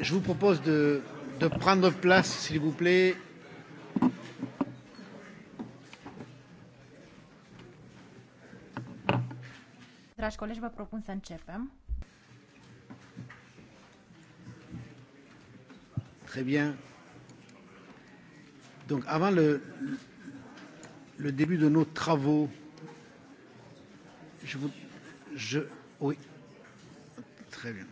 Je vous propose de, de prendre place, s'il vous plaît. Dragi colegi, vă propun să începem. Très bien. Donc avant le, le début de nos travaux, je vous... Je, oui. Très bien.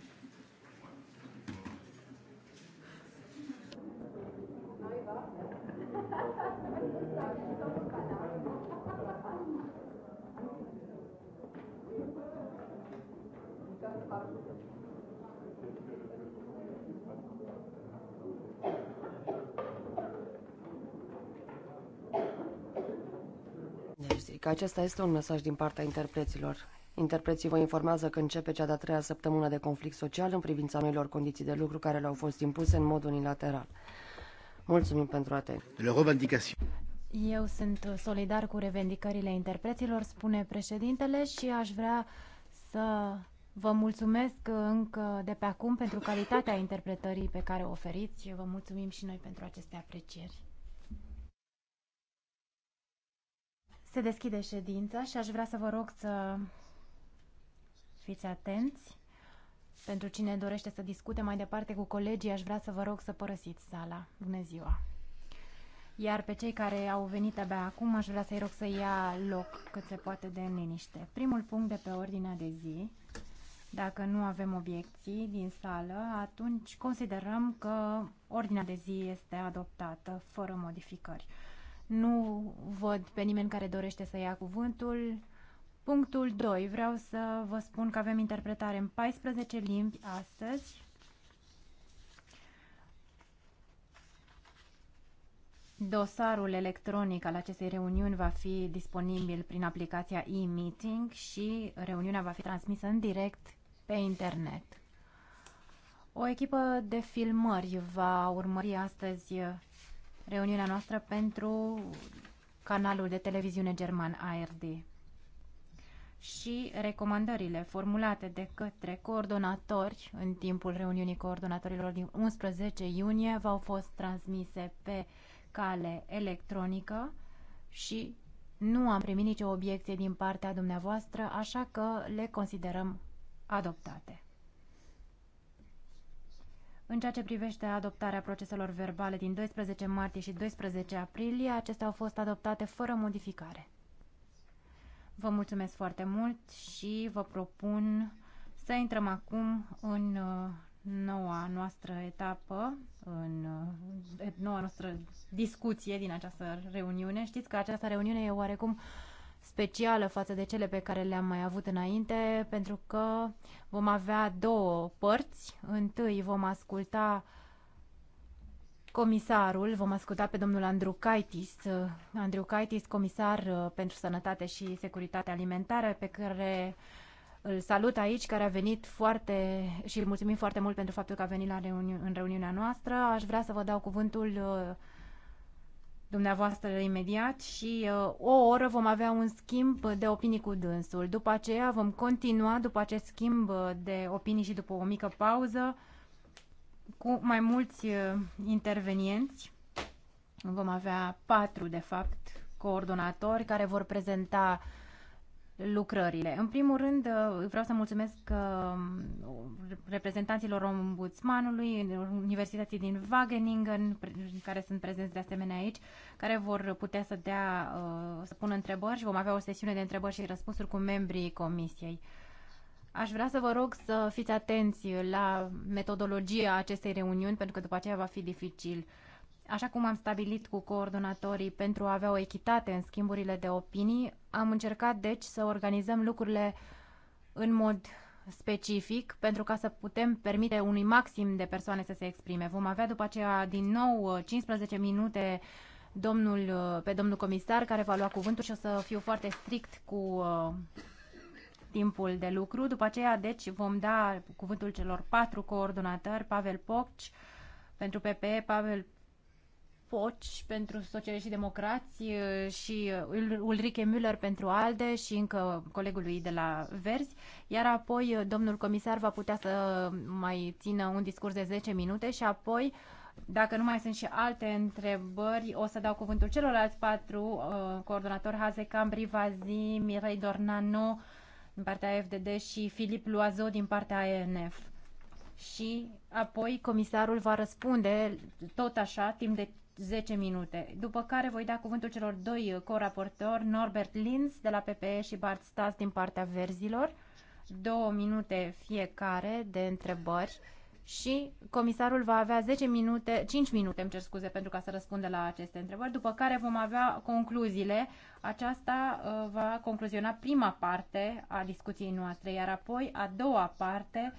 Acesta este un mesaj din partea interpreților. Interpreții vă informează că începe cea de-a treia săptămână de conflict social în privința noilor condiții de lucru care le-au fost impuse în mod unilateral. Mulțumim pentru atenție. Eu sunt solidar cu revendicările interpreților, spune președintele, și aș vrea să vă mulțumesc încă de pe acum pentru calitatea interpretării pe care o oferiți. Vă mulțumim și noi pentru aceste aprecieri. Se deschide ședința și aș vrea să vă rog să fiți atenți. Pentru cine dorește să discute mai departe cu colegii, aș vrea să vă rog să părăsiți sala. Bună ziua! Iar pe cei care au venit abia acum, aș vrea să-i rog să ia loc cât se poate de liniște. Primul punct de pe ordinea de zi, dacă nu avem obiecții din sală, atunci considerăm că ordinea de zi este adoptată fără modificări. Nu văd pe nimeni care dorește să ia cuvântul. Punctul 2. Vreau să vă spun că avem interpretare în 14 limbi astăzi. Dosarul electronic al acestei reuniuni va fi disponibil prin aplicația e-meeting și reuniunea va fi transmisă în direct pe internet. O echipă de filmări va urmări astăzi reuniunea noastră pentru canalul de televiziune german ARD și recomandările formulate de către coordonatori în timpul reuniunii coordonatorilor din 11 iunie v-au fost transmise pe cale electronică și nu am primit nicio obiecție din partea dumneavoastră, așa că le considerăm adoptate. În ceea ce privește adoptarea proceselor verbale din 12 martie și 12 aprilie, acestea au fost adoptate fără modificare. Vă mulțumesc foarte mult și vă propun să intrăm acum în uh, noua noastră etapă, în uh, noua noastră discuție din această reuniune. Știți că această reuniune e oarecum specială față de cele pe care le-am mai avut înainte, pentru că vom avea două părți. Întâi vom asculta comisarul, vom asculta pe domnul Andrew Kaitis, Andrew Kaitis, comisar uh, pentru sănătate și securitate alimentară, pe care îl salut aici, care a venit foarte și îl mulțumim foarte mult pentru faptul că a venit la reuni- în reuniunea noastră. Aș vrea să vă dau cuvântul uh, dumneavoastră imediat și uh, o oră vom avea un schimb de opinii cu dânsul. După aceea vom continua după acest schimb de opinii și după o mică pauză cu mai mulți uh, intervenienți. Vom avea patru, de fapt, coordonatori care vor prezenta uh, lucrările. În primul rând, uh, vreau să mulțumesc uh, reprezentanților ombudsmanului, Universității din Wageningen, care sunt prezenți de asemenea aici, care vor putea să dea, uh, să pună întrebări și vom avea o sesiune de întrebări și răspunsuri cu membrii comisiei. Aș vrea să vă rog să fiți atenți la metodologia acestei reuniuni, pentru că după aceea va fi dificil. Uh, Așa cum am stabilit cu coordonatorii pentru a avea o echitate în schimburile de opinii, am încercat deci să organizăm lucrurile în mod specific pentru ca să putem permite unui maxim de persoane să se exprime. Vom avea după aceea din nou 15 uh, minute domnul, uh, pe domnul comisar care va lua cuvântul și o să fiu foarte strict cu uh, timpul de lucru. După aceea, deci, vom da cuvântul celor patru coordonatori, Pavel Pocci pentru PPE, Pavel Poci pentru Socialiști și Democrați uh, și uh, Ulrike Müller pentru ALDE și încă colegului de la Verzi, iar apoi uh, domnul comisar va putea să mai țină un discurs de 10 minute și apoi, dacă nu mai sunt și alte întrebări, o să dau cuvântul celorlalți patru coordonatori Hazecam, Rivazi, Mirei Dornano din partea FDD și Filip Luazo din partea ANF. și apoi comisarul va răspunde tot așa timp de 10 minute, după care voi da cuvântul celor doi coraportori, Norbert Linz de la PPE și Bart Stas din partea verzilor, două minute fiecare de întrebări și comisarul va avea 10 minute, 5 minute, îmi cer scuze, pentru ca să răspundă la aceste întrebări, după care vom avea concluziile. Aceasta uh, va concluziona prima parte a discuției noastre, iar apoi a doua parte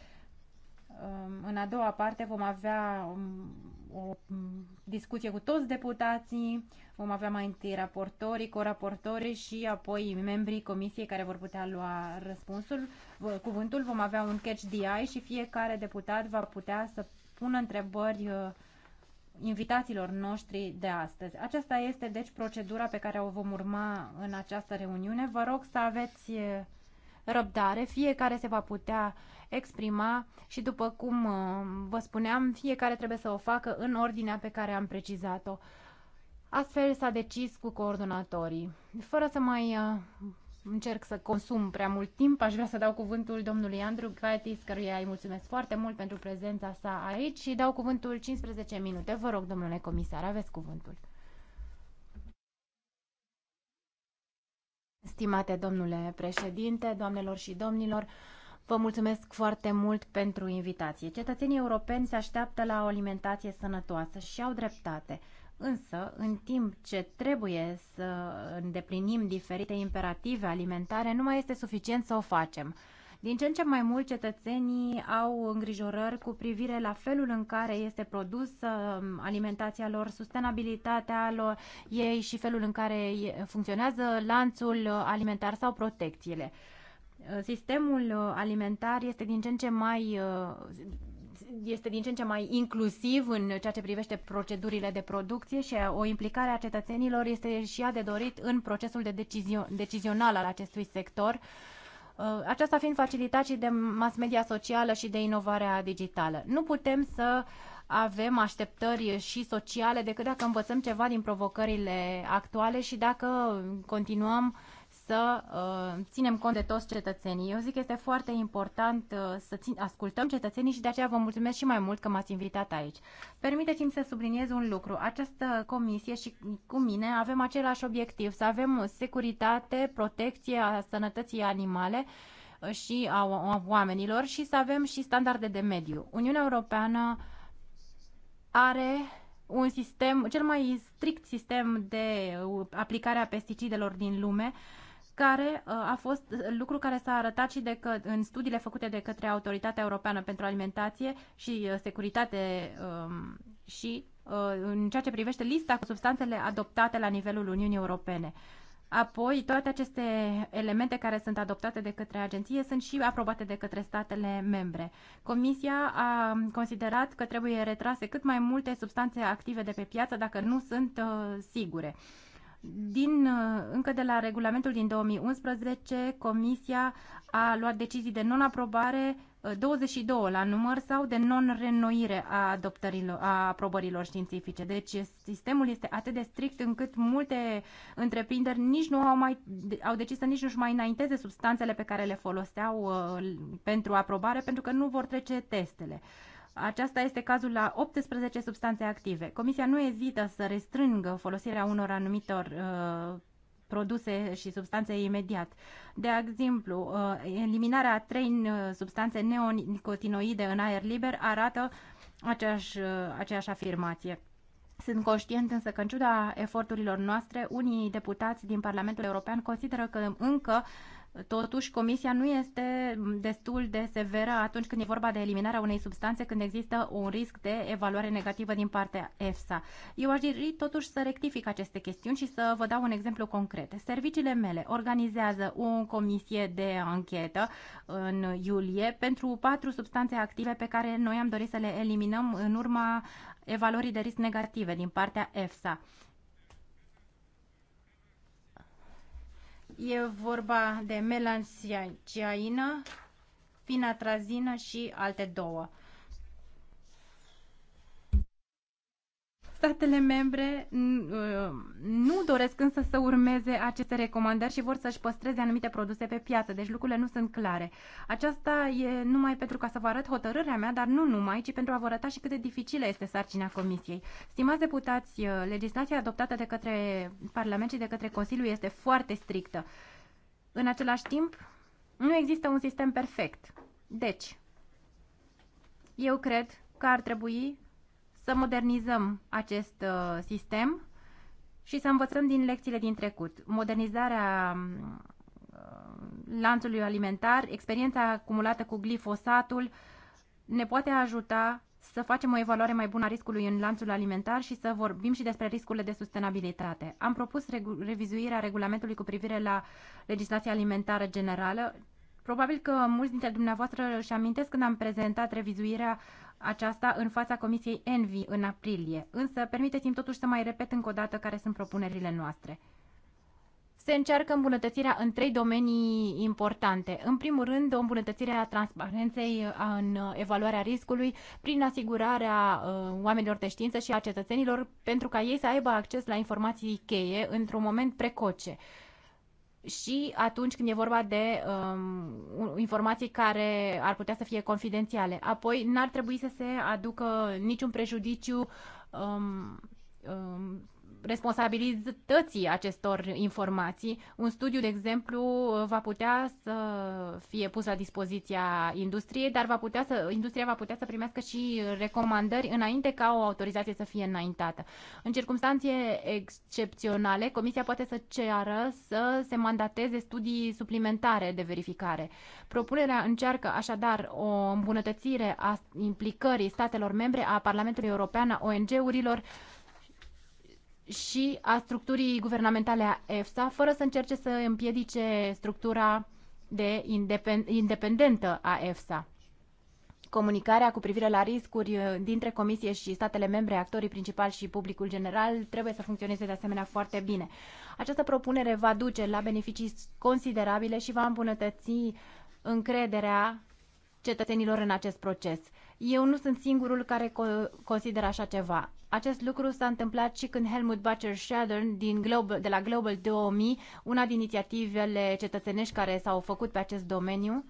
Um, în a doua parte vom avea um, o um, discuție cu toți deputații, vom avea mai întâi raportorii, coraportorii și apoi membrii comisiei care vor putea lua răspunsul, cuvântul, vom avea un catch DI și fiecare deputat va putea să pună întrebări uh, invitațiilor noștri de astăzi. Aceasta este deci procedura pe care o vom urma în această reuniune. Vă rog să aveți uh, răbdare, fiecare se va putea exprima și după cum uh, vă spuneam, fiecare trebuie să o facă în ordinea pe care am precizat-o. Astfel s-a decis cu coordonatorii. Fără să mai uh, încerc să consum prea mult timp, aș vrea să dau cuvântul domnului Andrew Gatis, căruia îi mulțumesc foarte mult pentru prezența sa aici și dau cuvântul 15 minute. Vă rog, domnule comisar, aveți cuvântul. Stimate domnule președinte, doamnelor și domnilor, vă mulțumesc foarte mult pentru invitație. Cetățenii europeni se așteaptă la o alimentație sănătoasă și au dreptate. Însă, în timp ce trebuie să îndeplinim diferite imperative alimentare, nu mai este suficient să o facem. Din ce în ce mai mult cetățenii au îngrijorări cu privire la felul în care este produsă um, alimentația lor, sustenabilitatea lor ei și felul în care funcționează lanțul alimentar sau protecțiile. Uh, sistemul uh, alimentar este din ce în ce mai uh, este din ce în ce mai inclusiv în ceea ce privește procedurile de producție și o implicare a cetățenilor este și ea de dorit în procesul de decizio- decizional al acestui sector Uh, aceasta fiind facilitat și de mass media socială și de inovarea digitală. Nu putem să avem așteptări și sociale decât dacă învățăm ceva din provocările actuale și dacă continuăm uh, să uh, ținem cont de toți cetățenii. Eu zic că este foarte important uh, să țin, ascultăm cetățenii și de aceea vă mulțumesc și mai mult că m-ați invitat aici. Permiteți-mi să subliniez un lucru. Această comisie și cu mine avem același obiectiv, să avem securitate, protecție a sănătății animale uh, și a, a oamenilor și să avem și standarde de mediu. Uniunea Europeană are un sistem, cel mai strict sistem de uh, aplicare a pesticidelor din lume care uh, a fost lucru care s-a arătat și de că, în studiile făcute de către Autoritatea Europeană pentru Alimentație și uh, Securitate um, și uh, în ceea ce privește lista cu substanțele adoptate la nivelul Uniunii Europene. Apoi, toate aceste elemente care sunt adoptate de către agenție sunt și aprobate de către statele membre. Comisia a considerat că trebuie retrase cât mai multe substanțe active de pe piață dacă nu sunt uh, sigure. Uh, din, uh, încă de la regulamentul din 2011, Comisia a luat decizii de non-aprobare 22 uh, la număr sau de non-renoire a, a aprobărilor științifice. Deci sistemul este atât de strict încât multe întreprinderi nici nu au, mai, au decis să nici nu-și mai înainteze substanțele pe care le foloseau uh, pentru aprobare pentru că nu vor trece testele. Aceasta este cazul la 18 substanțe active. Comisia nu ezită să restrângă folosirea unor anumitor uh, produse și substanțe imediat. De exemplu, uh, eliminarea a trei uh, substanțe neonicotinoide în aer liber arată aceeași, uh, aceeași afirmație. Sunt conștient însă că, în ciuda eforturilor noastre, unii deputați din Parlamentul European consideră că încă Totuși, Comisia nu este destul de severă atunci când e vorba de eliminarea unei substanțe când există un risc de evaluare negativă din partea EFSA. Eu aș dori totuși să rectific aceste chestiuni și să vă dau un exemplu concret. Serviciile mele organizează o comisie de anchetă în iulie pentru patru substanțe active pe care noi am dorit să le eliminăm în urma evaluării de risc negative din partea EFSA. E vorba de melanciaină, pinatrazină și alte două. Statele membre uh, nu doresc însă să urmeze aceste recomandări și vor să-și păstreze anumite produse pe piață, deci lucrurile nu sunt clare. Aceasta e numai pentru ca să vă arăt hotărârea mea, dar nu numai, ci pentru a vă arăta și cât de dificilă este sarcina Comisiei. Stimați deputați, uh, legislația adoptată de către Parlament și de către Consiliu este foarte strictă. În același timp, nu există un sistem perfect. Deci, eu cred că ar trebui să modernizăm acest uh, sistem și să învățăm din lecțiile din trecut. Modernizarea mm, uh, lanțului alimentar, experiența acumulată cu glifosatul ne poate ajuta să facem o evaluare mai bună a riscului în lanțul alimentar și să vorbim și despre riscurile de sustenabilitate. Am propus regu revizuirea regulamentului cu privire la legislația alimentară generală. Probabil că mulți dintre dumneavoastră își amintesc când am prezentat revizuirea aceasta în fața Comisiei Envi în aprilie. Însă, permiteți-mi totuși să mai repet încă o dată care sunt propunerile noastre. Se încearcă îmbunătățirea în trei domenii importante. În primul rând, o îmbunătățire a transparenței în evaluarea riscului prin asigurarea uh, oamenilor de știință și a cetățenilor pentru ca ei să aibă acces la informații cheie într-un moment precoce și atunci când e vorba de um, informații care ar putea să fie confidențiale. Apoi, n-ar trebui să se aducă niciun prejudiciu um, um, responsabilității acestor informații. Un studiu, de exemplu, va putea să fie pus la dispoziția industriei, dar va putea să, industria va putea să primească și recomandări înainte ca o autorizație să fie înaintată. În circunstanțe excepționale, Comisia poate să ceară să se mandateze studii suplimentare de verificare. Propunerea încearcă așadar o îmbunătățire a implicării statelor membre a Parlamentului European, a ONG-urilor, și a structurii guvernamentale a EFSA, fără să încerce să împiedice structura de independ- independentă a EFSA. Comunicarea cu privire la riscuri uh, dintre Comisie și statele membre, actorii principali și publicul general trebuie să funcționeze de asemenea foarte bine. Această propunere va duce la beneficii considerabile și va îmbunătăți încrederea cetățenilor în acest proces. Eu nu sunt singurul care consideră așa ceva. Acest lucru s-a întâmplat și când Helmut Bacher Schadern din Global, de la Global 2000, una din inițiativele cetățenești care s-au făcut pe acest domeniu,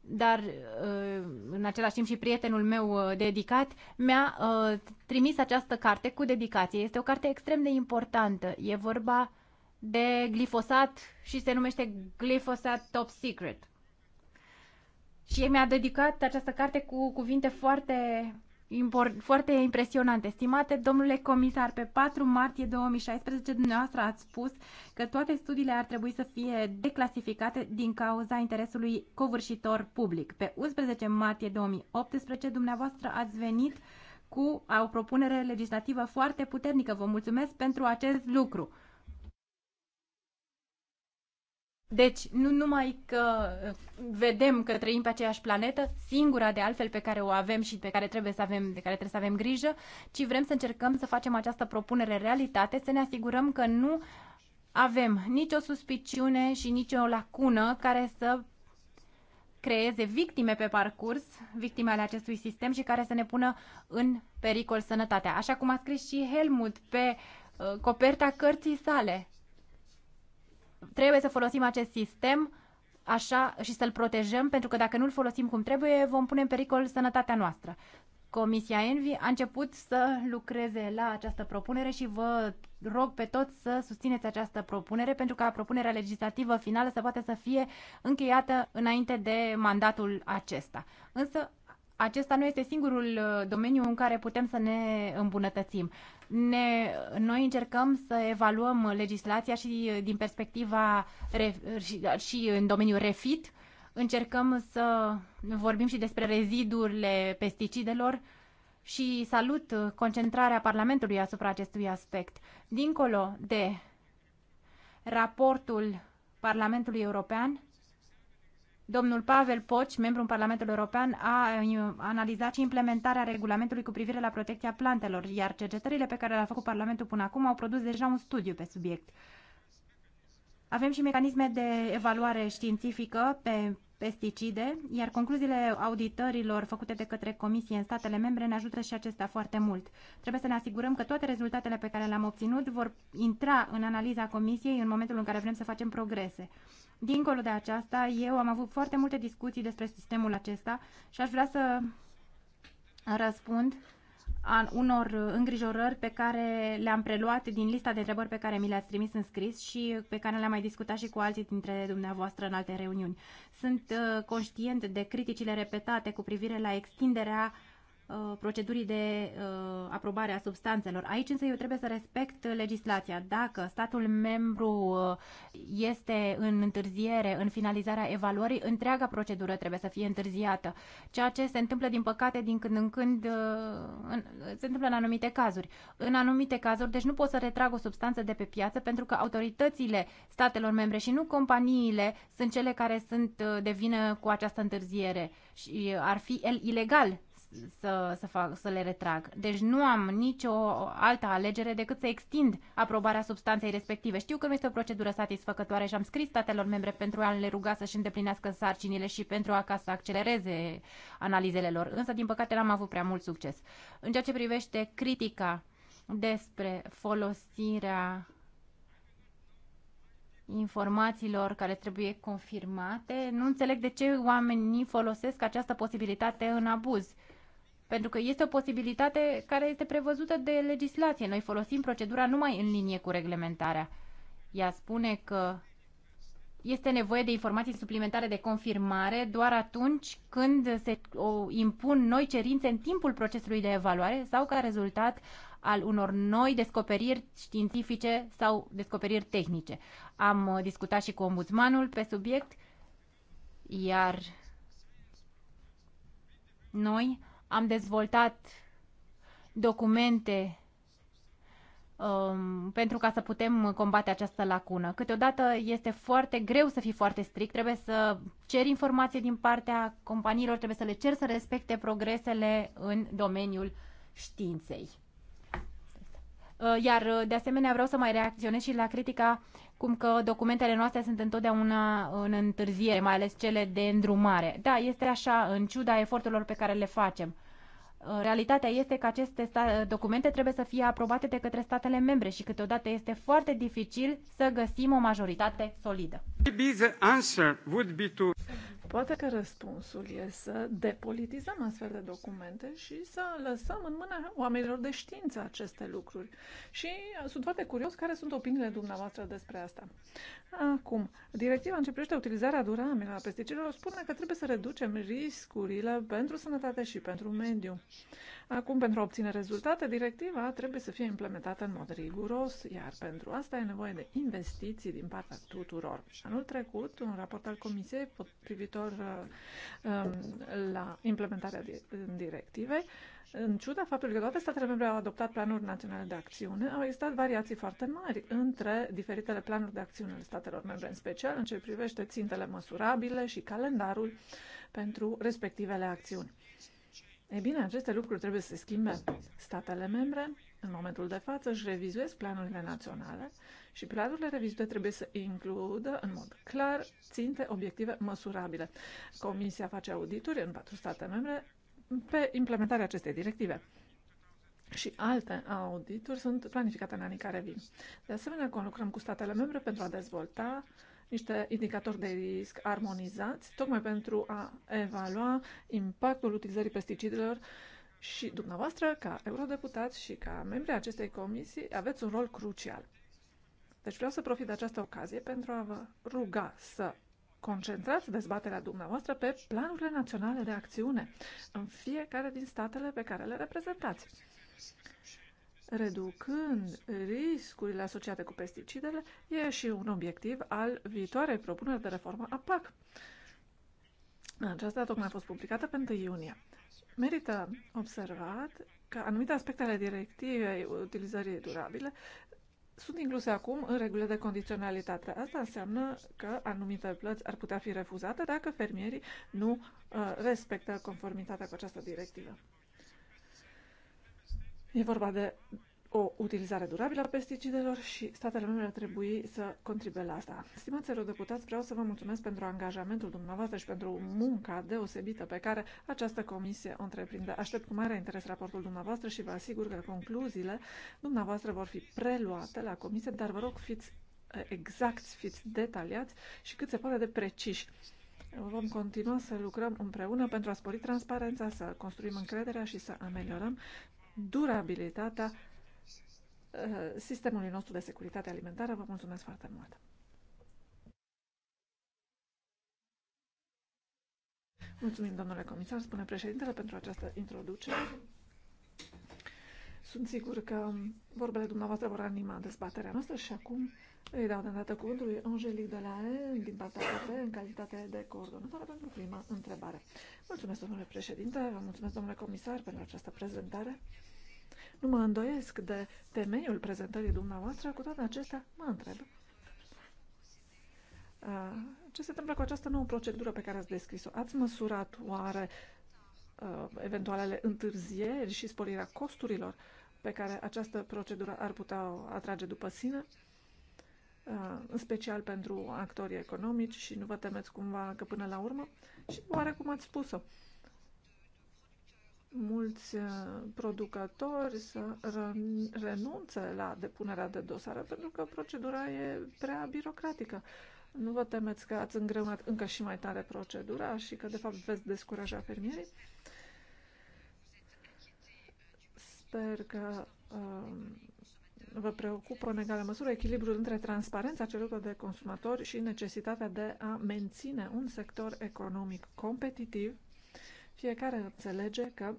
dar uh, în același timp și prietenul meu uh, dedicat mi-a uh, trimis această carte cu dedicație. Este o carte extrem de importantă. E vorba de glifosat și se numește Glifosat Top Secret. Și mi-a dedicat această carte cu cuvinte foarte foarte impresionante. Stimate domnule comisar, pe 4 martie 2016 dumneavoastră ați spus că toate studiile ar trebui să fie declasificate din cauza interesului covârșitor public. Pe 11 martie 2018 dumneavoastră ați venit cu o propunere legislativă foarte puternică. Vă mulțumesc pentru acest lucru. Deci, nu numai că uh, vedem că trăim pe aceeași planetă, singura de altfel pe care o avem și pe care trebuie să avem, de care trebuie să avem grijă, ci vrem să încercăm să facem această propunere realitate, să ne asigurăm că nu avem nicio suspiciune și nicio lacună care să creeze victime pe parcurs, victime ale acestui sistem și care să ne pună în pericol sănătatea. Așa cum a scris și Helmut pe uh, coperta cărții sale. Trebuie să folosim acest sistem așa și să-l protejăm, pentru că dacă nu-l folosim cum trebuie, vom pune în pericol sănătatea noastră. Comisia Envi a început să lucreze la această propunere și vă rog pe toți să susțineți această propunere pentru ca propunerea legislativă finală să poată să fie încheiată înainte de mandatul acesta. Însă acesta nu este singurul uh, domeniu în care putem să ne îmbunătățim ne, noi încercăm să evaluăm legislația și uh, din perspectiva și, uh, și în domeniul refit, încercăm să vorbim și despre rezidurile pesticidelor și salut uh, concentrarea Parlamentului asupra acestui aspect. Dincolo de raportul Parlamentului European, Domnul Pavel Poci, membru în Parlamentul European, a analizat și implementarea regulamentului cu privire la protecția plantelor, iar cercetările pe care le-a făcut Parlamentul până acum au produs deja un studiu pe subiect. Avem și mecanisme de evaluare științifică pe pesticide, iar concluziile auditărilor făcute de către Comisie în statele membre ne ajută și acestea foarte mult. Trebuie să ne asigurăm că toate rezultatele pe care le-am obținut vor intra în analiza Comisiei în momentul în care vrem să facem progrese. Dincolo de aceasta, eu am avut foarte multe discuții despre sistemul acesta și aș vrea să răspund a unor îngrijorări pe care le-am preluat din lista de întrebări pe care mi le-ați trimis în scris și pe care le-am mai discutat și cu alții dintre dumneavoastră în alte reuniuni. Sunt uh, conștient de criticile repetate cu privire la extinderea uh, Uh, procedurii de uh, aprobare a substanțelor. Aici însă eu trebuie să respect legislația. Dacă statul membru uh, este în întârziere în finalizarea evaluării, întreaga procedură trebuie să fie întârziată. Ceea ce se întâmplă, din păcate, din când în când, în, se întâmplă în anumite cazuri. În anumite cazuri, deci nu pot să retrag o substanță de pe piață pentru că autoritățile statelor membre și nu companiile sunt cele care sunt de vină cu această întârziere și ar fi el ilegal să, să, fac, să le retrag. Deci nu am nicio altă alegere decât să extind aprobarea substanței respective. Știu că nu este o procedură satisfăcătoare și am scris statelor membre pentru a le ruga să-și îndeplinească sarcinile și pentru a ca să accelereze analizele lor, însă din păcate n-am avut prea mult succes. În ceea ce privește critica despre folosirea informațiilor care trebuie confirmate. Nu înțeleg de ce oamenii folosesc această posibilitate în abuz. Pentru că este o posibilitate care este prevăzută de legislație. Noi folosim procedura numai în linie cu reglementarea. Ea spune că este nevoie de informații suplimentare de confirmare doar atunci când se impun noi cerințe în timpul procesului de evaluare sau ca rezultat al unor noi descoperiri științifice sau descoperiri tehnice. Am uh, discutat și cu ombudsmanul pe subiect, iar noi am dezvoltat documente um, pentru ca să putem combate această lacună. Câteodată este foarte greu să fii foarte strict, trebuie să ceri informații din partea companiilor, trebuie să le ceri să respecte progresele în domeniul științei. Uh, iar, uh, de asemenea, vreau să mai reacționez și la critica cum că documentele noastre sunt întotdeauna în întârziere, mai ales cele de îndrumare. Da, este așa, în ciuda eforturilor pe care le facem. Uh, realitatea este că aceste documente trebuie să fie aprobate de către statele membre și câteodată este foarte dificil să găsim o majoritate solidă. Poate că răspunsul e să depolitizăm astfel de documente și să lăsăm în mâna oamenilor de știință aceste lucruri. Și sunt foarte curios care sunt opiniile dumneavoastră despre asta. Acum, directiva începește utilizarea durabilă a pesticidelor, spune că trebuie să reducem riscurile pentru sănătate și pentru mediu. Acum, pentru a obține rezultate, directiva trebuie să fie implementată în mod riguros, iar pentru asta e nevoie de investiții din partea tuturor. Anul trecut, un raport al Comisiei privitor uh, um, la implementarea directivei în ciuda faptului că toate statele membre au adoptat planuri naționale de acțiune, au existat variații foarte mari între diferitele planuri de acțiune ale statelor membre, în special în ce privește țintele măsurabile și calendarul pentru respectivele acțiuni. E bine, aceste lucruri trebuie să se schimbe. Statele membre, în momentul de față, își revizuiesc planurile naționale și planurile revizuite trebuie să includă, în mod clar, ținte obiective măsurabile. Comisia face audituri în patru state membre pe implementarea acestei directive. Și alte audituri sunt planificate în anii care vin. De asemenea, lucrăm cu statele membre pentru a dezvolta niște indicatori de risc armonizați, tocmai pentru a evalua impactul utilizării pesticidelor și dumneavoastră, ca eurodeputat și ca membri acestei comisii, aveți un rol crucial. Deci vreau să profit de această ocazie pentru a vă ruga să concentrați dezbaterea dumneavoastră pe planurile naționale de acțiune în fiecare din statele pe care le reprezentați. Reducând riscurile asociate cu pesticidele e și un obiectiv al viitoarei propuneri de reformă a PAC. Aceasta tocmai a fost publicată pe 1 iunie. Merită observat că anumite aspecte ale directivei utilizării durabile sunt incluse acum în regulile de condiționalitate. Asta înseamnă că anumite plăți ar putea fi refuzate dacă fermierii nu uh, respectă conformitatea cu această directivă. E vorba de o utilizare durabilă a pesticidelor și statele membre ar trebui să contribuie la asta. Stimați eurodeputați, vreau să vă mulțumesc pentru angajamentul dumneavoastră și pentru munca deosebită pe care această comisie o întreprinde. Aștept cu mare interes raportul dumneavoastră și vă asigur că concluziile dumneavoastră vor fi preluate la comisie, dar vă rog fiți eh, exacti, fiți detaliați și cât se poate de preciși. Vom continua să lucrăm împreună pentru a spori transparența, să construim încrederea și să ameliorăm durabilitatea Eh, sistemului nostru de securitate alimentară. Vă mulțumesc foarte mult! Mulțumim, domnule comisar, spune președintele, pentru această introducere. Sunt sigur că vorbele dumneavoastră vor anima dezbaterea noastră și acum îi dau de îndată cuvântul lui la Delae din partea PP în calitate de coordonatoare pentru prima întrebare. Mulțumesc, domnule președinte, vă mulțumesc, domnule comisar, pentru această prezentare. Nu mă îndoiesc de temeiul prezentării dumneavoastră, cu toate acestea mă întreb. Uh, ce se întâmplă cu această nouă procedură pe care ați descris-o? Ați măsurat oare uh, eventualele întârzieri și sporirea costurilor pe care această procedură ar putea atrage după sine? Uh, în special pentru actorii economici și nu vă temeți cumva că până la urmă și oarecum ați spus-o mulți uh, producători să renunțe la depunerea de dosare pentru că procedura e prea birocratică. Nu vă temeți că ați îngreunat încă și mai tare procedura și că, de fapt, veți descuraja fermierii? Sper că uh, vă preocupă în egală măsură echilibrul între transparența cerută de consumatori și necesitatea de a menține un sector economic competitiv fiecare înțelege că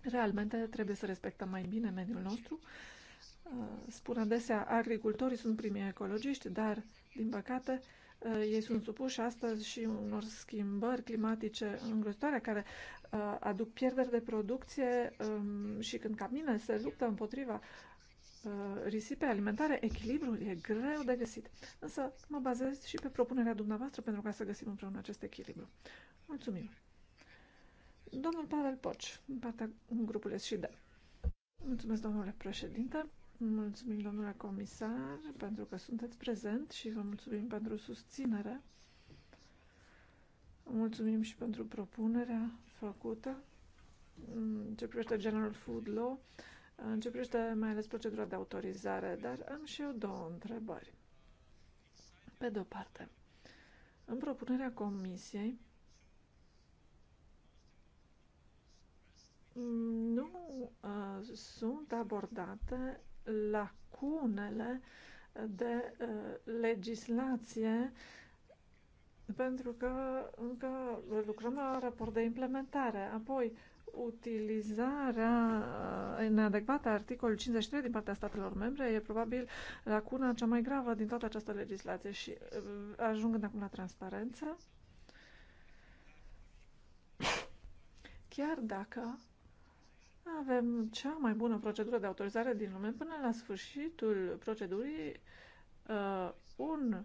realmente trebuie să respectăm mai bine mediul nostru. Uh, spun adesea, agricultorii sunt primii ecologiști, dar, din păcate, uh, ei sunt supuși astăzi și unor schimbări climatice îngrozitoare care uh, aduc pierderi de producție um, și când ca mine se luptă împotriva risipe alimentare, echilibrul e greu de găsit. Însă mă bazez și pe propunerea dumneavoastră pentru ca să găsim împreună acest echilibru. Mulțumim! Domnul Pavel Poci, în partea grupului SID. Mulțumesc, domnule președinte. Mulțumim, domnule comisar, pentru că sunteți prezent și vă mulțumim pentru susținere. Mulțumim și pentru propunerea făcută în ce privește General Food Law, în ce privește mai ales procedura de autorizare, dar am și eu două întrebări. Pe de-o parte, în propunerea comisiei, nu uh, sunt abordate lacunele de uh, legislație pentru că încă lucrăm la raport de implementare. Apoi, utilizarea inadecvată a articolului 53 din partea statelor membre e probabil lacuna cea mai gravă din toată această legislație și ajungând acum la transparență, chiar dacă avem cea mai bună procedură de autorizare din lume. Până la sfârșitul procedurii, uh, un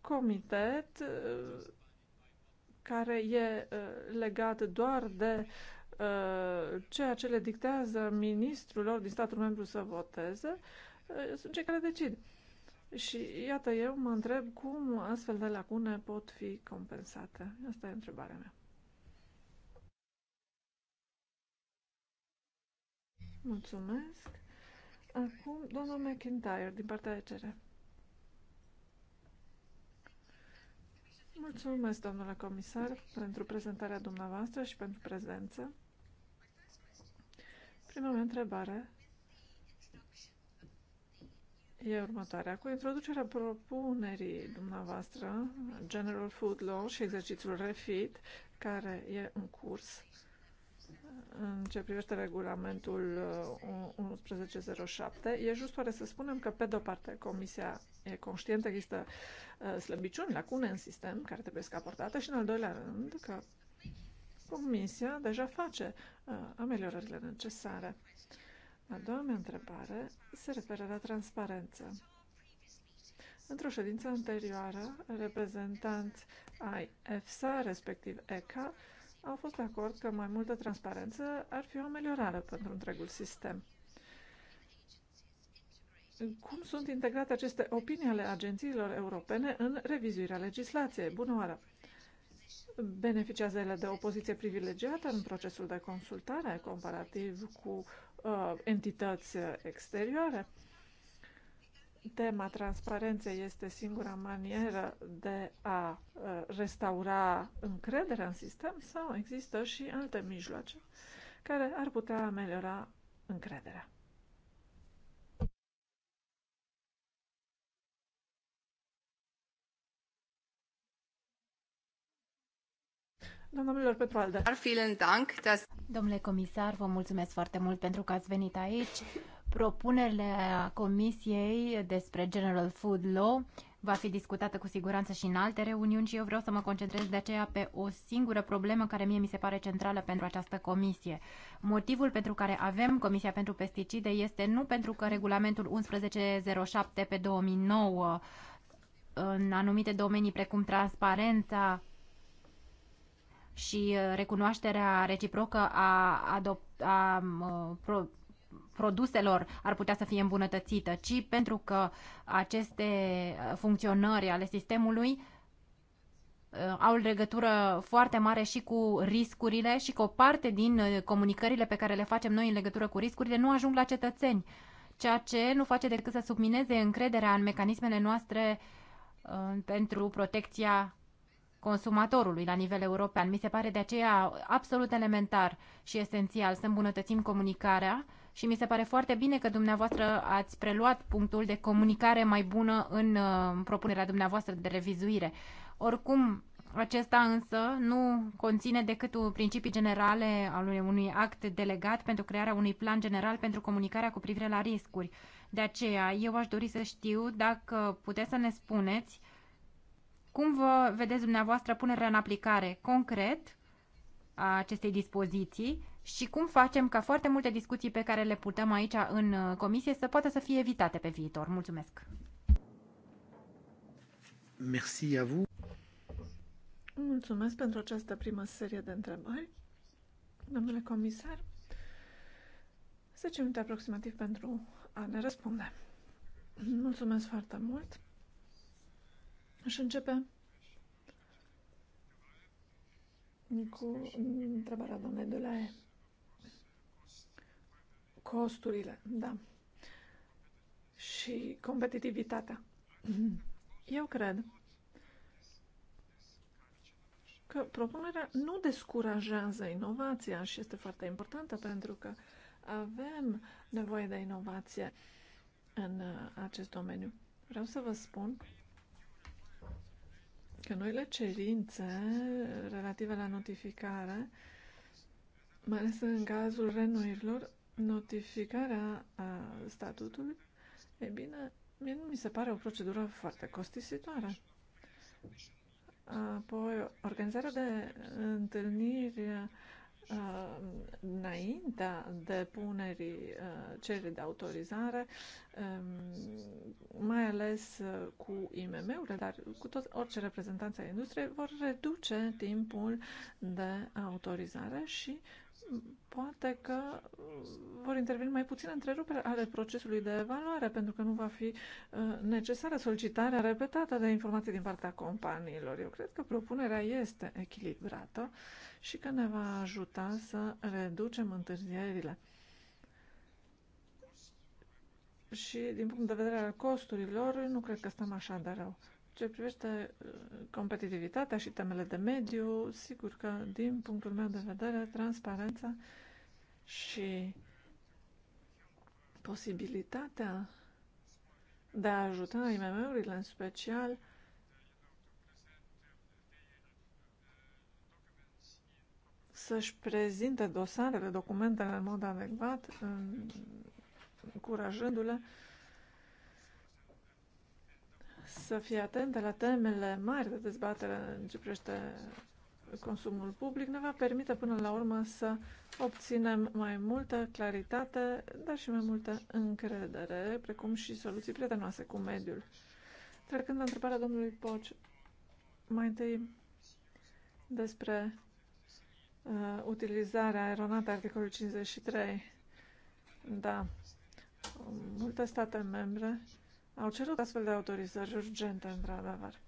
comitet uh, care e uh, legat doar de uh, ceea ce le dictează ministrul lor din statul membru să voteze, uh, sunt cei care decid. Și iată, eu mă întreb cum astfel de lacune pot fi compensate. Asta e întrebarea mea. Mulțumesc. Acum, doamna McIntyre, din partea ECR. Mulțumesc, domnule comisar, pentru prezentarea dumneavoastră și pentru prezență. Prima mea întrebare e următoarea. Cu introducerea propunerii dumneavoastră, General Food Law și exercițiul REFIT, care e în curs, în ce privește regulamentul 1107, uh, e just oare să spunem că, pe de-o parte, Comisia e conștientă că există uh, slăbiciuni, lacune în sistem care trebuie aportate și, în al doilea rând, că Comisia deja face uh, ameliorările necesare. A doua mea întrebare se referă la transparență. Într-o ședință anterioară, reprezentanți ai EFSA, respectiv ECA, au fost de acord că mai multă transparență ar fi o ameliorare pentru întregul sistem. Cum sunt integrate aceste opinii ale agențiilor europene în revizuirea legislației? Bună oară! Beneficiază ele de o poziție privilegiată în procesul de consultare comparativ cu uh, entități uh, exterioare? tema transparenței este singura manieră de a uh, restaura încrederea în sistem sau există și alte mijloace care ar putea ameliora încrederea? Domnilor Petroalde. Domnule comisar, vă mulțumesc foarte mult pentru că ați venit aici. Propunerile Comisiei despre General Food Law va fi discutată cu siguranță și în alte reuniuni și eu vreau să mă concentrez de aceea pe o singură problemă care mie mi se pare centrală pentru această comisie. Motivul pentru care avem Comisia pentru Pesticide este nu pentru că regulamentul 1107 pe 2009 în anumite domenii precum transparența și recunoașterea reciprocă a, adop- a, a pro, produselor ar putea să fie îmbunătățită, ci pentru că aceste funcționări ale sistemului uh, au legătură foarte mare și cu riscurile și cu o parte din uh, comunicările pe care le facem noi în legătură cu riscurile nu ajung la cetățeni, ceea ce nu face decât să submineze încrederea în mecanismele noastre uh, pentru protecția consumatorului la nivel european. Mi se pare de aceea absolut elementar și esențial să îmbunătățim comunicarea și mi se pare foarte bine că dumneavoastră ați preluat punctul de comunicare mai bună în uh, propunerea dumneavoastră de revizuire. Oricum, acesta însă nu conține decât principii generale al unui act delegat pentru crearea unui plan general pentru comunicarea cu privire la riscuri. De aceea, eu aș dori să știu dacă puteți să ne spuneți cum vă vedeți dumneavoastră punerea în aplicare concret a acestei dispoziții și cum facem ca foarte multe discuții pe care le purtăm aici în uh, comisie să poată să fie evitate pe viitor. Mulțumesc! Merci à vous. Mulțumesc pentru această primă serie de întrebări. Domnule comisar, 10 minute aproximativ pentru a ne răspunde. Mulțumesc foarte mult. Și începe cu întrebarea doamnei Dulae costurile, da, și competitivitatea. Eu cred că propunerea nu descurajează inovația și este foarte importantă pentru că avem nevoie de inovație în uh, acest domeniu. Vreau să vă spun că noile cerințe relative la notificare, mai ales în cazul renuirilor, Notificarea a statutului, e bine, mie nu mi se pare o procedură foarte costisitoare. Apoi, organizarea de întâlniri uh, înaintea depunerii uh, cererii de autorizare, um, mai ales uh, cu IMM-urile, dar cu tot orice reprezentanță a industriei, vor reduce timpul de autorizare și poate că uh, vor interveni mai puțin întrerupere ale procesului de evaluare, pentru că nu va fi uh, necesară solicitarea repetată de informații din partea companiilor. Eu cred că propunerea este echilibrată și că ne va ajuta să reducem întârzierile. Și din punct de vedere al costurilor, nu cred că stăm așa de rău. Ce privește uh, competitivitatea și temele de mediu, sigur că, din punctul meu de vedere, transparența și posibilitatea de a ajuta IMM-urile în special să-și prezinte dosarele, documentele în mod adecvat, încurajându-le să fie atentă la temele mari de dezbatere în ce privește consumul public, ne va permite până la urmă să obținem mai multă claritate, dar și mai multă încredere, precum și soluții prietenoase cu mediul. Trecând la întrebarea domnului Poci, mai întâi despre uh, utilizarea eronată a articolului 53. Da, multe state membre au cerut astfel de autorizări urgente, într-adevăr.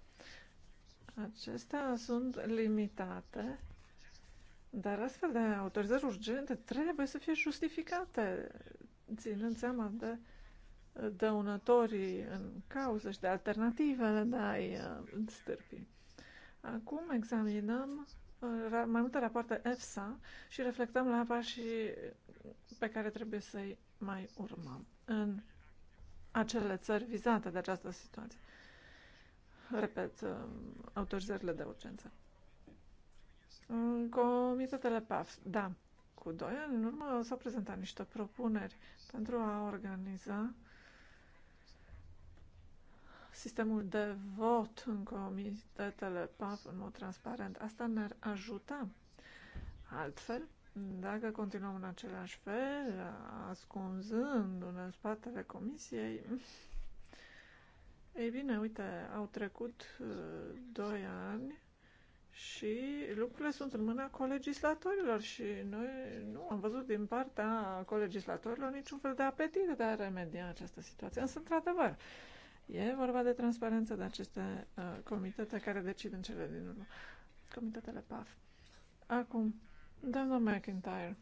Acestea sunt limitate, dar astfel de autorizări urgente trebuie să fie justificate, ținând seama de dăunătorii în cauză și de alternativele de a-i uh, stârpi. Acum examinăm uh, mai multe rapoarte EFSA și reflectăm la pașii pe care trebuie să-i mai urmăm. În acele țări vizate de această situație. Repet, um, autorizările de urgență. Comitetele PAF, da, cu doi ani în urmă s-au prezentat niște propuneri pentru a organiza sistemul de vot în comitetele PAF în mod transparent. Asta ne-ar ajuta. Altfel, dacă continuăm în același fel, ascunzându-ne în spatele comisiei, ei bine, uite, au trecut uh, doi ani și lucrurile sunt în mâna colegislatorilor și noi nu am văzut din partea colegislatorilor niciun fel de apetit de a remedia această situație. Însă, într-adevăr, e vorba de transparență de aceste uh, comitete care decid în cele din urmă. Comitetele PAF. Acum, Doamna McIntyre,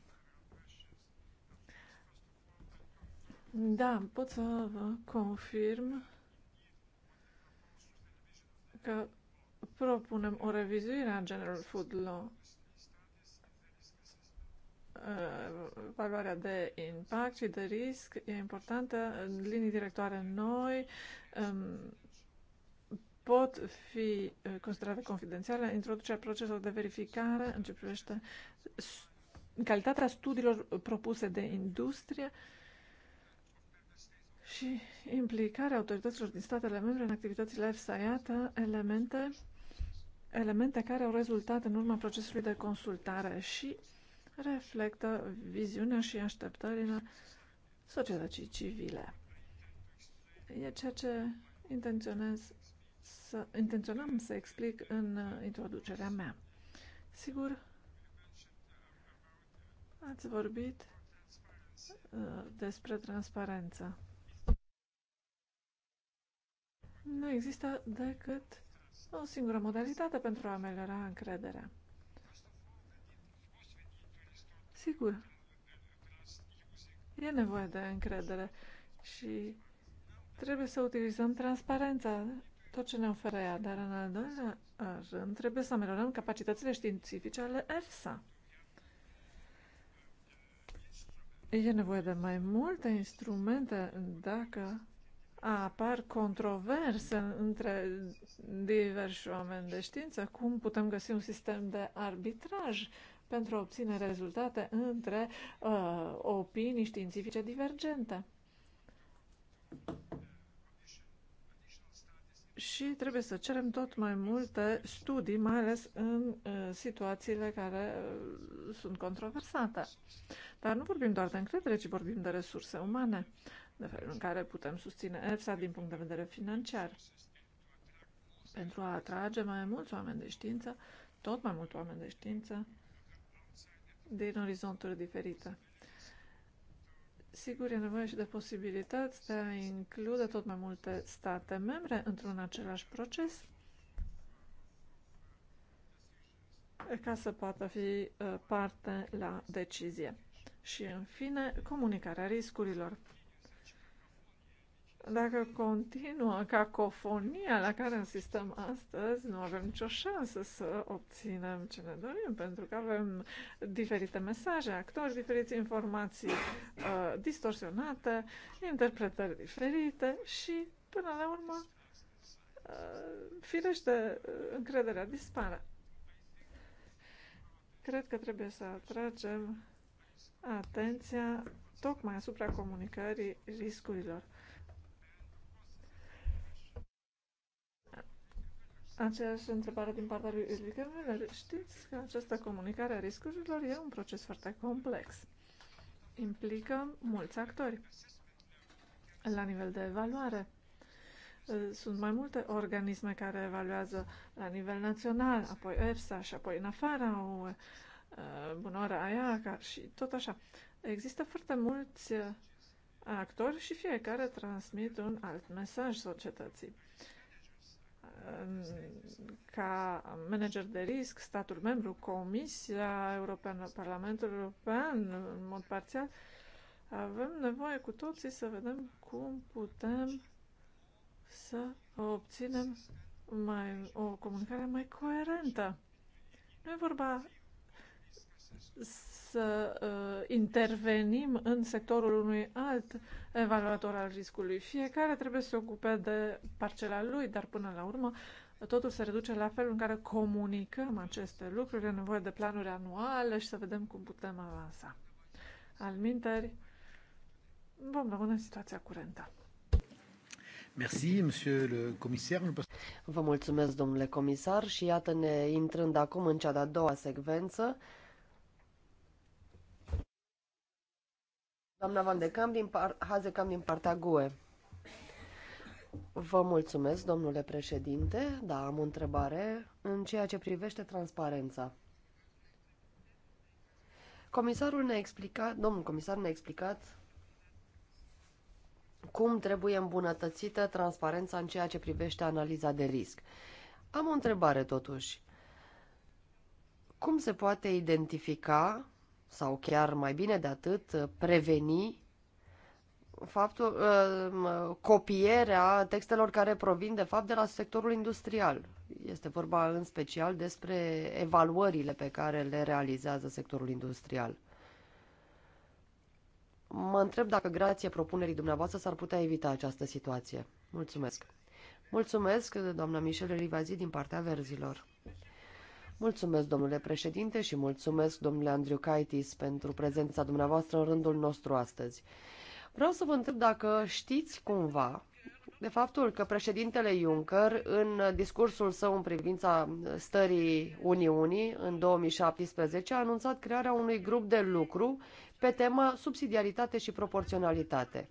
da, pot să vă confirm că propunem o revizuire a General Food Law uh, valoarea de impact și de risc e importantă, linii directoare noi, um, pot fi uh, considerate confidențiale, introducerea proceselor de verificare în ce privește calitatea studiilor propuse de industrie și implicarea autorităților din statele membre în activitățile EFSA. elemente, elemente care au rezultat în urma procesului de consultare și reflectă viziunea și așteptările societății civile. E ceea ce intenționez să intenționam să explic în uh, introducerea mea. Sigur, ați vorbit uh, despre transparență. Nu există decât o singură modalitate pentru a ameliora încrederea. Sigur, e nevoie de încredere și trebuie să utilizăm transparența tot ce ne oferă ea, dar în al doilea rând trebuie să ameliorăm capacitățile științifice ale EFSA. E nevoie de mai multe instrumente dacă apar controverse între diversi oameni de știință, cum putem găsi un sistem de arbitraj pentru a obține rezultate între uh, opinii științifice divergente și trebuie să cerem tot mai multe studii, mai ales în uh, situațiile care uh, sunt controversate. Dar nu vorbim doar de încredere, ci vorbim de resurse umane, de felul în care putem susține EFSA din punct de vedere financiar. Pentru a atrage mai mulți oameni de știință, tot mai mulți oameni de știință, din orizonturi diferite. Sigur, e nevoie și de posibilități de a include tot mai multe state membre într-un același proces ca să poată fi uh, parte la decizie. Și, în fine, comunicarea riscurilor. Dacă continuă cacofonia la care asistăm astăzi, nu avem nicio șansă să obținem ce ne dorim, pentru că avem diferite mesaje, actori diferiți, informații uh, distorsionate, interpretări diferite și, până la urmă, uh, firește, încrederea dispare. Cred că trebuie să atragem atenția tocmai asupra comunicării riscurilor aceeași întrebare din partea lui Ulrike Müller. Știți că această comunicare a riscurilor e un proces foarte complex. Implică mulți actori. La nivel de evaluare, sunt mai multe organisme care evaluează la nivel național, apoi EFSA și apoi în afara UE, bunora aia și tot așa. Există foarte mulți actori și fiecare transmit un alt mesaj societății ca manager de risc, statul membru, Comisia Europeană, Parlamentul European, în mod parțial, avem nevoie cu toții să vedem cum putem să obținem mai, o comunicare mai coerentă. Nu e vorba să uh, intervenim în sectorul unui alt evaluator al riscului. Fiecare trebuie să se ocupe de parcela lui, dar până la urmă totul se reduce la felul în care comunicăm aceste lucruri. E nevoie de planuri anuale și să vedem cum putem avansa. Alminteri, vom rămâne în situația curentă. Merci, monsieur le commissaire. Vă mulțumesc, domnule comisar, și iată-ne intrând acum în cea de-a doua secvență. Doamna Van de Cam din, par, Cam din partea GUE. Vă mulțumesc, domnule președinte. Da, am o întrebare în ceea ce privește transparența. Comisarul ne-a explicat, domnul comisar ne-a explicat cum trebuie îmbunătățită transparența în ceea ce privește analiza de risc. Am o întrebare totuși. Cum se poate identifica sau chiar mai bine de atât, preveni faptul, ă, copierea textelor care provin de fapt de la sectorul industrial. Este vorba în special despre evaluările pe care le realizează sectorul industrial. Mă întreb dacă grație propunerii dumneavoastră s-ar putea evita această situație. Mulțumesc. Mulțumesc, doamna Michele Rivazi, din partea verzilor. Mulțumesc, domnule președinte, și mulțumesc, domnule Andriu Caitis, pentru prezența dumneavoastră în rândul nostru astăzi. Vreau să vă întreb dacă știți cumva de faptul că președintele Juncker, în discursul său în privința stării Uniunii în 2017, a anunțat crearea unui grup de lucru pe tema subsidiaritate și proporționalitate.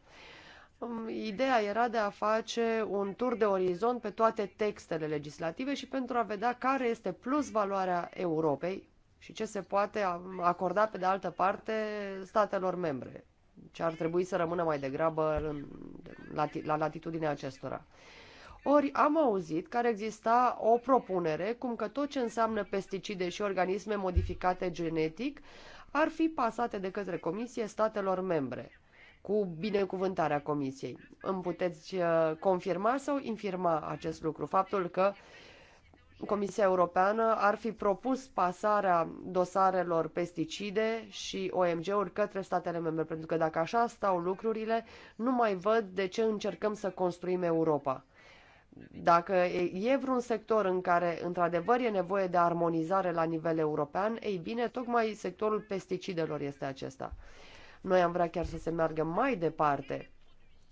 Um, ideea era de a face un tur de orizont pe toate textele legislative și pentru a vedea care este plus valoarea Europei și ce se poate acorda pe de altă parte statelor membre, ce ar trebui să rămână mai degrabă în, la, la latitudinea acestora. Ori am auzit că ar exista o propunere cum că tot ce înseamnă pesticide și organisme modificate genetic ar fi pasate de către Comisie statelor membre cu binecuvântarea comisiei. Îmi puteți uh, confirma sau infirma acest lucru, faptul că Comisia Europeană ar fi propus pasarea dosarelor pesticide și OMG-uri către statele membre, pentru că dacă așa stau lucrurile, nu mai văd de ce încercăm să construim Europa. Dacă e vreun sector în care într-adevăr e nevoie de armonizare la nivel european, ei bine, tocmai sectorul pesticidelor este acesta. Noi am vrea chiar să se meargă mai departe.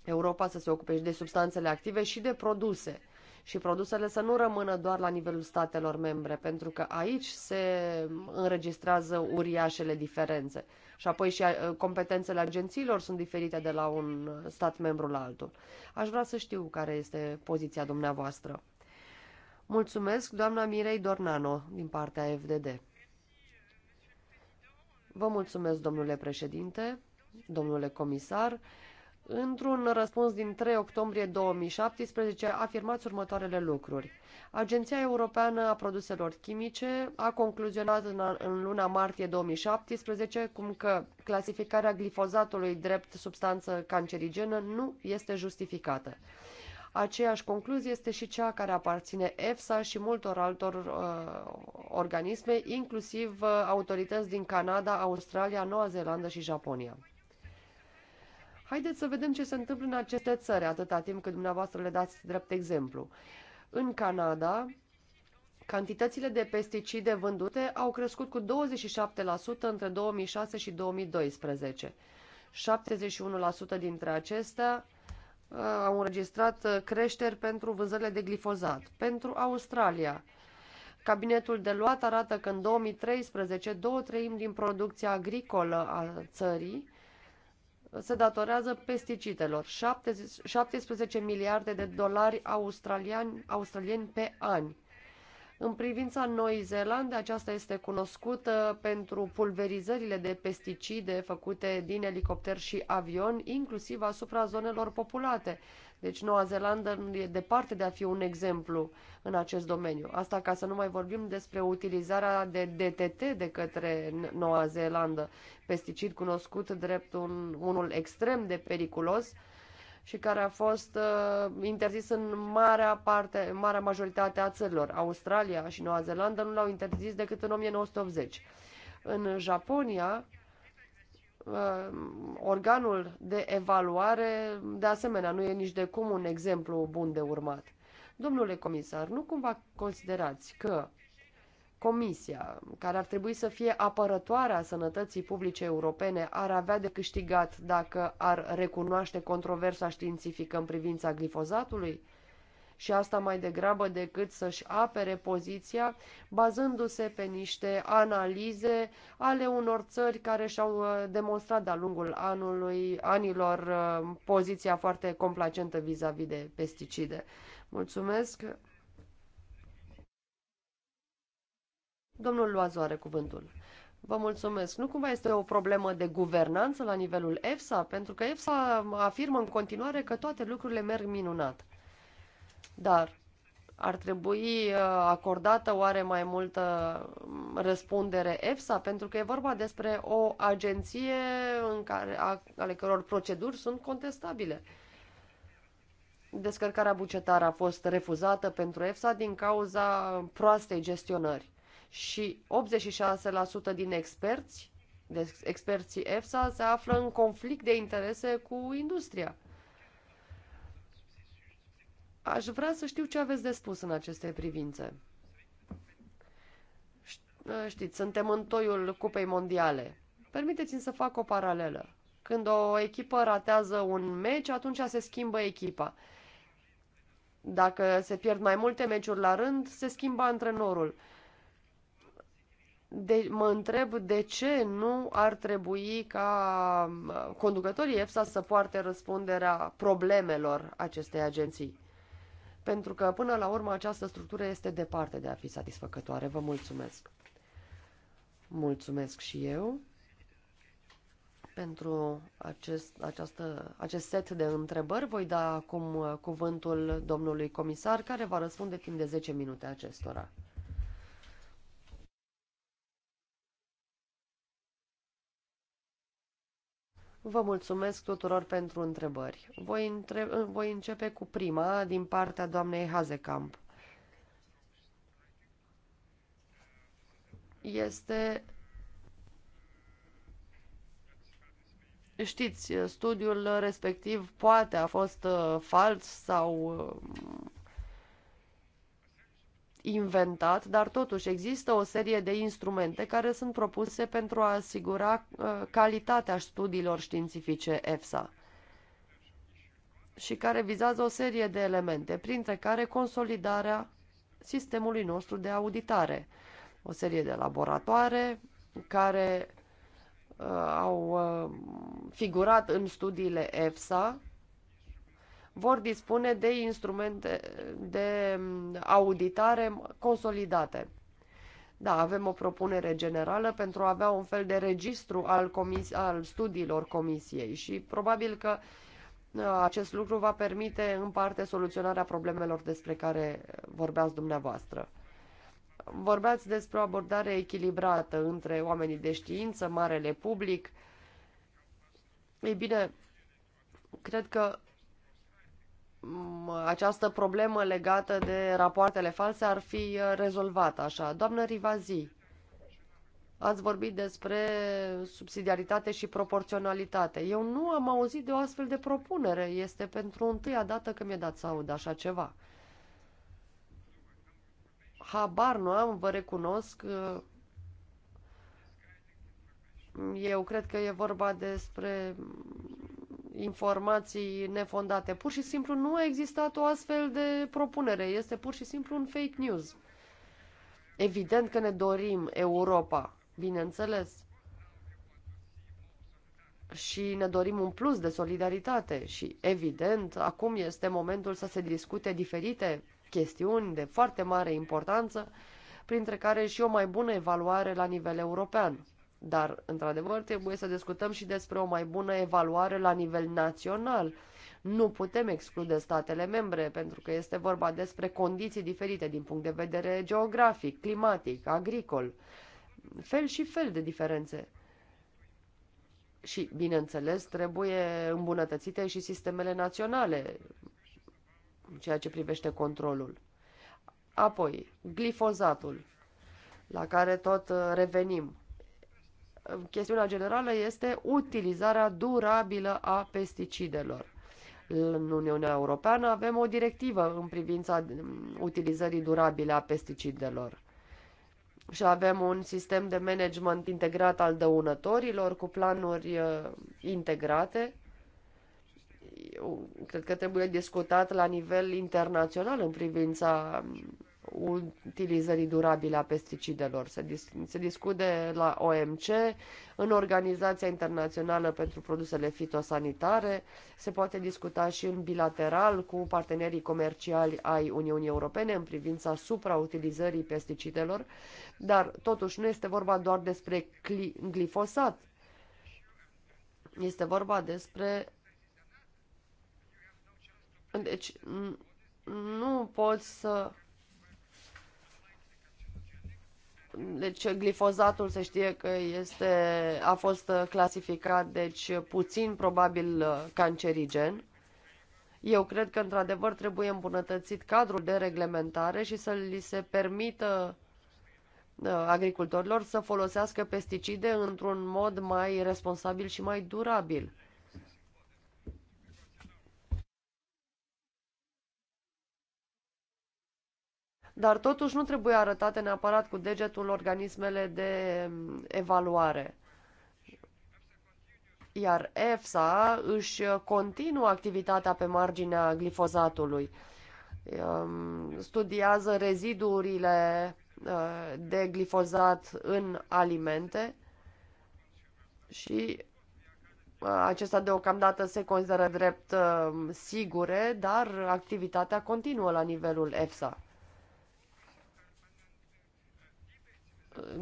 Europa să se ocupe și de substanțele active și de produse. Și produsele să nu rămână doar la nivelul statelor membre, pentru că aici se înregistrează uriașele diferențe. Și apoi și uh, competențele agențiilor sunt diferite de la un stat membru la altul. Aș vrea să știu care este poziția dumneavoastră. Mulțumesc, doamna Mirei Dornano, din partea FDD. Vă mulțumesc, domnule președinte, domnule comisar. Într-un răspuns din 3 octombrie 2017 afirmați următoarele lucruri. Agenția Europeană a Produselor Chimice a concluzionat în, în luna martie 2017 cum că clasificarea glifozatului drept substanță cancerigenă nu este justificată. Aceeași concluzie este și cea care aparține EFSA și multor altor uh, organisme, inclusiv uh, autorități din Canada, Australia, Noua Zeelandă și Japonia. Haideți să vedem ce se întâmplă în aceste țări, atâta timp cât dumneavoastră le dați drept exemplu. În Canada, Cantitățile de pesticide vândute au crescut cu 27% între 2006 și 2012. 71% dintre acestea Uh, au înregistrat uh, creșteri pentru vânzările de glifozat. Pentru Australia, cabinetul de luat arată că în 2013 două treimi din producția agricolă a țării se datorează pesticidelor, 17 miliarde de dolari australieni pe an. În privința Noii Zeelande, aceasta este cunoscută pentru pulverizările de pesticide făcute din elicopter și avion, inclusiv asupra zonelor populate. Deci Noua Zeelandă e departe de a fi un exemplu în acest domeniu. Asta ca să nu mai vorbim despre utilizarea de DTT de către Noua Zeelandă, pesticid cunoscut drept un, unul extrem de periculos, și care a fost uh, interzis în marea parte, în marea majoritate a țărilor. Australia și Noua Zeelandă nu l-au interzis decât în 1980. În Japonia, uh, organul de evaluare, de asemenea, nu e nici de cum un exemplu bun de urmat. Domnule comisar, nu cumva considerați că Comisia, care ar trebui să fie apărătoarea sănătății publice europene, ar avea de câștigat dacă ar recunoaște controversa științifică în privința glifozatului? Și asta mai degrabă decât să-și apere poziția bazându-se pe niște analize ale unor țări care și-au uh, demonstrat de-a lungul anului, anilor uh, poziția foarte complacentă vis-a-vis -vis de pesticide. Mulțumesc! Domnul Loazu are cuvântul. Vă mulțumesc. Nu cumva este o problemă de guvernanță la nivelul EFSA? Pentru că EFSA afirmă în continuare că toate lucrurile merg minunat. Dar ar trebui uh, acordată oare mai multă mm, răspundere EFSA? Pentru că e vorba despre o agenție în care, ale căror proceduri sunt contestabile. Descărcarea bugetară a fost refuzată pentru EFSA din cauza proastei gestionări și 86% din experți, de experții EFSA, se află în conflict de interese cu industria. Aș vrea să știu ce aveți de spus în aceste privințe. Ă, știți, suntem în toiul Cupei Mondiale. Permiteți-mi să fac o paralelă. Când o echipă ratează un meci, atunci se schimbă echipa. Dacă se pierd mai multe meciuri la rând, se schimbă antrenorul de, mă întreb de ce nu ar trebui ca conducătorii EFSA să poarte răspunderea problemelor acestei agenții. Pentru că, până la urmă, această structură este departe de a fi satisfăcătoare. Vă mulțumesc! Mulțumesc și eu pentru acest, această, acest set de întrebări. Voi da acum uh, cuvântul domnului comisar, care va răspunde timp de 10 minute acestora. Vă mulțumesc tuturor pentru întrebări. Voi, între... Voi începe cu prima din partea doamnei Hazekamp. Este Știți, studiul respectiv poate a fost uh, fals sau uh, inventat, dar totuși există o serie de instrumente care sunt propuse pentru a asigura uh, calitatea studiilor științifice EFSA și care vizează o serie de elemente, printre care consolidarea sistemului nostru de auditare. O serie de laboratoare care uh, au uh, figurat în studiile EFSA vor dispune de instrumente de auditare consolidate. Da, avem o propunere generală pentru a avea un fel de registru al, comis al studiilor comisiei și probabil că uh, acest lucru va permite în parte soluționarea problemelor despre care vorbeați dumneavoastră. Vorbeați despre o abordare echilibrată între oamenii de știință, marele public. Ei bine, cred că această problemă legată de rapoartele false ar fi uh, rezolvată așa. Doamnă Rivazi, ați vorbit despre subsidiaritate și proporționalitate. Eu nu am auzit de o astfel de propunere. Este pentru întâia dată că mi-e dat să aud așa ceva. Habar nu am, vă recunosc. Uh, eu cred că e vorba despre informații nefondate. Pur și simplu nu a existat o astfel de propunere. Este pur și simplu un fake news. Evident că ne dorim Europa, bineînțeles. Și ne dorim un plus de solidaritate. Și, evident, acum este momentul să se discute diferite chestiuni de foarte mare importanță, printre care și o mai bună evaluare la nivel european. Dar, într-adevăr, trebuie să discutăm și despre o mai bună evaluare la nivel național. Nu putem exclude statele membre, pentru că este vorba despre condiții diferite din punct de vedere geografic, climatic, agricol, fel și fel de diferențe. Și, bineînțeles, trebuie îmbunătățite și sistemele naționale, în ceea ce privește controlul. Apoi, glifozatul, la care tot revenim chestiunea generală este utilizarea durabilă a pesticidelor. În Uniunea Europeană avem o directivă în privința utilizării durabile a pesticidelor și avem un sistem de management integrat al dăunătorilor cu planuri uh, integrate. Eu cred că trebuie discutat la nivel internațional în privința utilizării durabile a pesticidelor. Se, dis- se discute la OMC, în Organizația Internațională pentru Produsele Fitosanitare, se poate discuta și în bilateral cu partenerii comerciali ai Uniunii Europene în privința suprautilizării pesticidelor, dar totuși nu este vorba doar despre glifosat. Este vorba despre deci, nu poți să Deci glifozatul se știe că este, a fost clasificat deci puțin probabil uh, cancerigen. Eu cred că într-adevăr trebuie îmbunătățit cadrul de reglementare și să li se permită uh, agricultorilor să folosească pesticide într-un mod mai responsabil și mai durabil. dar totuși nu trebuie arătate neapărat cu degetul organismele de mm, evaluare. Iar EFSA își continuă activitatea pe marginea glifozatului. Ehm, studiază rezidurile ă, de glifozat în alimente și ă, acestea deocamdată se consideră drept ă, sigure, dar activitatea continuă la nivelul EFSA.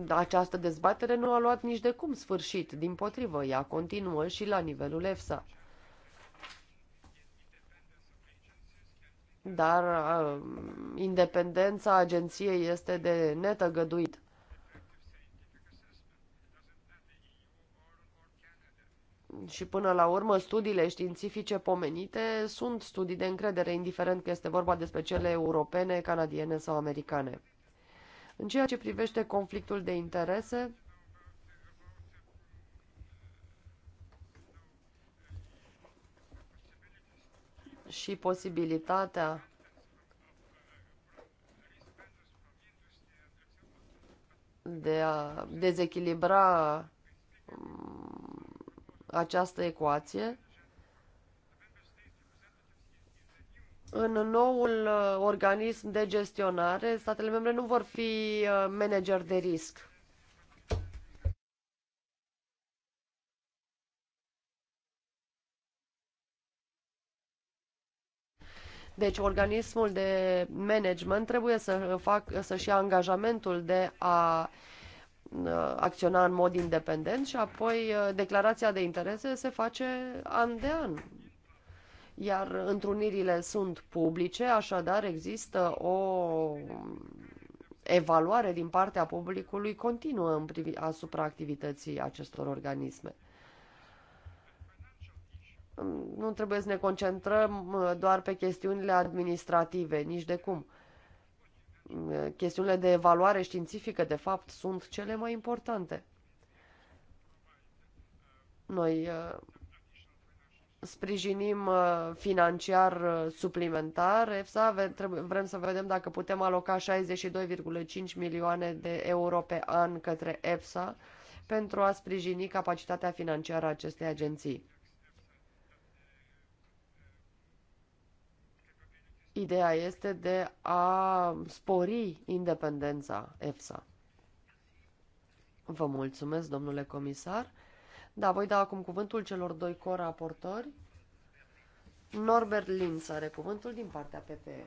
această dezbatere nu a luat nici de cum sfârșit, din potrivă, ea continuă și la nivelul EFSA. Dar uh, independența agenției este de netăgăduit. Și până la urmă, studiile științifice pomenite sunt studii de încredere, indiferent că este vorba despre cele europene, canadiene sau americane. În ceea ce privește conflictul de interese, și posibilitatea de a dezechilibra mm, această ecuație, în noul uh, organism de gestionare, statele membre nu vor fi uh, manageri de risc. Deci organismul de management trebuie să fac, să-și ia angajamentul de a uh, acționa în mod independent și apoi declarația de interese se face an de an, iar întrunirile sunt publice, așadar există o evaluare din partea publicului continuă în privi- asupra activității acestor organisme. Nu trebuie să ne concentrăm uh, doar pe chestiunile administrative, nici de cum. Uh, chestiunile de evaluare științifică, de fapt, sunt cele mai importante. Noi uh, sprijinim uh, financiar uh, suplimentar EFSA. Vrem să vedem dacă putem aloca 62,5 milioane de euro pe an către EFSA pentru a sprijini capacitatea financiară a acestei agenții. Ideea este de a spori independența EFSA. Vă mulțumesc, domnule comisar. Da, voi da acum cuvântul celor doi coraportori. Norbert Linz are cuvântul din partea PPE.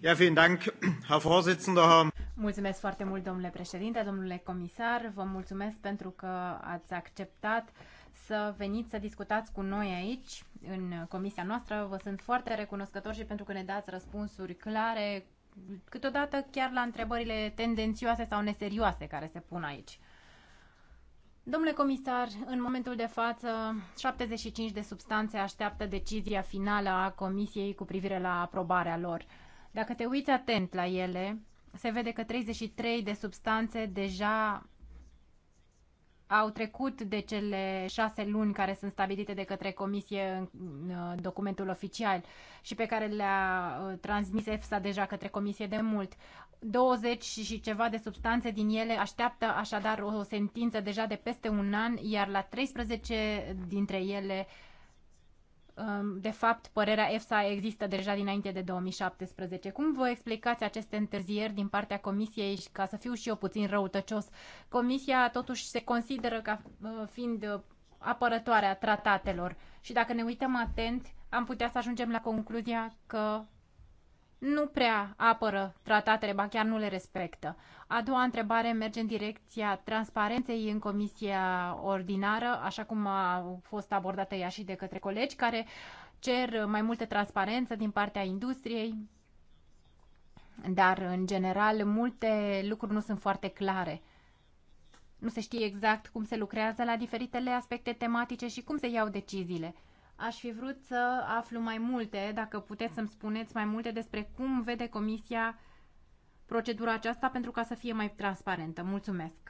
Ja, vielen Dank, Herr Vorsitzender. Mulțumesc foarte mult, domnule președinte, domnule comisar. Vă mulțumesc pentru că ați acceptat să veniți să discutați cu noi aici, în comisia noastră. Vă sunt foarte recunoscător și pentru că ne dați răspunsuri clare, câteodată chiar la întrebările tendențioase sau neserioase care se pun aici. Domnule comisar, în momentul de față, 75 de substanțe așteaptă decizia finală a Comisiei cu privire la aprobarea lor. Dacă te uiți atent la ele, se vede că 33 de substanțe deja au trecut de cele șase luni care sunt stabilite de către comisie în uh, documentul oficial și pe care le-a uh, transmis EFSA deja către comisie de mult. 20 și ceva de substanțe din ele așteaptă așadar o sentință deja de peste un an, iar la 13 dintre ele, um, de fapt, părerea EFSA există deja dinainte de 2017. Cum vă explicați aceste întârzieri din partea Comisiei, ca să fiu și eu puțin răutăcios? Comisia totuși se consideră ca uh, fiind uh, apărătoarea tratatelor și dacă ne uităm atent, am putea să ajungem la concluzia că nu prea apără tratatele, ba chiar nu le respectă. A doua întrebare merge în direcția transparenței în comisia ordinară, așa cum a fost abordată ea și de către colegi care cer mai multă transparență din partea industriei, dar în general multe lucruri nu sunt foarte clare. Nu se știe exact cum se lucrează la diferitele aspecte tematice și cum se iau deciziile. Aș fi vrut să aflu mai multe, dacă puteți să-mi spuneți mai multe despre cum vede Comisia procedura aceasta pentru ca să fie mai transparentă. Mulțumesc!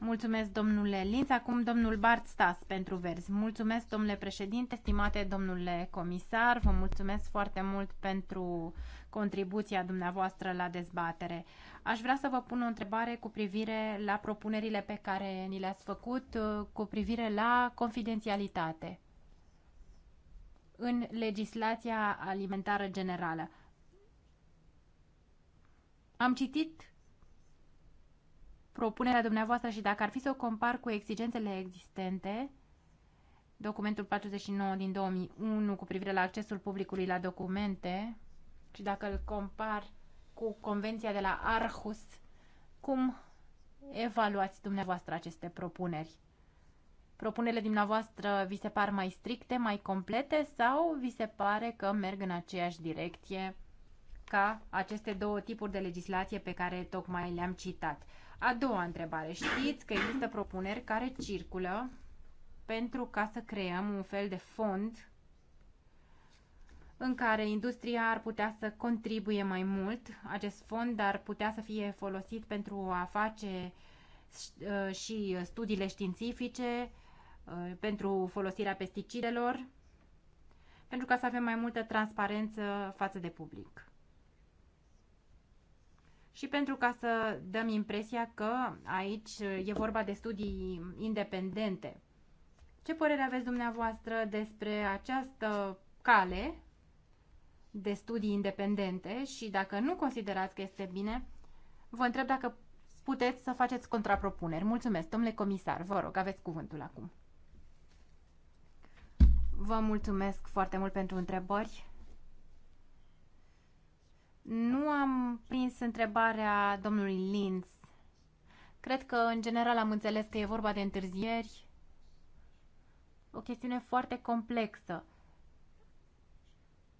Mulțumesc, domnule Linz. Acum, domnul Bart Stas pentru verzi. Mulțumesc, domnule președinte, stimate domnule comisar. Vă mulțumesc foarte mult pentru contribuția dumneavoastră la dezbatere. Aș vrea să vă pun o întrebare cu privire la propunerile pe care ni le-ați făcut uh, cu privire la confidențialitate în legislația alimentară generală. Am citit propunerea dumneavoastră și dacă ar fi să o compar cu exigențele existente, documentul 49 din 2001 cu privire la accesul publicului la documente și dacă îl compar cu convenția de la Arhus, cum evaluați dumneavoastră aceste propuneri? Propunerile dumneavoastră vi se par mai stricte, mai complete sau vi se pare că merg în aceeași direcție ca aceste două tipuri de legislație pe care tocmai le-am citat? A doua întrebare. Știți că există propuneri care circulă pentru ca să creăm un fel de fond în care industria ar putea să contribuie mai mult. Acest fond ar putea să fie folosit pentru a face uh, și studiile științifice, uh, pentru folosirea pesticidelor, pentru ca să avem mai multă transparență față de public și pentru ca să dăm impresia că aici e vorba de studii independente. Ce părere aveți dumneavoastră despre această cale de studii independente și dacă nu considerați că este bine, vă întreb dacă puteți să faceți contrapropuneri. Mulțumesc, domnule comisar, vă rog, aveți cuvântul acum. Vă mulțumesc foarte mult pentru întrebări. Nu am prins întrebarea domnului Linz. Cred că, în general, am înțeles că e vorba de întârzieri. O chestiune foarte complexă.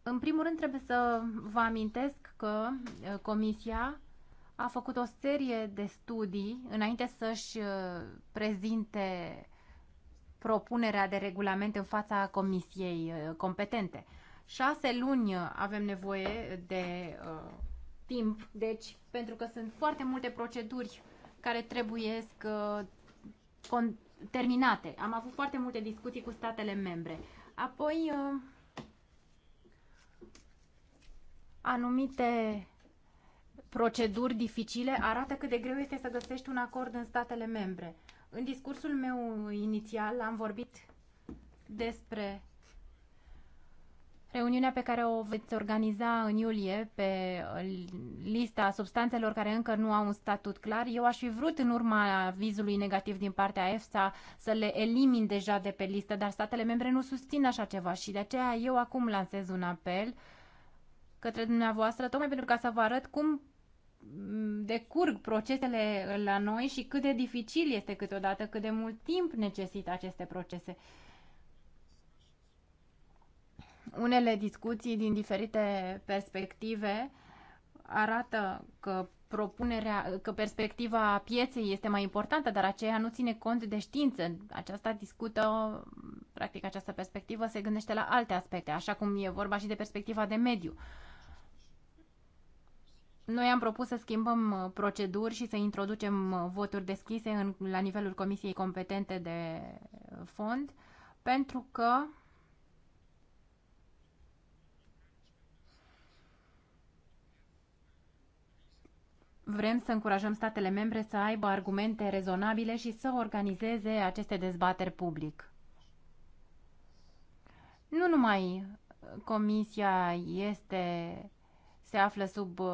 În primul rând, trebuie să vă amintesc că uh, Comisia a făcut o serie de studii înainte să-și uh, prezinte propunerea de regulament în fața Comisiei uh, competente șase luni uh, avem nevoie de uh, timp, deci pentru că sunt foarte multe proceduri care trebuie să uh, terminate. Am avut foarte multe discuții cu statele membre. Apoi, uh, anumite proceduri dificile arată cât de greu este să găsești un acord în statele membre. În discursul meu inițial am vorbit despre Reuniunea pe care o veți organiza în iulie pe uh, lista substanțelor care încă nu au un statut clar, eu aș fi vrut în urma vizului negativ din partea EFSA să le elimin deja de pe listă, dar statele membre nu susțin așa ceva și de aceea eu acum lansez un apel către dumneavoastră, tocmai pentru ca să vă arăt cum mm, decurg procesele la noi și cât de dificil este câteodată, cât de mult timp necesită aceste procese. Unele discuții din diferite perspective arată că propunerea, că perspectiva pieței este mai importantă, dar aceea nu ține cont de știință. Aceasta discută, practic această perspectivă se gândește la alte aspecte, așa cum e vorba și de perspectiva de mediu. Noi am propus să schimbăm uh, proceduri și să introducem uh, voturi deschise în, la nivelul comisiei competente de fond, pentru că Vrem să încurajăm statele membre să aibă argumente rezonabile și să organizeze aceste dezbateri public. Nu numai Comisia este, se află sub uh,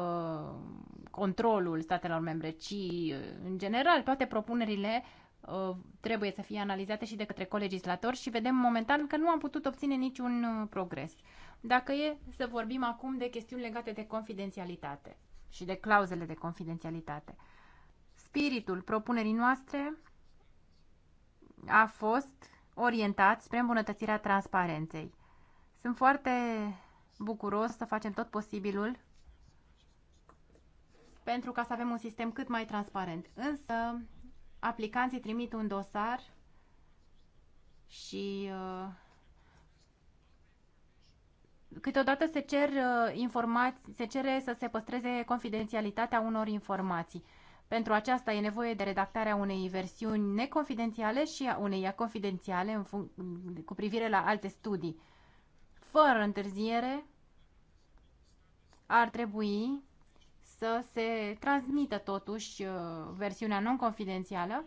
controlul statelor membre, ci, uh, în general, toate propunerile uh, trebuie să fie analizate și de către colegislatori și vedem momentan că nu am putut obține niciun progres. Dacă e să vorbim acum de chestiuni legate de confidențialitate și de clauzele de confidențialitate. Spiritul propunerii noastre a fost orientat spre îmbunătățirea transparenței. Sunt foarte bucuros să facem tot posibilul pentru ca să avem un sistem cât mai transparent. Însă, aplicanții trimit un dosar și uh, Câteodată se, cer uh, informații, se cere să se păstreze confidențialitatea unor informații. Pentru aceasta e nevoie de redactarea unei versiuni neconfidențiale și a unei confidențiale în cu privire la alte studii. Fără întârziere, ar trebui să se transmită totuși uh, versiunea non-confidențială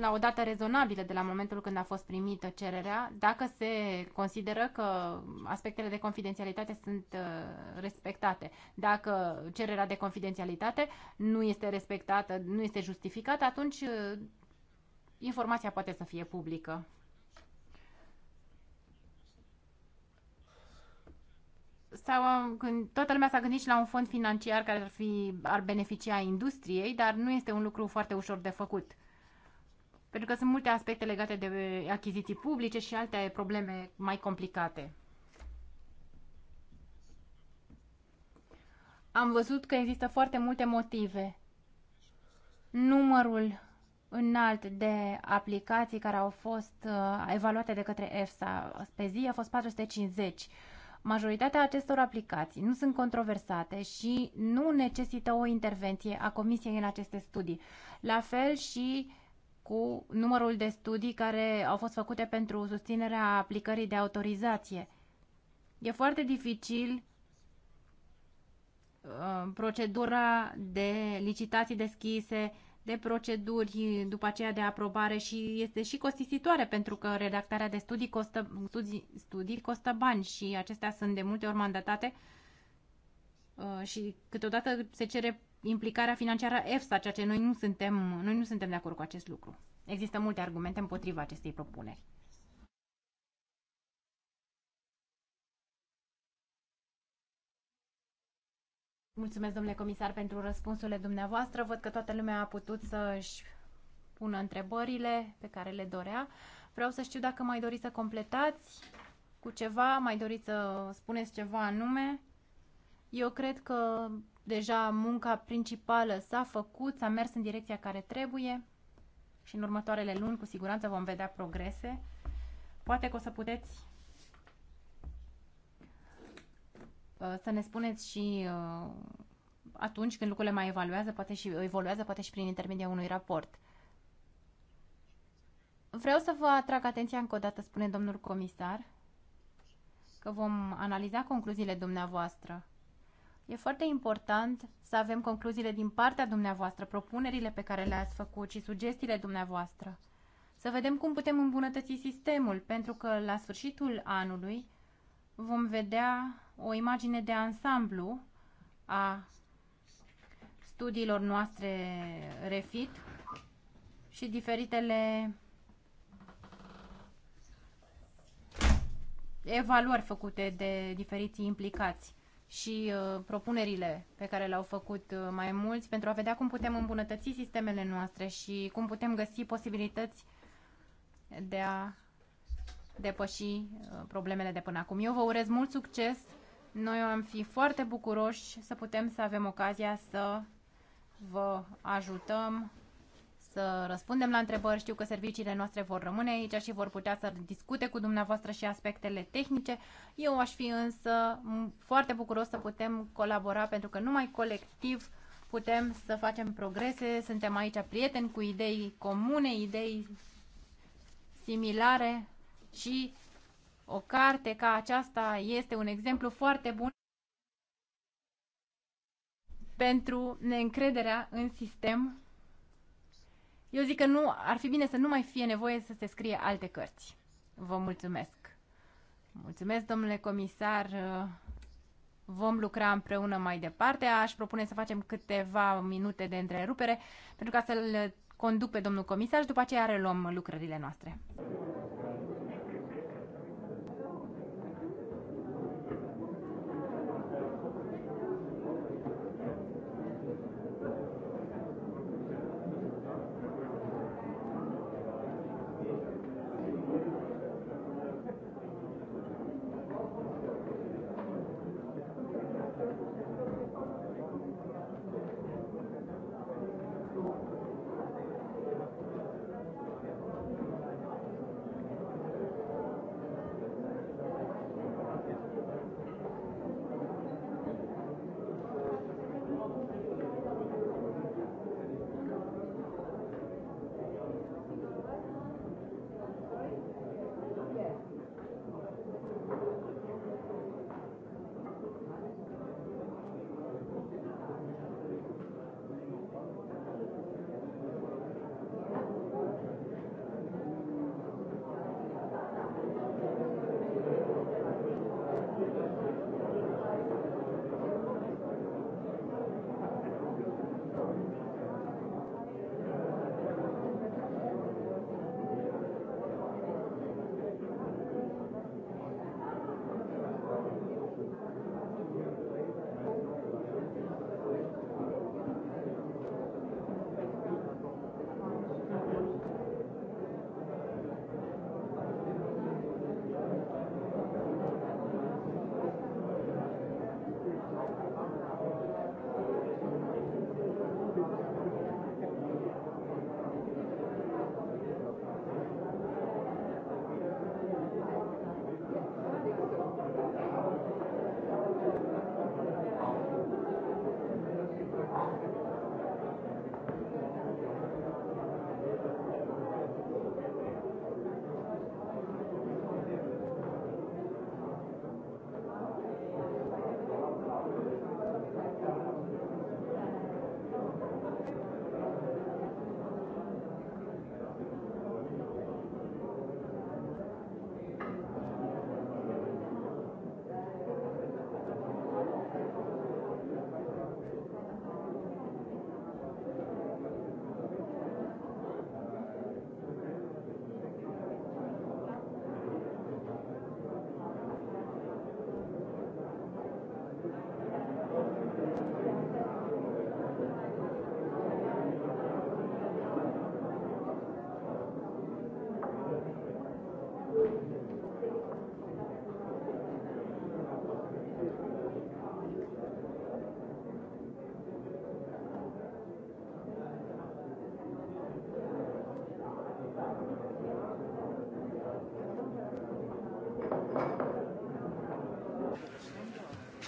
la o dată rezonabilă de la momentul când a fost primită cererea, dacă se consideră că aspectele de confidențialitate sunt uh, respectate. Dacă cererea de confidențialitate nu este respectată, nu este justificată, atunci uh, informația poate să fie publică. sau când uh, toată lumea s-a gândit și la un fond financiar care ar, fi, ar beneficia industriei, dar nu este un lucru foarte ușor de făcut pentru că sunt multe aspecte legate de eh, achiziții publice și alte probleme mai complicate. Am văzut că există foarte multe motive. Numărul înalt de aplicații care au fost eh, evaluate de către EFSA pe zi a fost 450. Majoritatea acestor aplicații nu sunt controversate și nu necesită o intervenție a Comisiei în aceste studii. La fel și cu numărul de studii care au fost făcute pentru susținerea aplicării de autorizație. E foarte dificil uh, procedura de licitații deschise, de proceduri după aceea de aprobare și este și costisitoare pentru că redactarea de studii costă, studii, studii costă bani și acestea sunt de multe ori mandatate uh, și câteodată se cere implicarea financiară a EFSA, ceea ce noi nu suntem, noi nu suntem de acord cu acest lucru. Există multe argumente împotriva acestei propuneri. Mulțumesc, domnule comisar, pentru răspunsurile dumneavoastră. Văd că toată lumea a putut să-și pună întrebările pe care le dorea. Vreau să știu dacă mai doriți să completați cu ceva, mai doriți să spuneți ceva anume. Eu cred că deja munca principală s-a făcut, s-a mers în direcția care trebuie și în următoarele luni cu siguranță vom vedea progrese. Poate că o să puteți uh, să ne spuneți și uh, atunci când lucrurile mai evaluează, poate și evoluează, poate și prin intermediul unui raport. Vreau să vă atrag atenția încă o dată, spune domnul comisar, că vom analiza concluziile dumneavoastră E foarte important să avem concluziile din partea dumneavoastră, propunerile pe care le-ați făcut și sugestiile dumneavoastră. Să vedem cum putem îmbunătăți sistemul, pentru că la sfârșitul anului vom vedea o imagine de ansamblu a studiilor noastre refit și diferitele evaluări făcute de diferiții implicați și uh, propunerile pe care le-au făcut uh, mai mulți pentru a vedea cum putem îmbunătăți sistemele noastre și cum putem găsi posibilități de a depăși uh, problemele de până acum. Eu vă urez mult succes. Noi am fi foarte bucuroși să putem să avem ocazia să vă ajutăm să răspundem la întrebări. Știu că serviciile noastre vor rămâne aici și vor putea să discute cu dumneavoastră și aspectele tehnice. Eu aș fi însă foarte bucuros să putem colabora pentru că numai colectiv putem să facem progrese. Suntem aici prieteni cu idei comune, idei similare și o carte ca aceasta este un exemplu foarte bun pentru neîncrederea în sistem eu zic că nu, ar fi bine să nu mai fie nevoie să se scrie alte cărți. Vă mulțumesc. Mulțumesc, domnule comisar. Vom lucra împreună mai departe. Aș propune să facem câteva minute de întrerupere pentru ca să-l conduc pe domnul comisar și după aceea reluăm lucrările noastre.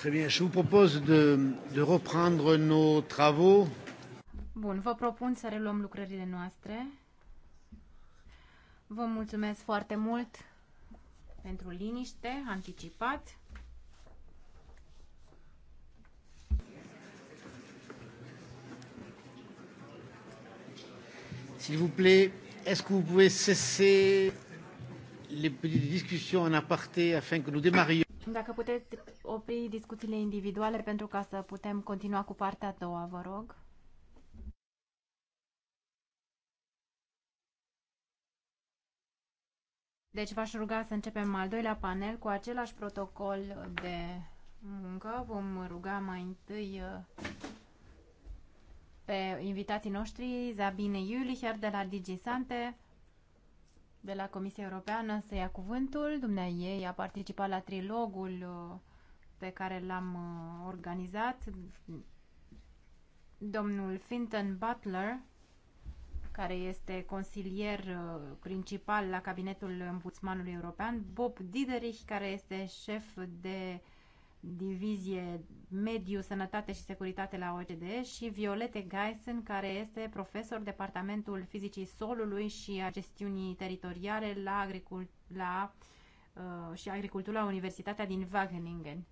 Très bien, je vous propose de, de reprendre nos travaux. Bun, vă propun să reluăm lucrările noastre. Vă mulțumesc foarte mult pentru liniște, anticipat. S'il vous plaît, est-ce que vous pouvez cesser les petites discussions en aparté afin que nous démarrions dacă puteți opri discuțiile individuale pentru ca să putem continua cu partea a doua, vă rog. Deci v-aș ruga să începem al doilea panel cu același protocol de muncă. Vom ruga mai întâi uh, pe invitații noștri, Zabine Iulicher de la DigiSante, de la Comisia Europeană să ia cuvântul. Dumnea ei a participat la trilogul uh, pe care l-am uh, organizat. Domnul Finton Butler, care este consilier uh, principal la cabinetul ombudsmanului european, Bob Diderich, care este șef de uh, divizie Mediu, Sănătate și Securitate la OCD și Violete Geisen, care este profesor departamentul fizicii solului și a gestiunii teritoriale la, agricul la uh, și agricultura Universitatea din Wageningen.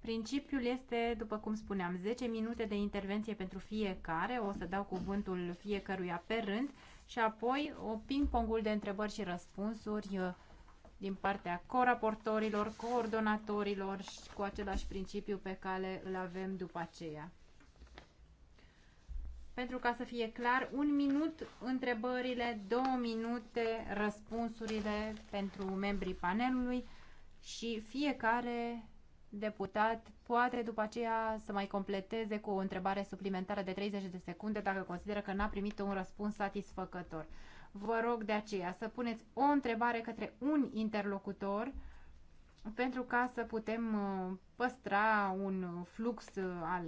Principiul este, după cum spuneam, 10 minute de intervenție pentru fiecare, o să dau cuvântul fiecăruia pe rând și apoi o ping-pongul de întrebări și răspunsuri uh, din partea coraportorilor, coordonatorilor și cu același principiu pe care îl avem după aceea. Pentru ca să fie clar, un minut întrebările, două minute răspunsurile pentru membrii panelului și fiecare deputat poate după aceea să mai completeze cu o întrebare suplimentară de 30 de secunde dacă consideră că n-a primit un răspuns satisfăcător. Vă rog de aceea să puneți o întrebare către un interlocutor pentru ca să putem uh, păstra un flux uh, al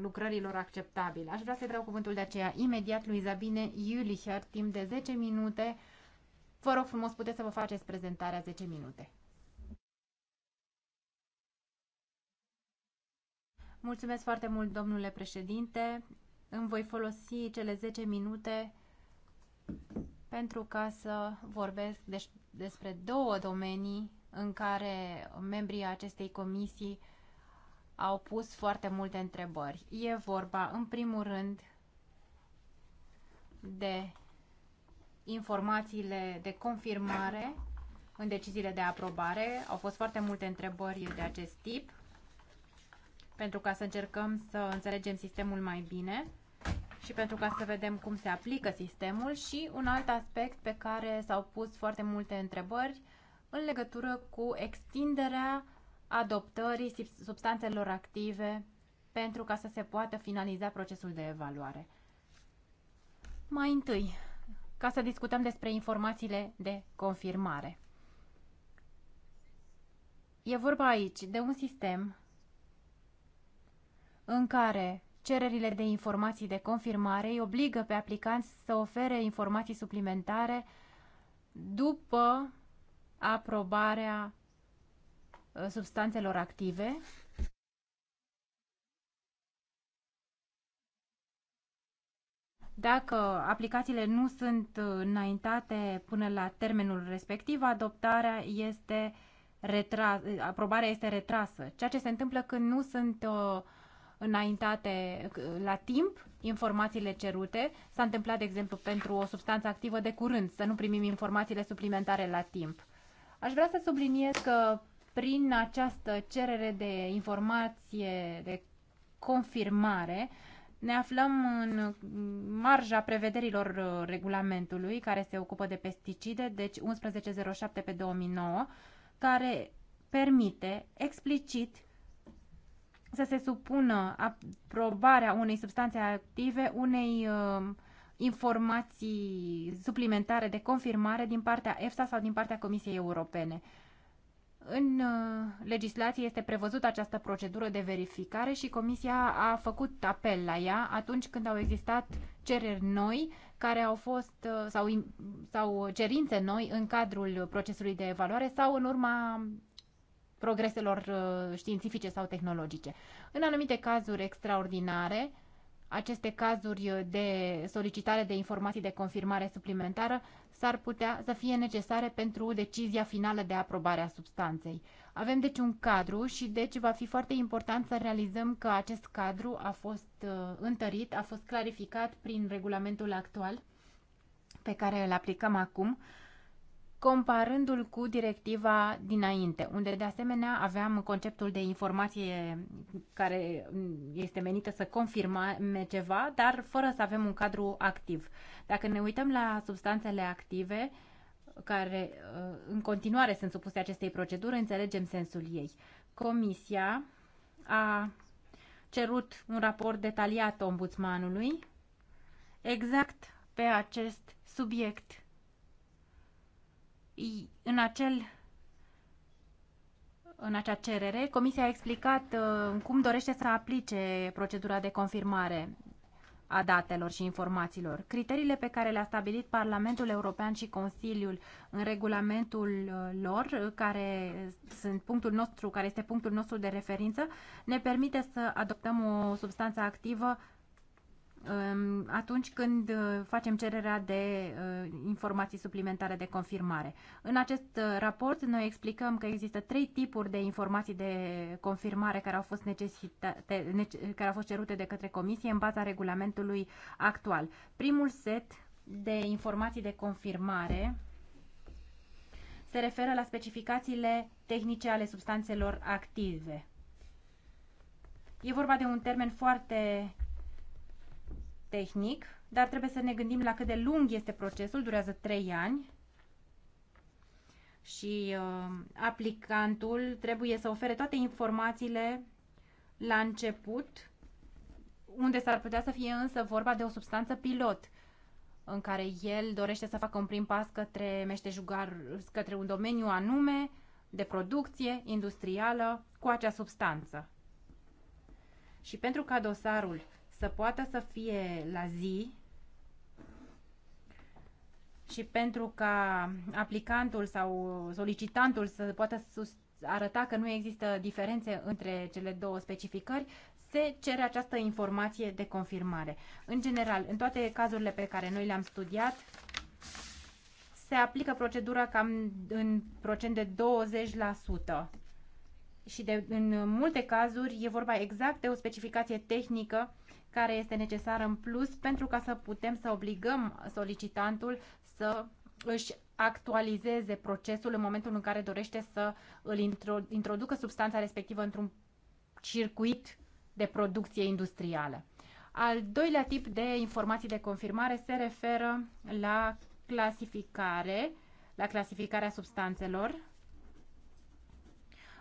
lucrărilor acceptabil. Aș vrea să dau cuvântul de aceea imediat lui Zabine Iulicher, timp de 10 minute. Vă rog frumos, puteți să vă faceți prezentarea 10 minute. Mulțumesc foarte mult, domnule președinte. Îmi voi folosi cele 10 minute pentru ca să vorbesc despre două domenii în care membrii acestei comisii au pus foarte multe întrebări. E vorba, în primul rând, de informațiile de confirmare în deciziile de aprobare. Au fost foarte multe întrebări de acest tip pentru ca să încercăm să înțelegem sistemul mai bine și pentru ca să vedem cum se aplică sistemul și un alt aspect pe care s-au pus foarte multe întrebări în legătură cu extinderea adoptării substanțelor active pentru ca să se poată finaliza procesul de evaluare. Mai întâi, ca să discutăm despre informațiile de confirmare. E vorba aici de un sistem în care Cererile de informații de confirmare îi obligă pe aplicanți să ofere informații suplimentare după aprobarea ă, substanțelor active Dacă aplicațiile nu sunt înaintate până la termenul respectiv, adoptarea este retras, aprobarea este retrasă. Ceea ce se întâmplă când nu sunt uh, înaintate la timp informațiile cerute. S-a întâmplat, de exemplu, pentru o substanță activă de curând, să nu primim informațiile suplimentare la timp. Aș vrea să subliniez că prin această cerere de informație, de confirmare, ne aflăm în marja prevederilor uh, regulamentului care se ocupă de pesticide, deci 1107 pe 2009, care permite explicit să se supună aprobarea unei substanțe active unei uh, informații suplimentare de confirmare din partea EFSA sau din partea Comisiei Europene. În uh, legislație este prevăzută această procedură de verificare și Comisia a făcut apel la ea atunci când au existat cereri noi care au fost uh, sau, sau cerințe noi în cadrul procesului de evaluare sau în urma progreselor uh, științifice sau tehnologice. În anumite cazuri extraordinare, aceste cazuri uh, de solicitare de informații de confirmare suplimentară s-ar putea să fie necesare pentru decizia finală de aprobare a substanței. Avem deci un cadru și deci va fi foarte important să realizăm că acest cadru a fost uh, întărit, a fost clarificat prin regulamentul actual pe care îl aplicăm acum, comparându-l cu directiva dinainte, unde de asemenea aveam conceptul de informație care este menită să confirme ceva, dar fără să avem un cadru activ. Dacă ne uităm la substanțele active, care uh, în continuare sunt supuse acestei proceduri, înțelegem sensul ei. Comisia a cerut un raport detaliat ombudsmanului exact pe acest subiect în acel în acea cerere, Comisia a explicat uh, cum dorește să aplice procedura de confirmare a datelor și informațiilor. Criteriile pe care le-a stabilit Parlamentul European și Consiliul în regulamentul uh, lor, care sunt punctul nostru, care este punctul nostru de referință, ne permite să adoptăm o substanță activă uh, atunci când uh, facem cererea de uh, informații suplimentare de confirmare. În acest uh, raport noi explicăm că există trei tipuri de informații de confirmare care au fost, necesitate, care au fost cerute de către comisie în baza regulamentului actual. Primul set de informații de confirmare se referă la specificațiile tehnice ale substanțelor active. E vorba de un termen foarte tehnic, dar trebuie să ne gândim la cât de lung este procesul, durează 3 ani și uh, aplicantul trebuie să ofere toate informațiile la început, unde s-ar putea să fie însă vorba de o substanță pilot în care el dorește să facă un prim pas către meșteșugar, către un domeniu anume de producție industrială cu acea substanță. Și pentru ca dosarul să poată să fie la zi și pentru ca aplicantul sau solicitantul să poată arăta că nu există diferențe între cele două specificări, se cere această informație de confirmare. În general, în toate cazurile pe care noi le-am studiat, se aplică procedura cam în procent de 20% și de, în multe cazuri e vorba exact de o specificație tehnică care este necesară în plus pentru ca să putem să obligăm solicitantul să își actualizeze procesul în momentul în care dorește să îl introducă substanța respectivă într-un circuit de producție industrială. Al doilea tip de informații de confirmare se referă la clasificare, la clasificarea substanțelor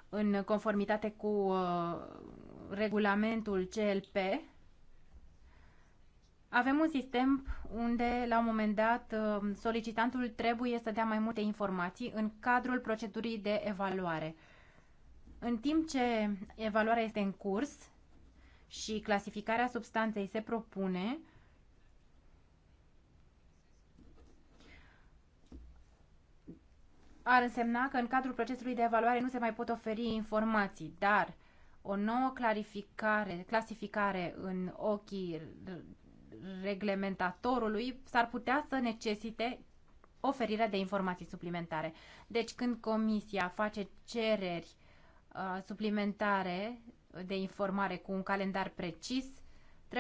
în conformitate cu uh, regulamentul CLP, avem un sistem unde, la un moment dat, uh, solicitantul trebuie să dea mai multe informații în cadrul procedurii de evaluare. În timp ce evaluarea este în curs și clasificarea substanței se propune, ar însemna că în cadrul procesului de evaluare nu se mai pot oferi informații, dar o nouă clarificare, clasificare în ochii reglementatorului s-ar putea să necesite oferirea de informații suplimentare. Deci când comisia face cereri uh, suplimentare de informare cu un calendar precis,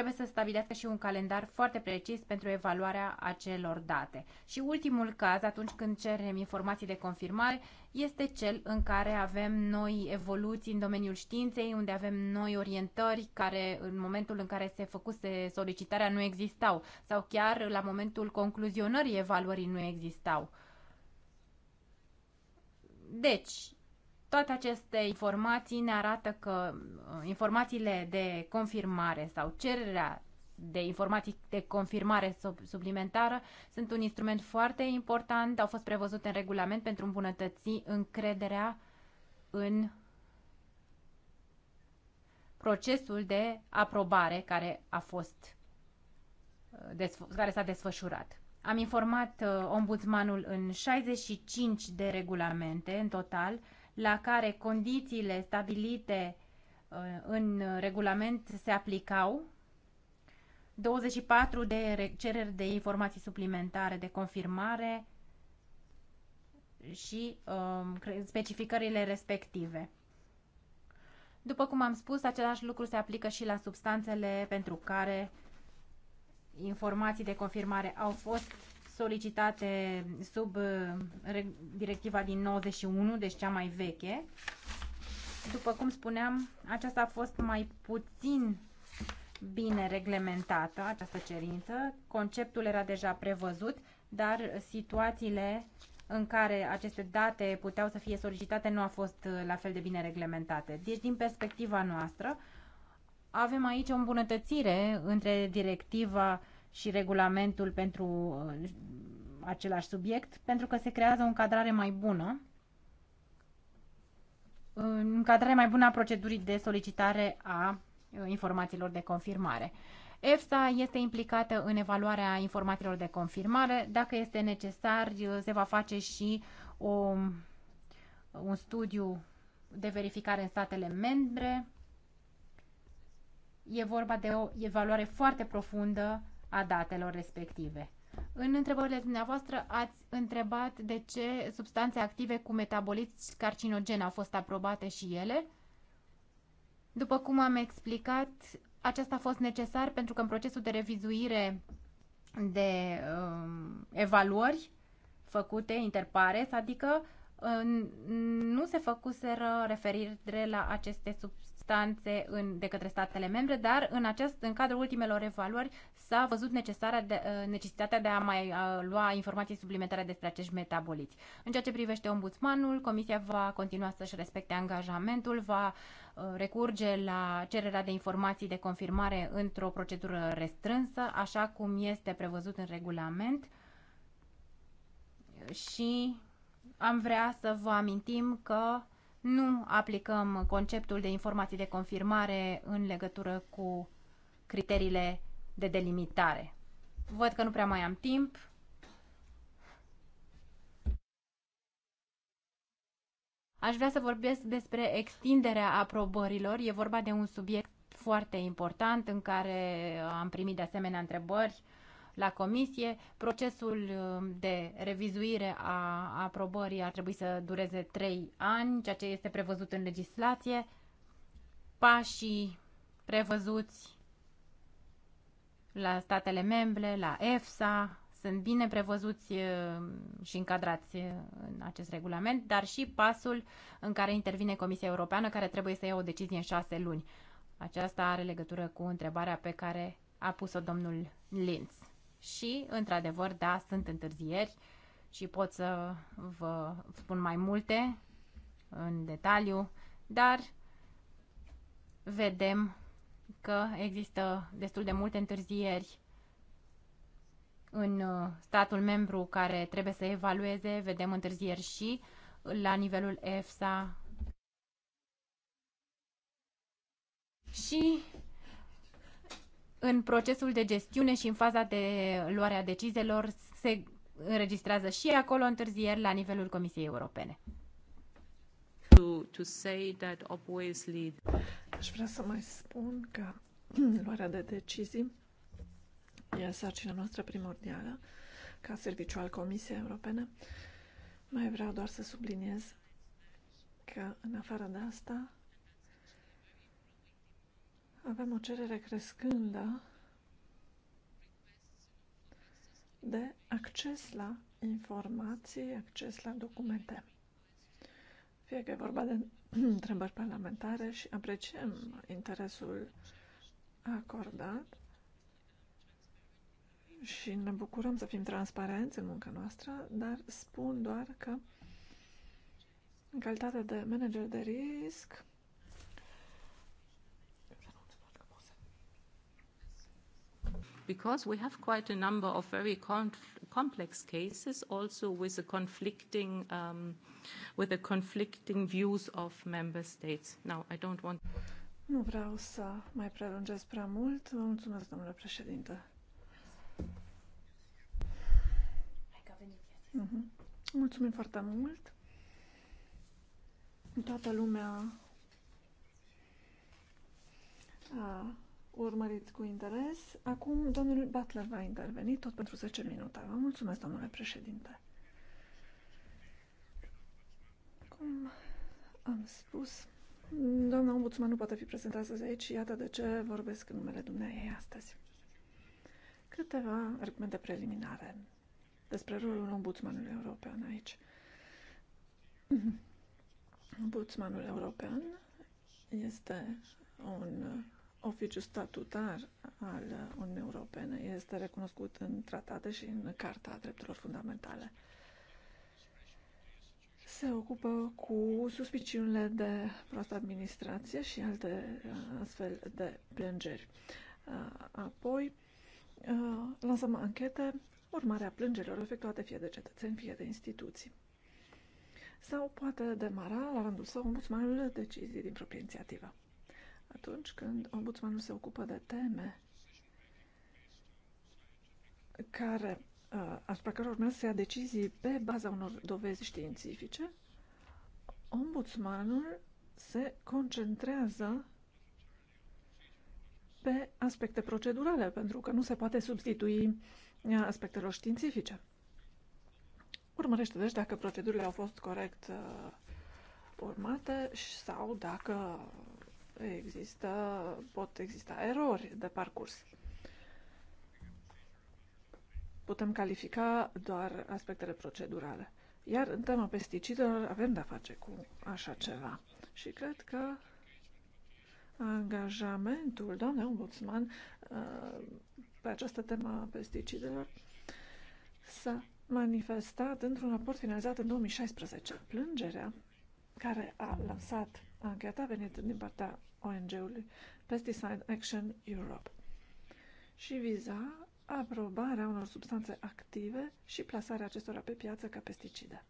trebuie să stabilească și un calendar foarte precis pentru evaluarea acelor date. Și ultimul caz, atunci când cerem informații de confirmare, este cel în care avem noi evoluții în domeniul științei, unde avem noi orientări care în momentul în care se făcuse solicitarea nu existau sau chiar la momentul concluzionării evaluării nu existau. Deci, toate aceste informații ne arată că uh, informațiile de confirmare sau cererea de informații de confirmare suplimentară sunt un instrument foarte important, au fost prevăzute în regulament pentru îmbunătăți încrederea în procesul de aprobare care a fost uh, care s-a desfășurat. Am informat uh, ombudsmanul în 65 de regulamente în total la care condițiile stabilite uh, în regulament se aplicau, 24 de cereri de informații suplimentare de confirmare și uh, specificările respective. După cum am spus, același lucru se aplică și la substanțele pentru care informații de confirmare au fost solicitate sub uh, directiva din 91, deci cea mai veche. După cum spuneam, aceasta a fost mai puțin bine reglementată, această cerință. Conceptul era deja prevăzut, dar situațiile în care aceste date puteau să fie solicitate nu a fost uh, la fel de bine reglementate. Deci, din perspectiva noastră, avem aici o îmbunătățire între directiva și regulamentul pentru uh, același subiect, pentru că se creează o încadrare mai bună, încadrare mai bună a procedurii de solicitare a uh, informațiilor de confirmare. EFSA este implicată în evaluarea informațiilor de confirmare. Dacă este necesar, uh, se va face și o, un studiu de verificare în statele membre. E vorba de o evaluare foarte profundă a datelor respective. În întrebările dumneavoastră ați întrebat de ce substanțe active cu metaboliți carcinogeni au fost aprobate și ele. După cum am explicat, aceasta a fost necesar pentru că în procesul de revizuire de um, evaluări făcute interpares, adică uh, nu se făcuseră referire la aceste substanțe substanțe în, de către statele membre, dar în, acest, în cadrul ultimelor evaluări s-a văzut de, uh, necesitatea de a mai a, uh, lua informații suplimentare despre acești metaboliți. În ceea ce privește ombudsmanul, Comisia va continua să-și respecte angajamentul, va uh, recurge la cererea de informații de confirmare într-o procedură restrânsă, așa cum este prevăzut în regulament și am vrea să vă amintim că nu aplicăm conceptul de informații de confirmare în legătură cu criteriile de delimitare. Văd că nu prea mai am timp. Aș vrea să vorbesc despre extinderea aprobărilor. E vorba de un subiect foarte important în care am primit de asemenea întrebări la comisie. Procesul uh, de revizuire a aprobării ar trebui să dureze 3 ani, ceea ce este prevăzut în legislație. Pașii prevăzuți la statele membre, la EFSA, sunt bine prevăzuți uh, și încadrați uh, în acest regulament, dar și pasul în care intervine Comisia Europeană, care trebuie să ia o decizie în șase luni. Aceasta are legătură cu întrebarea pe care a pus-o domnul Linz și, într-adevăr, da, sunt întârzieri și pot să vă spun mai multe în detaliu, dar vedem că există destul de multe întârzieri în uh, statul membru care trebuie să evalueze, vedem întârzieri și la nivelul EFSA. Și în procesul de gestiune și în faza de luare a deciziilor se înregistrează și acolo întârzieri la nivelul Comisiei Europene. To, to say that obviously... Aș vrea să mai spun că luarea de decizii e sarcina noastră primordială ca serviciu al Comisiei Europene. Mai vreau doar să subliniez că, în afară de asta, avem o cerere crescândă de acces la informații, acces la documente. Fie că e vorba de întrebări parlamentare și apreciem interesul acordat și ne bucurăm să fim transparenți în munca noastră, dar spun doar că în calitate de manager de risc because we have quite a number of very complex cases also with a conflicting um, with the conflicting views of member states. Now, I don't want Nu vreau să mai prelungesc prea mult. Vă mulțumesc, domnule președinte. Uh mhm. -huh. Mulțumim foarte mult. Toată lumea a urmărit cu interes. Acum domnul Butler va interveni, tot pentru 10 minute. Vă mulțumesc, domnule președinte. Cum am spus, doamna ombudsman nu poate fi prezentă astăzi aici, iată de ce vorbesc în numele dumneavoastră astăzi. Câteva argumente preliminare despre rolul ombudsmanului european aici. Ombudsmanul european este un Oficiul statutar al Uniunii Europene este recunoscut în tratate și în Carta Drepturilor Fundamentale. Se ocupă cu suspiciunile de proastă administrație și alte uh, astfel de plângeri. Uh, apoi uh, lansăm anchete, urmarea plângerilor efectuate fie de cetățeni, fie de instituții. Sau poate demara, la rândul său, ombudsmanul decizii din proprie inițiativă atunci când ombudsmanul se ocupă de teme care, uh, asupra care urmează să ia decizii pe baza unor dovezi științifice, ombudsmanul se concentrează pe aspecte procedurale, pentru că nu se poate substitui uh, aspectelor științifice. Urmărește, deci, dacă procedurile au fost corect uh, urmate sau dacă există, pot exista erori de parcurs. Putem califica doar aspectele procedurale. Iar în tema pesticidelor avem de-a face cu așa ceva. Și cred că angajamentul doamnei ombudsman uh, pe această temă a pesticidelor s-a manifestat într-un raport finalizat în 2016. Plângerea care a lansat ancheta a venit din partea ONG-ului Pesticide Action Europe și viza aprobarea unor substanțe active și plasarea acestora pe piață ca pesticide.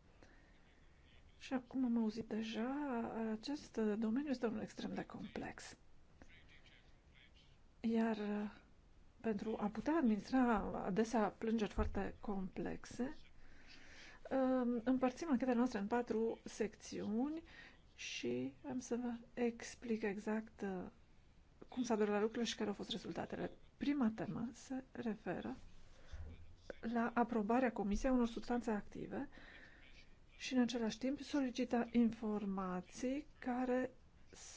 Și acum am auzit deja, acest domeniu este unul extrem de complex. Iar uh, pentru a putea administra adesea plângeri foarte complexe, uh, împărțim anchetele noastre în patru secțiuni și am să vă explic exact uh, cum s-a durat la lucrurile și care au fost rezultatele. Prima temă se referă la aprobarea Comisiei unor substanțe active și în același timp solicita informații care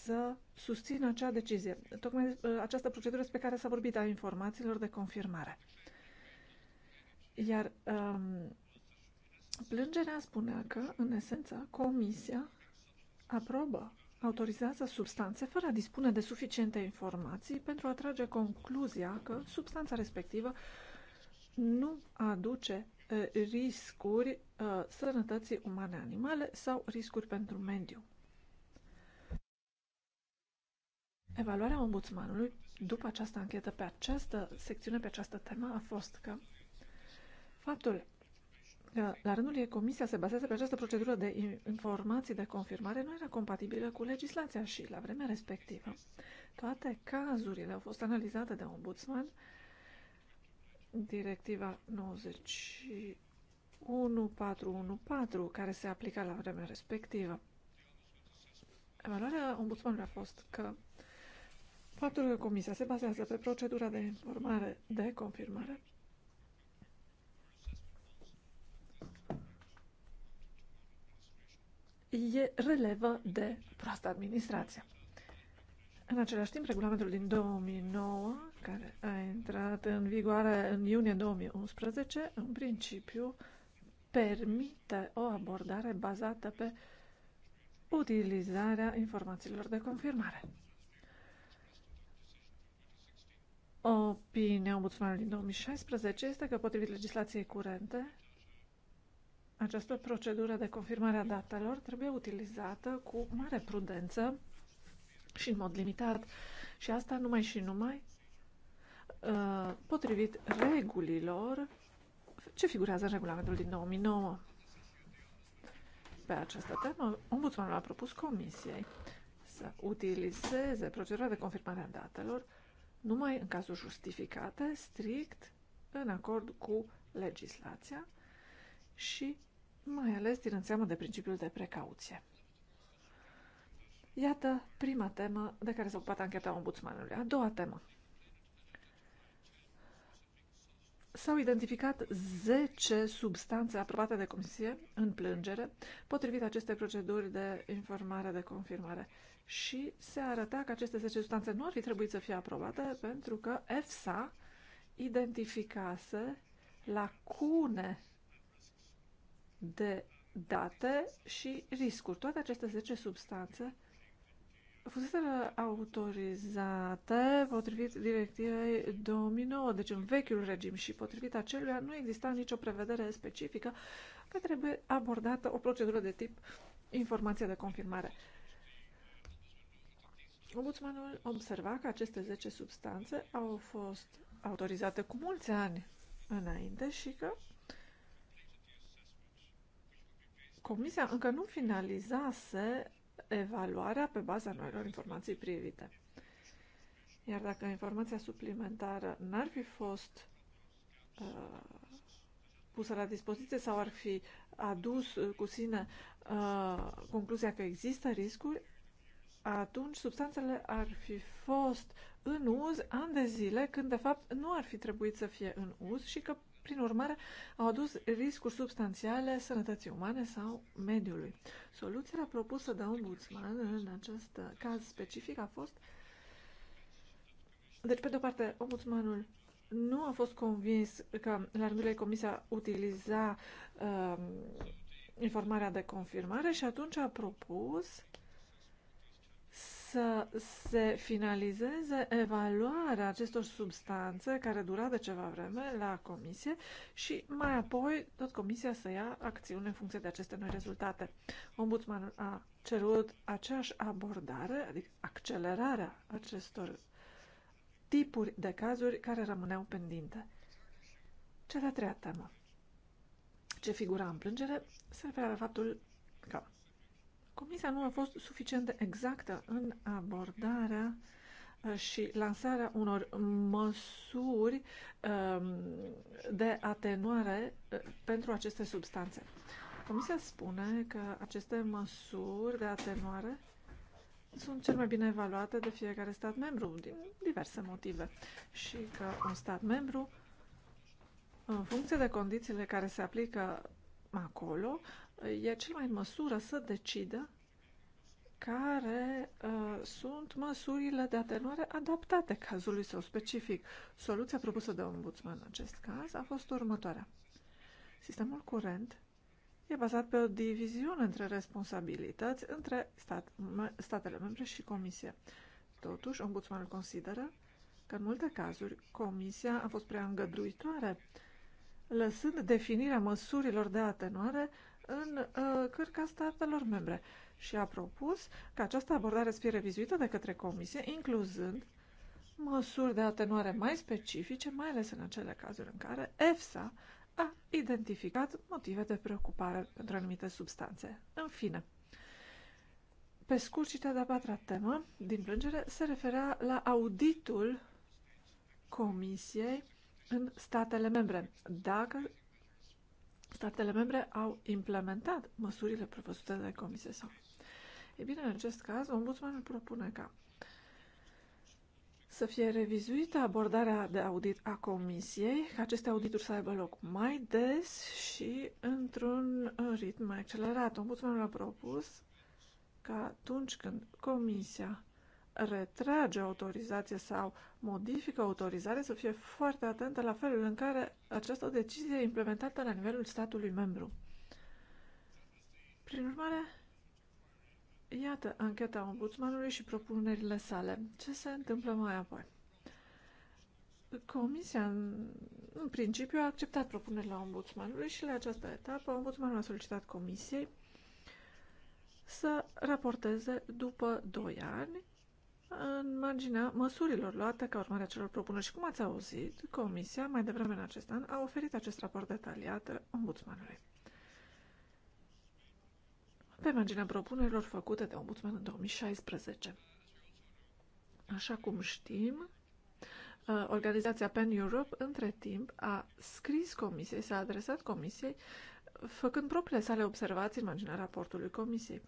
să susțină acea decizie. Tocmai uh, această procedură pe care s-a vorbit a informațiilor de confirmare. Iar um, plângerea spunea că, în esență, Comisia aprobă, autorizează substanțe fără a dispune de suficiente informații pentru a trage concluzia că substanța respectivă nu aduce riscuri sănătății umane animale sau riscuri pentru mediu. Evaluarea ombudsmanului după această anchetă pe această secțiune, pe această temă, a fost că faptul la rândul ei, Comisia se bazează pe această procedură de informații de confirmare, nu era compatibilă cu legislația și, la vremea respectivă, toate cazurile au fost analizate de ombudsman. Directiva 91414, care se aplica la vremea respectivă. Evaluarea ombudsmanului a fost că faptul că Comisia se bazează pe procedura de informare de confirmare e relevă de proastă administrație. În același timp, regulamentul din 2009, care a intrat în vigoare în iunie 2011, în principiu permite o abordare bazată pe utilizarea informațiilor de confirmare. Opinia ombudsmanului din 2016 este că, potrivit legislației curente, această procedură de confirmare a datelor trebuie utilizată cu mare prudență și în mod limitat. Și asta numai și numai uh, potrivit regulilor ce figurează în regulamentul din 2009. Pe această temă, ombudsmanul a propus comisiei să utilizeze procedura de confirmare a datelor numai în cazuri justificate, strict în acord cu legislația și mai ales din înseamnă de principiul de precauție. Iată prima temă de care s-a ocupat ancheta ombudsmanului. A doua temă. S-au identificat 10 substanțe aprobate de comisie în plângere, potrivit acestei proceduri de informare de confirmare. Și se arăta că aceste 10 substanțe nu ar fi trebuit să fie aprobate pentru că EFSA identificase lacune de date și riscuri. Toate aceste 10 substanțe fuseseră autorizate potrivit directivei 2009, deci în vechiul regim și potrivit aceluia nu exista nicio prevedere specifică că trebuie abordată o procedură de tip informație de confirmare. Ombudsmanul observa că aceste 10 substanțe au fost autorizate cu mulți ani înainte și că Comisia încă nu finalizase evaluarea pe baza noilor informații privite. Iar dacă informația suplimentară n-ar fi fost uh, pusă la dispoziție sau ar fi adus uh, cu sine uh, concluzia că există riscuri, atunci substanțele ar fi fost în uz ani de zile, când de fapt nu ar fi trebuit să fie în uz și că prin urmare, au adus riscuri substanțiale sănătății umane sau mediului. Soluția propusă de ombudsman în acest caz specific a fost deci, pe de-o parte, ombudsmanul nu a fost convins că la rândul ei comisia utiliza uh, informarea de confirmare și atunci a propus să se finalizeze evaluarea acestor substanțe care dura de ceva vreme la comisie și mai apoi tot comisia să ia acțiune în funcție de aceste noi rezultate. Ombudsmanul a cerut aceeași abordare, adică accelerarea acestor tipuri de cazuri care rămâneau pendinte. Cea de-a treia temă ce figura în plângere se referă la faptul că Comisia nu a fost suficient de exactă în abordarea uh, și lansarea unor măsuri um, de atenuare uh, pentru aceste substanțe. Comisia spune că aceste măsuri de atenuare sunt cel mai bine evaluate de fiecare stat membru, din diverse motive, și că un stat membru, în funcție de condițiile care se aplică acolo, e cel mai în măsură să decidă care uh, sunt măsurile de atenuare adaptate cazului său specific. Soluția propusă de ombudsman în acest caz a fost următoarea. Sistemul curent e bazat pe o diviziune între responsabilități între stat, statele membre și Comisie. Totuși, ombudsmanul consideră că în multe cazuri Comisia a fost prea îngăduitoare, lăsând definirea măsurilor de atenuare în uh, cârca statelor membre și a propus că această abordare să fie revizuită de către Comisie, incluzând măsuri de atenuare mai specifice, mai ales în acele cazuri în care EFSA a identificat motive de preocupare pentru anumite substanțe. În fine, pe scurt, citea de-a patra temă din plângere se referea la auditul Comisiei în statele membre, dacă statele membre au implementat măsurile prevăzute de comisie sau. E bine, în acest caz, ombudsmanul propune ca să fie revizuită abordarea de audit a comisiei, ca aceste audituri să aibă loc mai des și într-un ritm mai accelerat. Ombudsmanul a propus ca atunci când comisia retrage autorizație sau modifică autorizare să fie foarte atentă la felul în care această decizie e implementată la nivelul statului membru. Prin urmare, iată ancheta ombudsmanului și propunerile sale. Ce se întâmplă mai apoi? Comisia, în principiu, a acceptat propunerile ombudsmanului și la această etapă ombudsmanul a solicitat comisiei să raporteze după 2 ani în marginea măsurilor luate ca urmare a celor propuneri. Și cum ați auzit, Comisia, mai devreme în acest an, a oferit acest raport detaliat ombudsmanului. Pe marginea propunerilor făcute de ombudsman în 2016. Așa cum știm, uh, organizația PEN Europe, între timp, a scris Comisiei, s-a adresat Comisiei, făcând propriile sale observații în marginea raportului Comisiei.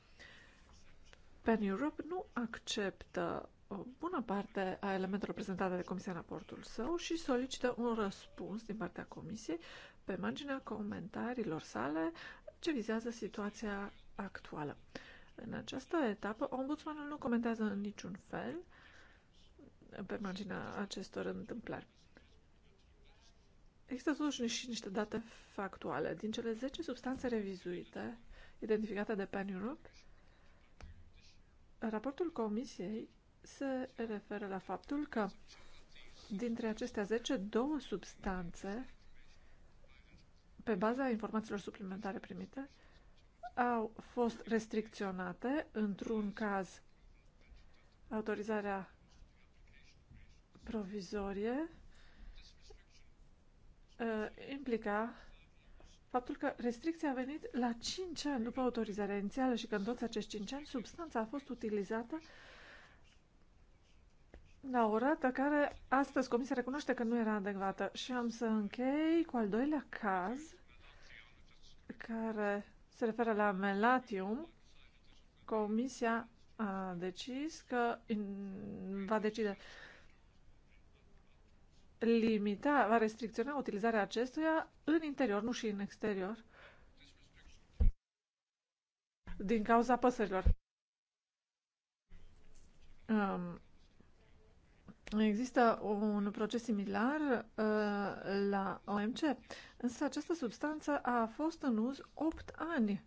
Pan Europe nu acceptă o bună parte a elementelor prezentate de Comisia în raportul său și solicită un răspuns din partea Comisiei pe marginea comentariilor sale ce vizează situația actuală. În această etapă, ombudsmanul nu comentează în niciun fel pe marginea acestor întâmplări. Există totuși și niște date factuale. Din cele 10 substanțe revizuite, identificate de Pan Europe, Raportul Comisiei se referă la faptul că dintre acestea 10, două substanțe, pe baza informațiilor suplimentare primite, au fost restricționate, într-un caz autorizarea provizorie uh, implica faptul că restricția a venit la 5 ani după autorizarea inițială și că în toți acești 5 ani substanța a fost utilizată la o rată care astăzi Comisia recunoaște că nu era adecvată. Și am să închei cu al doilea caz care se referă la melatium. Comisia a decis că va decide limita, va restricționa utilizarea acestuia în interior, nu și în exterior, din cauza păsărilor. Um, Există un proces similar uh, la OMC, însă această substanță a fost în uz 8 ani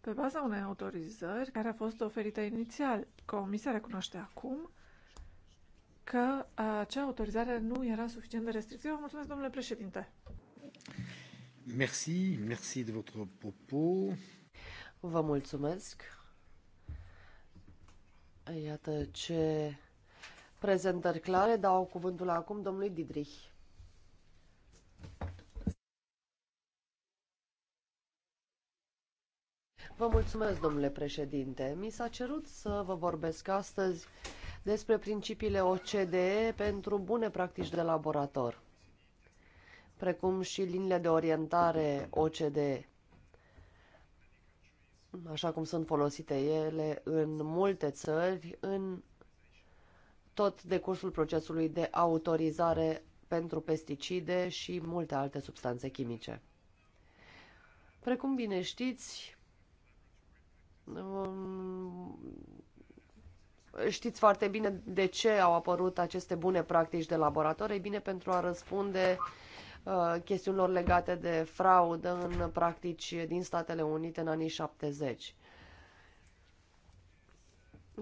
pe baza unei autorizări care a fost oferită inițial. Comisia recunoaște acum că acea autorizare nu era suficient de restrictivă. Mulțumesc, domnule președinte. Merci, merci de votre propos. Vă mulțumesc. Iată ce prezentări clare. Dau cuvântul acum domnului Didrich. Vă mulțumesc, domnule președinte. Mi s-a cerut să vă vorbesc astăzi despre principiile OCDE pentru bune practici de laborator, precum și liniile de orientare OCDE, așa cum sunt folosite ele în multe țări, în tot decursul procesului de autorizare pentru pesticide și multe alte substanțe chimice. Precum bine știți, um, Știți foarte bine de ce au apărut aceste bune practici de laborator. Ei bine, pentru a răspunde uh, chestiunilor legate de fraudă în practici din Statele Unite în anii 70.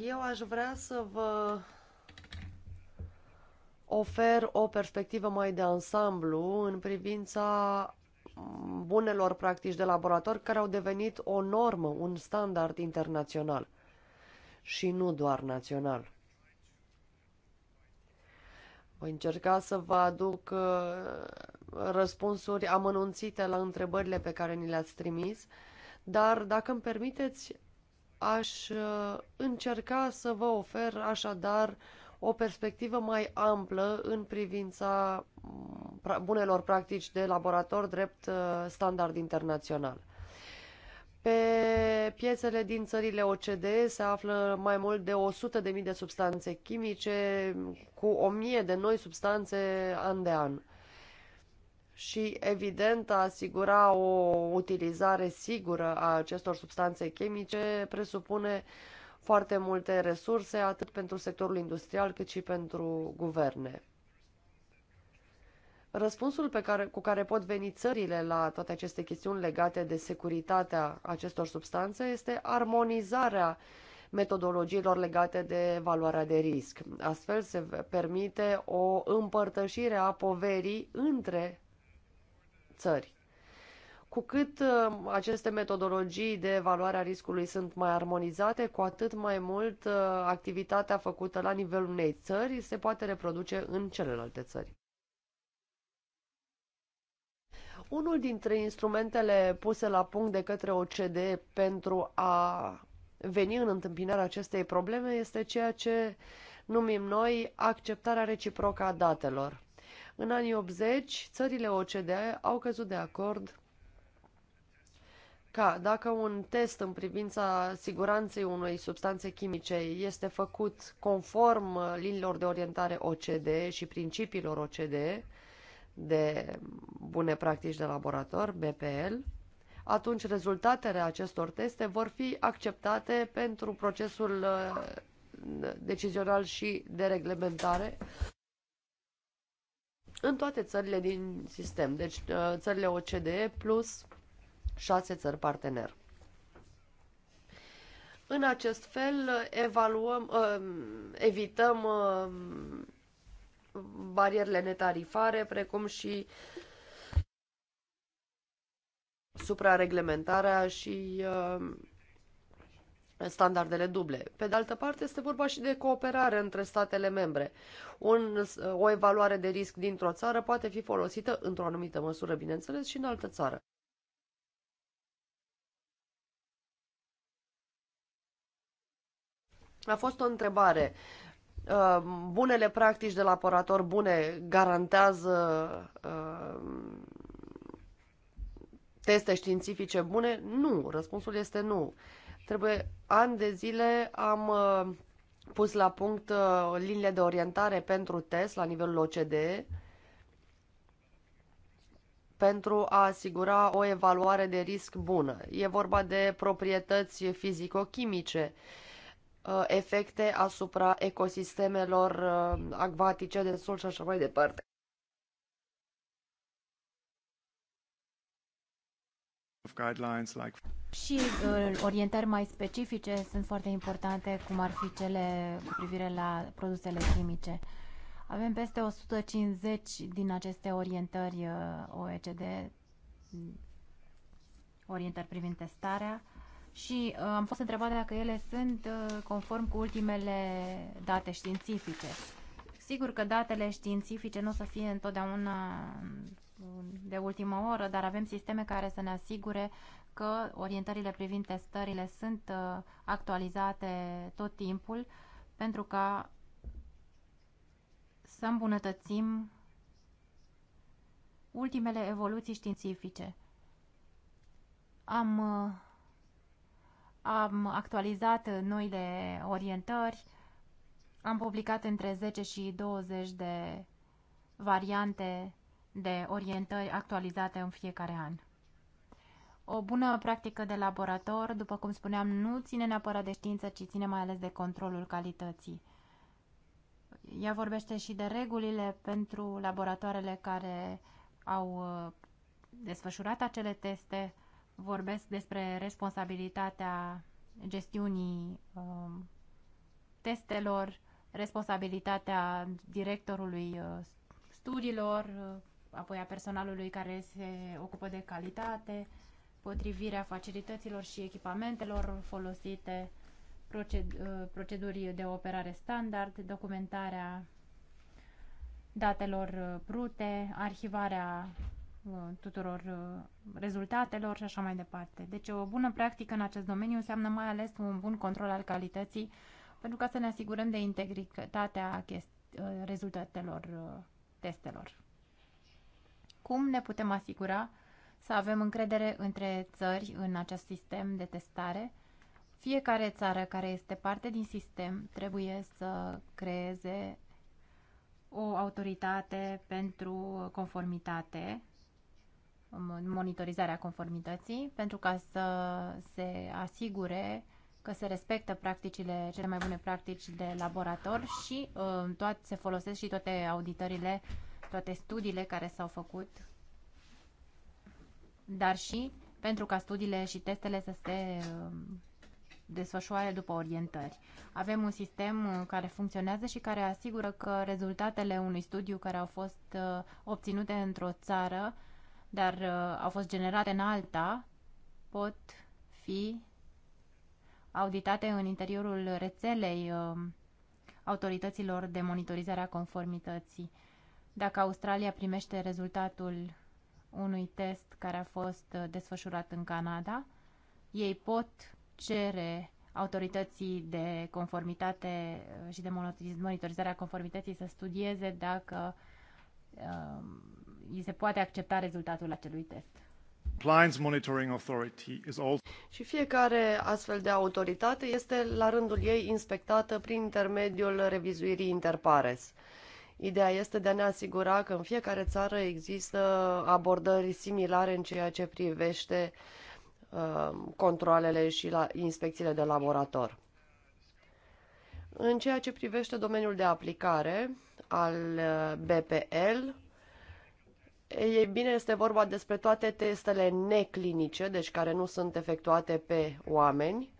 Eu aș vrea să vă ofer o perspectivă mai de ansamblu în privința bunelor practici de laborator care au devenit o normă, un standard internațional și nu doar național. Voi încerca să vă aduc uh, răspunsuri amănunțite la întrebările pe care ni le-ați trimis, dar dacă îmi permiteți, aș uh, încerca să vă ofer așadar o perspectivă mai amplă în privința mm, bunelor practici de laborator drept uh, standard internațional. Pe piețele din țările OCDE se află mai mult de 100.000 de substanțe chimice cu 1.000 de noi substanțe an de an. Și, evident, a asigura o utilizare sigură a acestor substanțe chimice presupune foarte multe resurse, atât pentru sectorul industrial cât și pentru guverne. Răspunsul pe care, cu care pot veni țările la toate aceste chestiuni legate de securitatea acestor substanțe este armonizarea metodologiilor legate de valoarea de risc. Astfel se permite o împărtășire a poverii între țări. Cu cât uh, aceste metodologii de evaluare a riscului sunt mai armonizate, cu atât mai mult uh, activitatea făcută la nivelul unei țări se poate reproduce în celelalte țări. Unul dintre instrumentele puse la punct de către OCD pentru a veni în întâmpinarea acestei probleme este ceea ce numim noi acceptarea reciprocă a datelor. În anii 80, țările OCD au căzut de acord ca dacă un test în privința siguranței unei substanțe chimice este făcut conform liniilor de orientare OCD și principiilor OCD, de bune practici de laborator, BPL, atunci rezultatele acestor teste vor fi acceptate pentru procesul uh, decizional și de reglementare în toate țările din sistem, deci uh, țările OCDE plus șase țări partener. În acest fel evaluăm, uh, evităm barierele netarifare, precum și suprareglementarea și uh, standardele duble. Pe de altă parte, este vorba și de cooperare între statele membre. Un, uh, o evaluare de risc dintr-o țară poate fi folosită, într-o anumită măsură, bineînțeles, și în altă țară. A fost o întrebare Uh, bunele practici de laborator bune garantează uh, teste științifice bune? Nu, răspunsul este nu. Trebuie ani de zile am uh, pus la punct uh, liniile de orientare pentru test la nivelul OCDE pentru a asigura o evaluare de risc bună. E vorba de proprietăți fizico-chimice, uh, Uh, efecte asupra ecosistemelor uh, acvatice de sol și așa mai departe. Și uh, orientări mai specifice sunt foarte importante, cum ar fi cele cu privire la produsele chimice. Avem peste 150 din aceste orientări OECD, orientări privind testarea, și uh, am fost întrebată dacă ele sunt uh, conform cu ultimele date științifice. Sigur că datele științifice nu o să fie întotdeauna um, de ultimă oră, dar avem sisteme care să ne asigure că orientările privind testările sunt uh, actualizate tot timpul pentru ca să îmbunătățim ultimele evoluții științifice. Am uh, am actualizat noile orientări, am publicat între 10 și 20 de variante de orientări actualizate în fiecare an. O bună practică de laborator, după cum spuneam, nu ține neapărat de știință, ci ține mai ales de controlul calității. Ea vorbește și de regulile pentru laboratoarele care au uh, desfășurat acele teste, vorbesc despre responsabilitatea gestiunii um, testelor, responsabilitatea directorului uh, studiilor, uh, apoi a personalului care se ocupă de calitate, potrivirea facilităților și echipamentelor folosite, uh, proceduri de operare standard, documentarea datelor brute, arhivarea Uh, tuturor uh, rezultatelor și așa mai departe. Deci o bună practică în acest domeniu înseamnă mai ales un bun control al calității pentru ca să ne asigurăm de integritatea uh, rezultatelor testelor. Cum ne putem asigura să avem încredere între țări în acest sistem de testare? Fiecare țară care este parte din sistem trebuie să creeze o autoritate pentru conformitate monitorizarea conformității pentru ca să se asigure că se respectă practicile, cele mai bune practici de laborator și uh, toate, se folosesc și toate auditările, toate studiile care s-au făcut, dar și pentru ca studiile și testele să se uh, desfășoare după orientări. Avem un sistem uh, care funcționează și care asigură că rezultatele unui studiu care au fost uh, obținute într-o țară dar uh, au fost generate în alta, pot fi auditate în interiorul rețelei uh, autorităților de monitorizare a conformității. Dacă Australia primește rezultatul unui test care a fost uh, desfășurat în Canada, ei pot cere autorității de conformitate uh, și de monitorizare a conformității să studieze dacă uh, îi se poate accepta rezultatul acelui test. Compliance Monitoring Authority is also... Și fiecare astfel de autoritate este la rândul ei inspectată prin intermediul revizuirii interpares. Ideea este de a ne asigura că în fiecare țară există abordări similare în ceea ce privește uh, controlele și la inspecțiile de laborator. În ceea ce privește domeniul de aplicare al uh, BPL, ei bine, este vorba despre toate testele neclinice, deci care nu sunt efectuate pe oameni.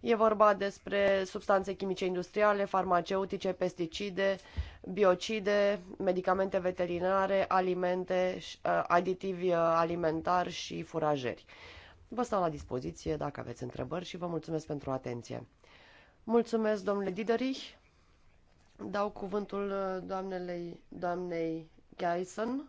E vorba despre substanțe chimice industriale, farmaceutice, pesticide, biocide, medicamente veterinare, alimente, uh, aditivi uh, alimentari și furajeri. Vă stau la dispoziție dacă aveți întrebări și vă mulțumesc pentru atenție. Mulțumesc, domnule Diderich. Dau cuvântul uh, doamnelei, doamnei Geisen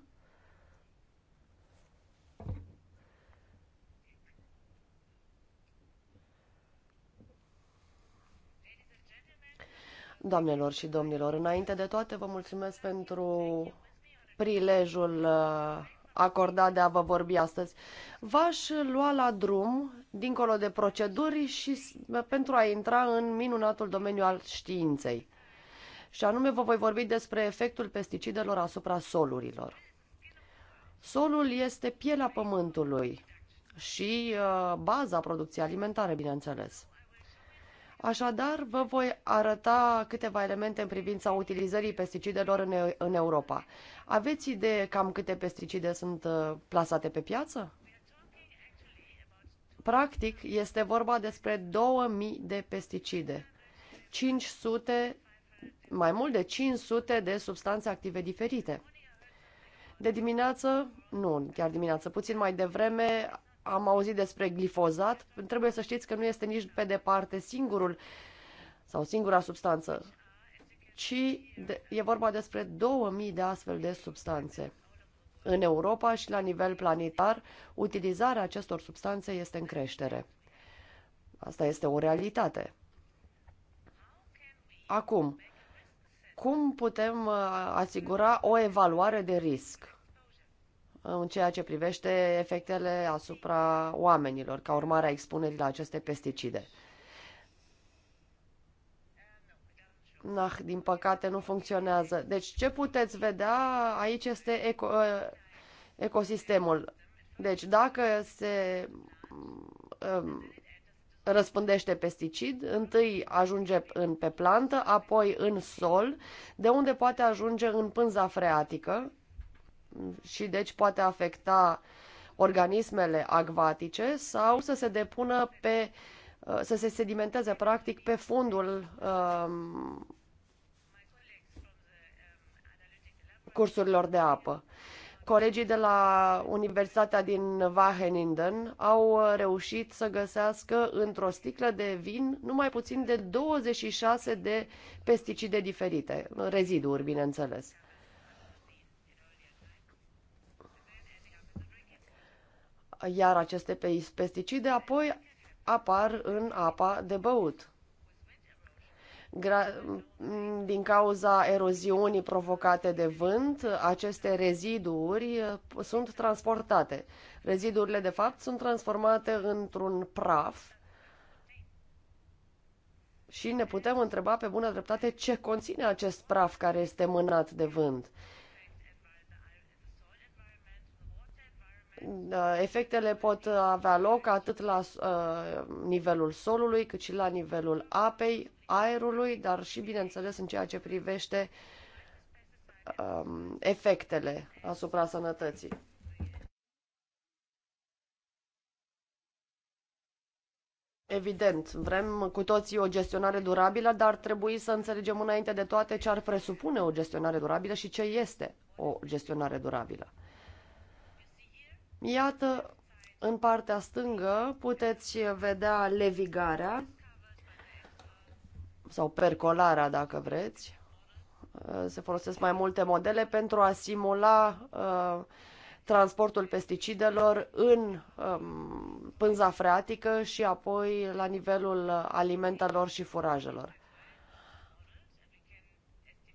Doamnelor și domnilor, înainte de toate vă mulțumesc pentru prilejul uh, acordat de a vă vorbi astăzi. V-aș lua la drum, dincolo de proceduri, și pentru a intra în minunatul domeniu al științei. Și anume vă voi vorbi despre efectul pesticidelor asupra solurilor. Solul este pielea pământului și uh, baza producției alimentare, bineînțeles. Așadar, vă voi arăta câteva elemente în privința utilizării pesticidelor în, în Europa. Aveți idee cam câte pesticide sunt uh, plasate pe piață? Practic, este vorba despre 2000 de pesticide, 500, mai mult de 500 de substanțe active diferite. De dimineață, nu, chiar dimineață, puțin mai devreme, am auzit despre glifozat, trebuie să știți că nu este nici pe departe singurul sau singura substanță, ci de, e vorba despre 2000 de astfel de substanțe. În Europa și la nivel planetar, utilizarea acestor substanțe este în creștere. Asta este o realitate. Acum, cum putem uh, asigura o evaluare de risc? în ceea ce privește efectele asupra oamenilor ca urmare a expunerii la aceste pesticide. Nah, din păcate nu funcționează. Deci ce puteți vedea aici este eco, ă, ecosistemul. Deci dacă se um, răspândește pesticid, întâi ajunge în, pe plantă, apoi în sol, de unde poate ajunge în pânza freatică, și deci poate afecta organismele acvatice sau să se depună pe uh, să se sedimenteze practic pe fundul um, cursurilor de apă. Colegii de la Universitatea din Wageningen au uh, reușit să găsească într-o sticlă de vin numai puțin de 26 de pesticide diferite, reziduri, bineînțeles. iar aceste pesticide apoi apar în apa de băut. Gra- din cauza eroziunii provocate de vânt, aceste reziduuri uh, sunt transportate. Rezidurile, de fapt, sunt transformate într-un praf și ne putem întreba pe bună dreptate ce conține acest praf care este mânat de vânt. Uh, efectele pot avea loc atât la uh, nivelul solului, cât și la nivelul apei, aerului, dar și, bineînțeles, în ceea ce privește um, efectele asupra sănătății. Evident, vrem cu toții o gestionare durabilă, dar trebuie să înțelegem înainte de toate ce ar presupune o gestionare durabilă și ce este o gestionare durabilă. Iată, în partea stângă puteți vedea levigarea sau percolarea, dacă vreți. Uh, se folosesc mai multe modele pentru a simula uh, transportul pesticidelor în um, pânza freatică și apoi la nivelul alimentelor și furajelor.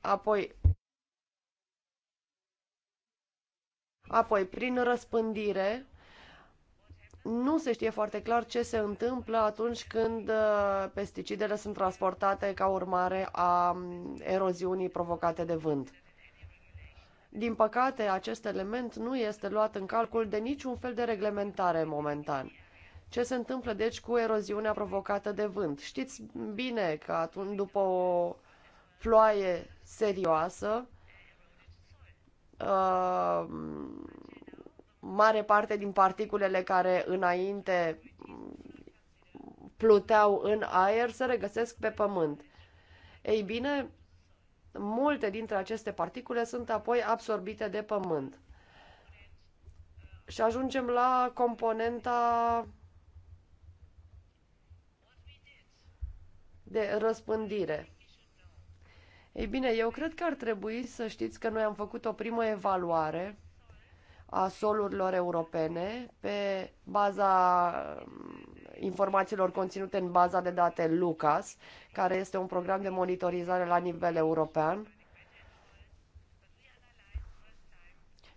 Apoi, Apoi, prin răspândire, nu se știe foarte clar ce se întâmplă atunci când uh, pesticidele sunt transportate ca urmare a mm, eroziunii provocate de vânt. Din păcate, acest element nu este luat în calcul de niciun fel de reglementare momentan. Ce se întâmplă, deci, cu eroziunea provocată de vânt? Știți bine că atunci, după o ploaie serioasă, Uh, mare parte din particulele care înainte pluteau în aer se regăsesc pe pământ. Ei bine, multe dintre aceste particule sunt apoi absorbite de pământ. Și ajungem la componenta de răspândire. Ei bine, eu cred că ar trebui să știți că noi am făcut o primă evaluare a solurilor europene pe baza mm, informațiilor conținute în baza de date LUCAS, care este un program de monitorizare la nivel european.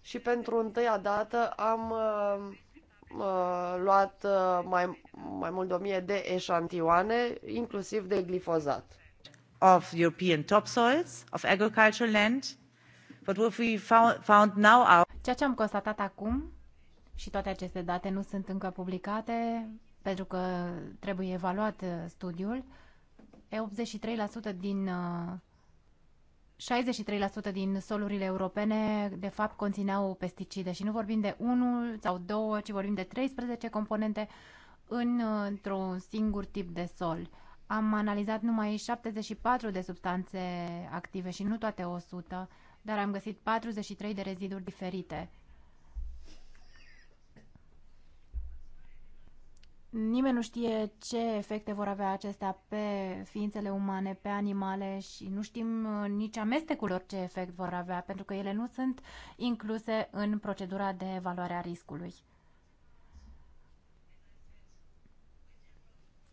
Și pentru întâia dată am uh, luat uh, mai, mai mult de 1000 de eșantioane, inclusiv de glifozat of European topsoils, of agricultural land. But what we found, found now out... Ceea ce am constatat acum, și toate aceste date nu sunt încă publicate, pentru că trebuie evaluat uh, studiul, e 83% din 63% uh, din solurile europene de fapt conțineau pesticide și nu vorbim de unul sau două, ci vorbim de 13 componente uh, într-un singur tip de sol. Am analizat numai 74 de substanțe active și nu toate 100, dar am găsit 43 de reziduri diferite. Nimeni nu știe ce efecte vor avea acestea pe ființele umane, pe animale și nu știm uh, nici amestecul lor ce efect vor avea, pentru că ele nu sunt incluse în procedura de evaluare a riscului.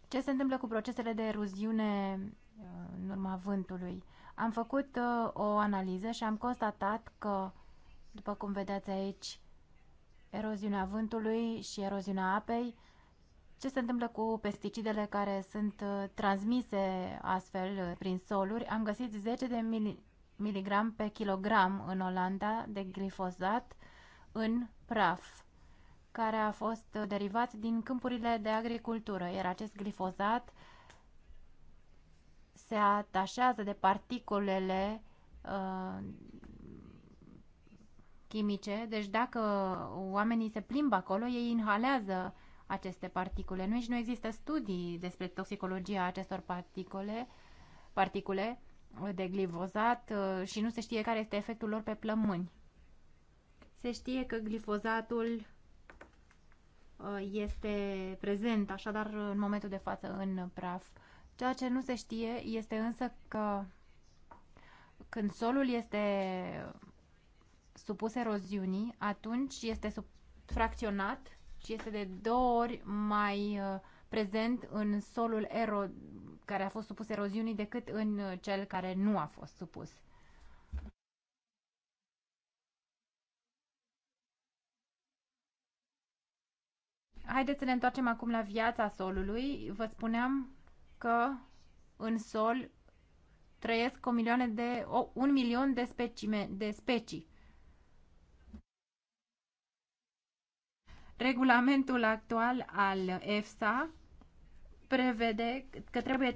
Ce se întâmplă cu procesele de eruziune uh, în urma vântului? Am făcut uh, o analiză și am constatat că, după cum vedeți aici, eroziunea vântului și eroziunea apei, ce se întâmplă cu pesticidele care sunt uh, transmise astfel prin soluri? Am găsit 10 de mili miligram pe kilogram în Olanda de glifozat în praf care a fost derivat din câmpurile de agricultură, iar acest glifozat se atașează de particulele uh, chimice, deci dacă oamenii se plimbă acolo, ei inhalează aceste particule. Nici nu există studii despre toxicologia acestor particule, particule de glifozat uh, și nu se știe care este efectul lor pe plămâni. Se știe că glifozatul Uh, este prezent așadar în momentul de față în praf. Ceea ce nu se știe este însă că când solul este supus eroziunii, atunci este fracționat și este de două ori mai uh, prezent în solul ero care a fost supus eroziunii decât în uh, cel care nu a fost supus. Haideți să ne întoarcem acum la viața solului. Vă spuneam că în sol trăiesc o milioane de, o, un milion de, specime, de specii. Regulamentul actual al EFSA prevede că trebuie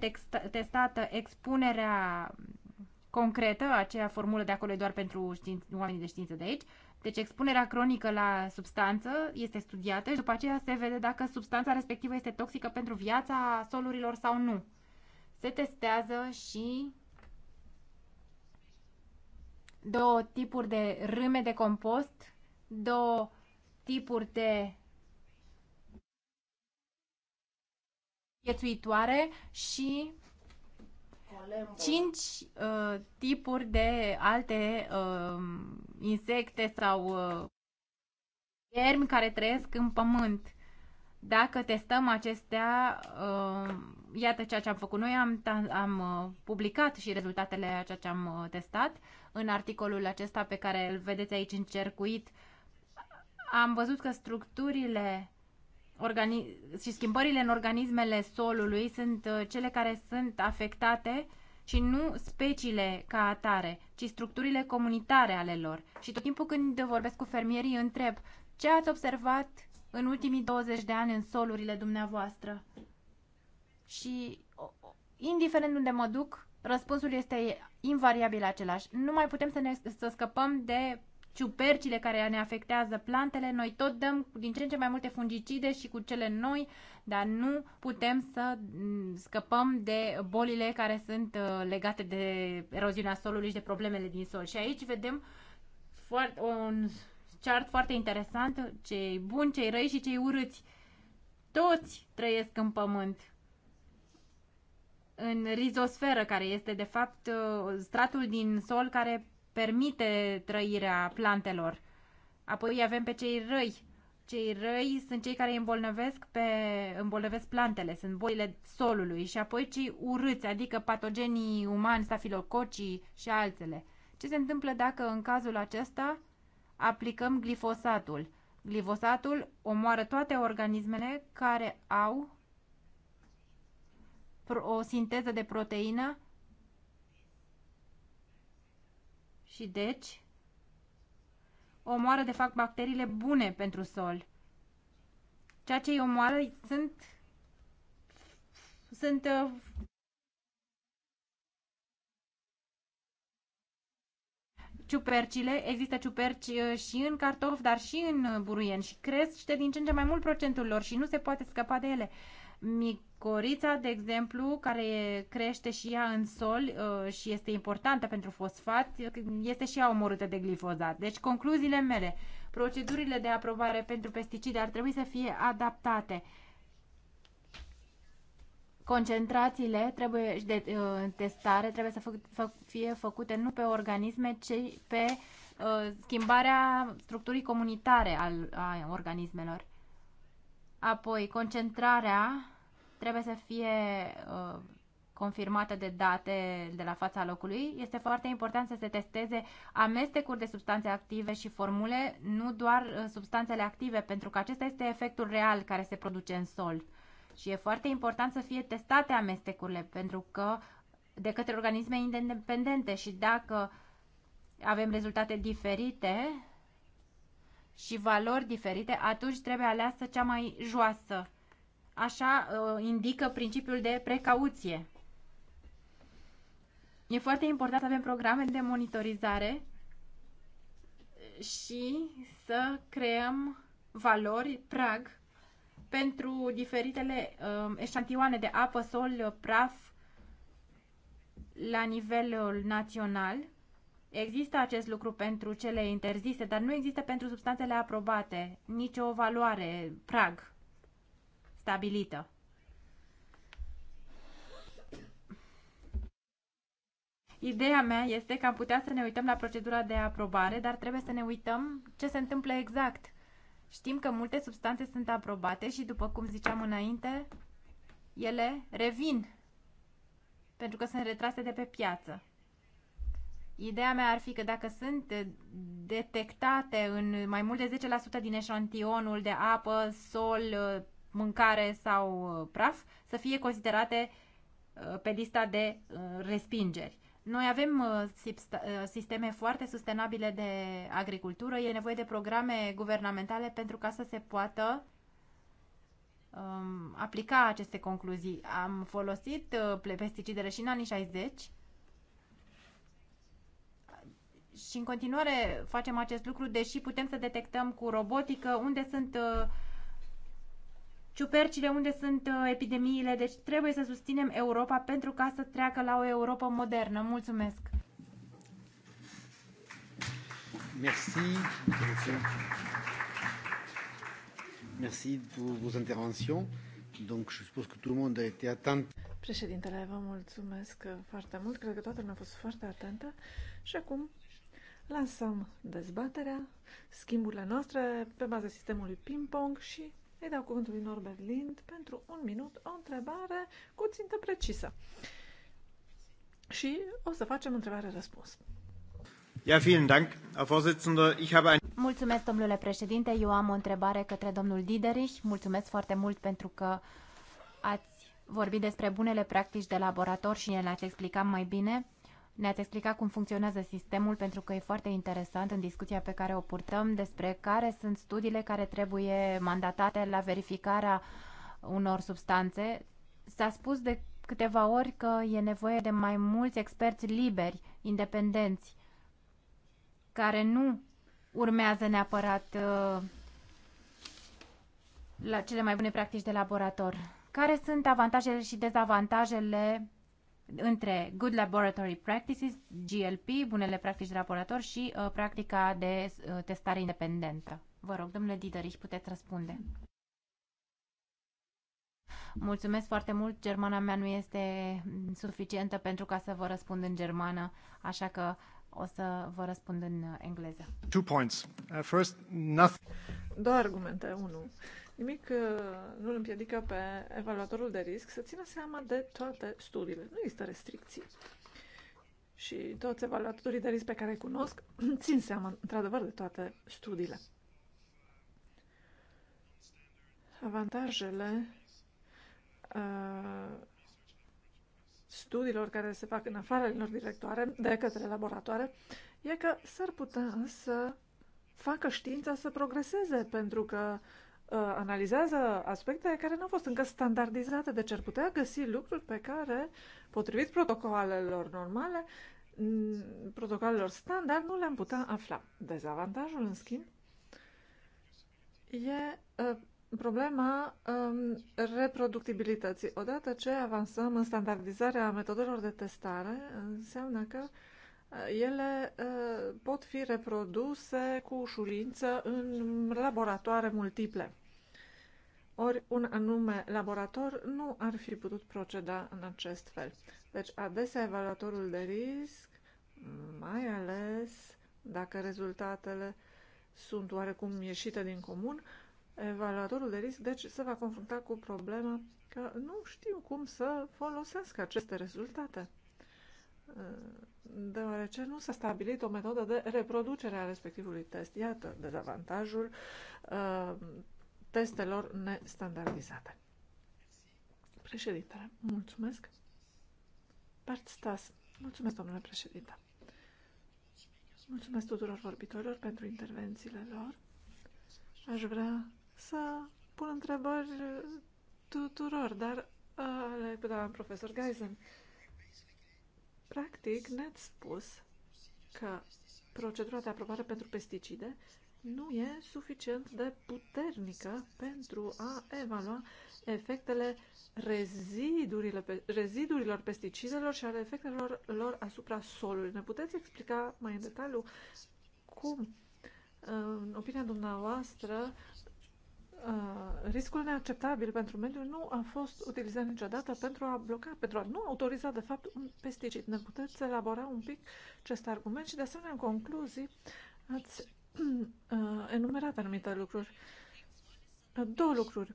testată expunerea concretă, aceea formulă de acolo doar pentru științ, oamenii de știință de aici, deci expunerea cronică la substanță este studiată și după aceea se vede dacă substanța respectivă este toxică pentru viața solurilor sau nu. Se testează și două tipuri de râme de compost, două tipuri de viețuitoare și cinci uh, tipuri de alte uh, insecte sau uh, iermi care trăiesc în pământ. Dacă testăm acestea, uh, iată ceea ce am făcut noi, am, am uh, publicat și rezultatele a ceea ce am uh, testat în articolul acesta pe care îl vedeți aici încercuit. Am văzut că structurile și schimbările în organismele solului sunt uh, cele care sunt afectate și nu speciile ca atare, ci structurile comunitare ale lor. Și tot timpul când vorbesc cu fermierii, întreb ce ați observat în ultimii 20 de ani în solurile dumneavoastră? Și indiferent unde mă duc, răspunsul este invariabil același. Nu mai putem să, ne, să scăpăm de ciupercile care ne afectează plantele, noi tot dăm din ce în ce mai multe fungicide și cu cele noi, dar nu putem să mm, scăpăm de bolile care sunt uh, legate de eroziunea solului și de problemele din sol. Și aici vedem foarte, un chart foarte interesant, cei buni, cei răi și cei urâți. Toți trăiesc în pământ în rizosferă, care este de fapt uh, stratul din sol care permite trăirea plantelor. Apoi avem pe cei răi. Cei răi sunt cei care îmbolnăvesc, pe, îmbolnăvesc plantele, sunt bolile solului. Și apoi cei urâți, adică patogenii umani, stafilococii și altele. Ce se întâmplă dacă în cazul acesta aplicăm glifosatul? Glifosatul omoară toate organismele care au o sinteză de proteină și deci omoară de fapt bacteriile bune pentru sol. Ceea ce îi omoară sunt sunt uh, ciupercile, există ciuperci uh, și în cartofi, dar și în uh, buruieni și crește din ce în ce mai mult procentul lor și nu se poate scăpa de ele. Micorița, de exemplu, care crește și ea în sol uh, și este importantă pentru fosfat, este și ea omorâtă de glifozat. Deci, concluziile mele, procedurile de aprobare pentru pesticide ar trebui să fie adaptate concentrațiile trebuie de uh, testare trebuie să fie făcute nu pe organisme, ci pe uh, schimbarea structurii comunitare al, a organismelor. Apoi, concentrarea trebuie să fie uh, confirmată de date de la fața locului. Este foarte important să se testeze amestecuri de substanțe active și formule, nu doar uh, substanțele active, pentru că acesta este efectul real care se produce în sol. Și e foarte important să fie testate amestecurile, pentru că de către organisme independente și dacă avem rezultate diferite, și valori diferite, atunci trebuie aleasă cea mai joasă. Așa uh, indică principiul de precauție. E foarte important să avem programe de monitorizare și să creăm valori prag pentru diferitele uh, eșantioane de apă, sol, praf la nivelul național Există acest lucru pentru cele interzise, dar nu există pentru substanțele aprobate nicio valoare, prag stabilită. Ideea mea este că am putea să ne uităm la procedura de aprobare, dar trebuie să ne uităm ce se întâmplă exact. Știm că multe substanțe sunt aprobate și, după cum ziceam înainte, ele revin pentru că sunt retrase de pe piață. Ideea mea ar fi că dacă sunt detectate în mai mult de 10% din eșantionul de apă, sol, mâncare sau uh, praf, să fie considerate uh, pe lista de uh, respingeri. Noi avem sisteme foarte sustenabile de agricultură, e nevoie de programe guvernamentale pentru ca să se poată um, aplica aceste concluzii. Am folosit pesticidele și în anii 60 și în continuare facem acest lucru, deși putem să detectăm cu robotică unde sunt uh, ciupercile, unde sunt uh, epidemiile. Deci trebuie să susținem Europa pentru ca să treacă la o Europa modernă. Mulțumesc! Merci. Merci pour vos interventions. Donc, je suppose que tout le monde a été attentif. Președintele, vă mulțumesc foarte mult. Cred că toată lumea a fost foarte atentă. Și acum Lansăm dezbaterea, schimburile noastre pe baza sistemului ping-pong și îi dau cuvântul lui Norbert Lind pentru un minut, o întrebare cu țintă precisă. Și o să facem întrebare-răspuns. Ja, vielen Dank, Herr Vorsitzender. Ich habe ein... Mulțumesc, domnule președinte. Eu am o întrebare către domnul Diderich. Mulțumesc foarte mult pentru că ați vorbit despre bunele practici de laborator și ne le-ați explicat mai bine. Ne-ați explicat cum funcționează sistemul pentru că e foarte interesant în discuția pe care o purtăm despre care sunt studiile care trebuie mandatate la verificarea unor substanțe. S-a spus de câteva ori că e nevoie de mai mulți experți liberi, independenți, care nu urmează neapărat uh, la cele mai bune practici de laborator. Care sunt avantajele și dezavantajele între Good Laboratory Practices, GLP, bunele practici de laborator și uh, practica de uh, testare independentă. Vă rog, domnule Diderich, puteți răspunde. Mulțumesc foarte mult. Germana mea nu este suficientă pentru ca să vă răspund în germană, așa că o să vă răspund în engleză. Two points. Uh, first, nothing. Două argumente. Unul. Nimic uh, nu îl împiedică pe evaluatorul de risc să țină seama de toate studiile. Nu există restricții. Și toți evaluatorii de risc pe care îi cunosc țin seama, într-adevăr, de toate studiile. Avantajele uh, studiilor care se fac în afara linilor directoare de către laboratoare e că s-ar putea să facă știința să progreseze, pentru că uh, Uh, analizează aspecte care nu au fost încă standardizate, deci ar putea găsi lucruri pe care, potrivit protocolelor normale, mm, protocolelor standard, nu le-am putea afla. Dezavantajul, în schimb, e uh, problema um, reproductibilității. Odată ce avansăm în standardizarea metodelor de testare, înseamnă că uh, ele pot fi reproduse cu ușurință în laboratoare multiple ori un anume laborator nu ar fi putut proceda în acest fel. Deci, adesea, evaluatorul de risc, mai ales dacă rezultatele sunt oarecum ieșite din comun, evaluatorul de risc, deci, se va confrunta cu problema că nu știu cum să folosească aceste rezultate, deoarece nu s-a stabilit o metodă de reproducere a respectivului test. Iată dezavantajul uh, testelor nestandardizate. Președintele, mulțumesc. Bart Stas, mulțumesc, domnule președinte. Mulțumesc tuturor vorbitorilor pentru intervențiile lor. Aș vrea să pun întrebări tuturor, dar ale doamna profesor Geisen. Practic, ne-ați spus că procedura de aprobare pentru pesticide nu e suficient de puternică pentru a evalua efectele pe, rezidurilor pesticidelor și ale efectelor lor asupra solului. Ne puteți explica mai în detaliu cum, în opinia dumneavoastră, uh, riscul neacceptabil pentru mediu nu a fost utilizat niciodată pentru a bloca, pentru a nu autoriza, de fapt, un pesticid. Ne puteți elabora un pic acest argument și, de asemenea, în concluzii, ați Uh, enumerat anumite lucruri. Uh, două lucruri.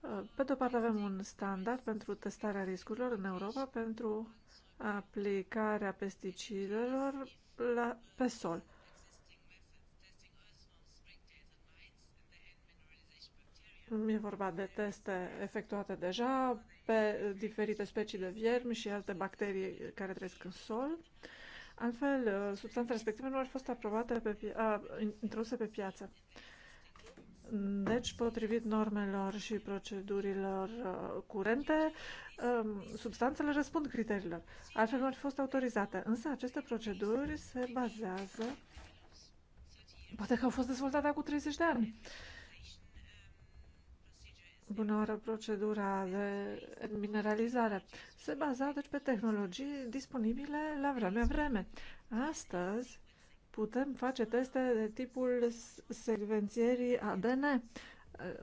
Uh, pe de-o parte avem un standard pentru testarea riscurilor în Europa pentru aplicarea pesticidelor la, pe sol. E vorba de teste efectuate deja pe diferite specii de viermi și alte bacterii care trăiesc în sol. Uh, Altfel, uh, substanțele respective nu ar fi fost aprobate pe, a, introduse pe piață. Deci, potrivit normelor și procedurilor uh, curente, um, substanțele răspund criteriilor. Altfel nu ar fi fost autorizate. Însă aceste proceduri se bazează, poate că au fost dezvoltate acum 30 de ani, bună oară procedura de mineralizare. Se baza deci pe tehnologii disponibile la vremea vreme. Astăzi putem face teste de tipul secvențierii ADN, eh,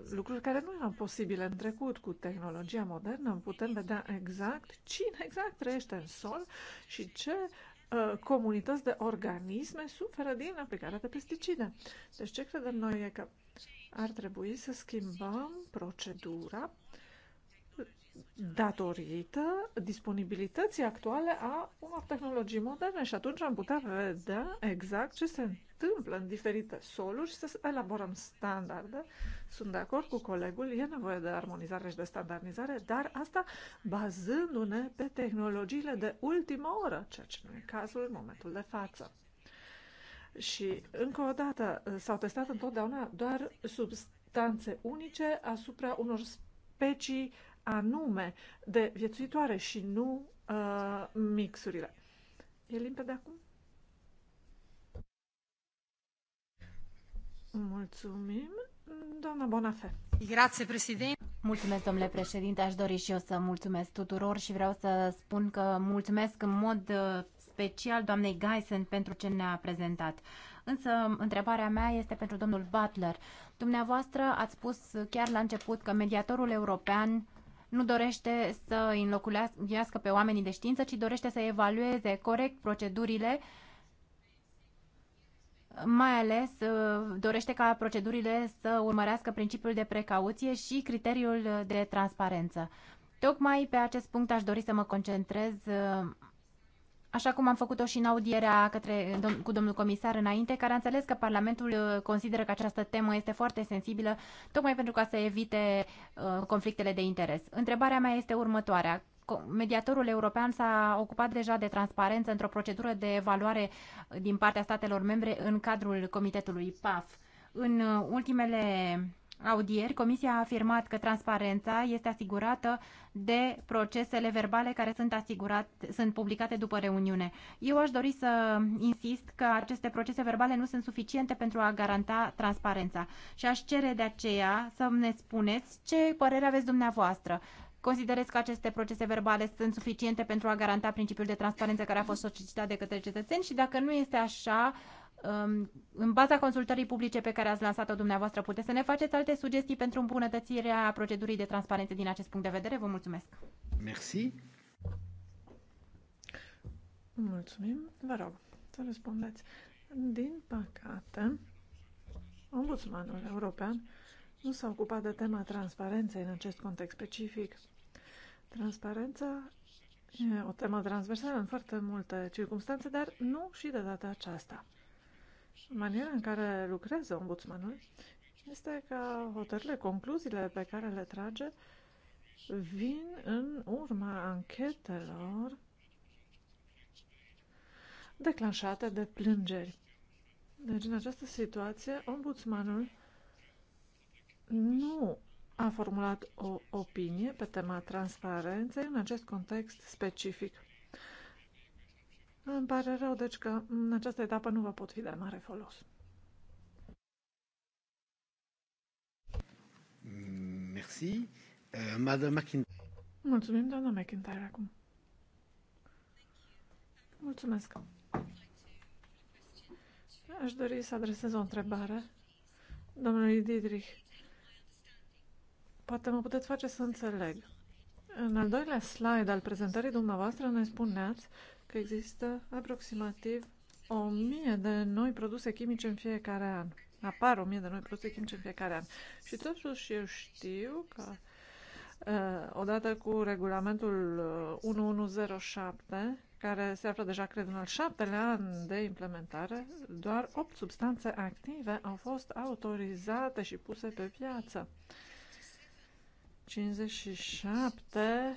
lucruri care nu erau posibile în trecut cu tehnologia modernă. Putem vedea exact cine exact trăiește în sol și ce eh, comunități de organisme suferă din aplicarea de pesticide. Deci ce credem noi e că ar trebui să schimbăm procedura datorită disponibilității actuale a unor tehnologii moderne și atunci am putea vedea exact ce se întâmplă în diferite soluri și să elaborăm standarde. Sunt de acord cu colegul, e nevoie de armonizare și de standardizare, dar asta bazându-ne pe tehnologiile de ultimă oră, ceea ce nu e cazul în momentul de față. Și, încă o dată, s-au testat întotdeauna doar substanțe unice asupra unor specii anume de viețuitoare și nu uh, mixurile. E limpede acum? Mulțumim, doamna Bonafe. Grație, președinte. Mulțumesc, domnule președinte. Aș dori și eu să mulțumesc tuturor și vreau să spun că mulțumesc în mod uh, special doamnei Geisen pentru ce ne-a prezentat. Însă, întrebarea mea este pentru domnul Butler. Dumneavoastră ați spus chiar la început că mediatorul european nu dorește să înlocuiască pe oamenii de știință, ci dorește să evalueze corect procedurile mai ales uh, dorește ca procedurile să urmărească principiul de precauție și criteriul de transparență. Tocmai pe acest punct aș dori să mă concentrez uh, așa cum am făcut-o și în audierea către, dom cu domnul comisar înainte, care a înțeles că Parlamentul uh, consideră că această temă este foarte sensibilă, tocmai pentru ca să evite uh, conflictele de interes. Întrebarea mea este următoarea. Mediatorul european s-a ocupat deja de transparență într-o procedură de evaluare din partea statelor membre în cadrul Comitetului PAF. În uh, ultimele audieri, Comisia a afirmat că transparența este asigurată de procesele verbale care sunt, asigurat, sunt publicate după reuniune. Eu aș dori să insist că aceste procese verbale nu sunt suficiente pentru a garanta transparența și aș cere de aceea să ne spuneți ce părere aveți dumneavoastră. Considerați că aceste procese verbale sunt suficiente pentru a garanta principiul de transparență care a fost solicitat de către cetățeni și dacă nu este așa, uh, Um, în baza consultării publice pe care ați lansat-o dumneavoastră, puteți să ne faceți alte sugestii pentru îmbunătățirea procedurii de transparență din acest punct de vedere? Vă mulțumesc! Merci! Mulțumim! Vă rog să răspundeți. Din păcate, Ombudsmanul European nu s-a ocupat de tema transparenței în acest context specific. Transparența e o temă transversală în foarte multe circunstanțe, dar nu și de data aceasta. Maniera în care lucrează ombudsmanul este că hotările, concluziile pe care le trage vin în urma anchetelor declanșate de plângeri. Deci, în această situație, ombudsmanul nu a formulat o opinie pe tema transparenței în acest context specific. Îmi pare rău, deci, că în această etapă nu vă pot fi de mare folos. Merci. Euh, Madame McIntyre. Mulțumim, doamna McIntyre, acum. Mulțumesc. Aș dori să adresez o întrebare domnului Didrich. Poate mă puteți face să înțeleg. În al doilea slide al prezentării dumneavoastră ne spuneați că există aproximativ 1000 de noi produse chimice în fiecare an. Apar 1000 de noi produse chimice în fiecare an. Și totuși eu știu că uh, odată cu regulamentul 1107, uh, care se află deja, cred, în al șaptelea an de implementare, doar 8 substanțe active au fost autorizate și puse pe piață. 57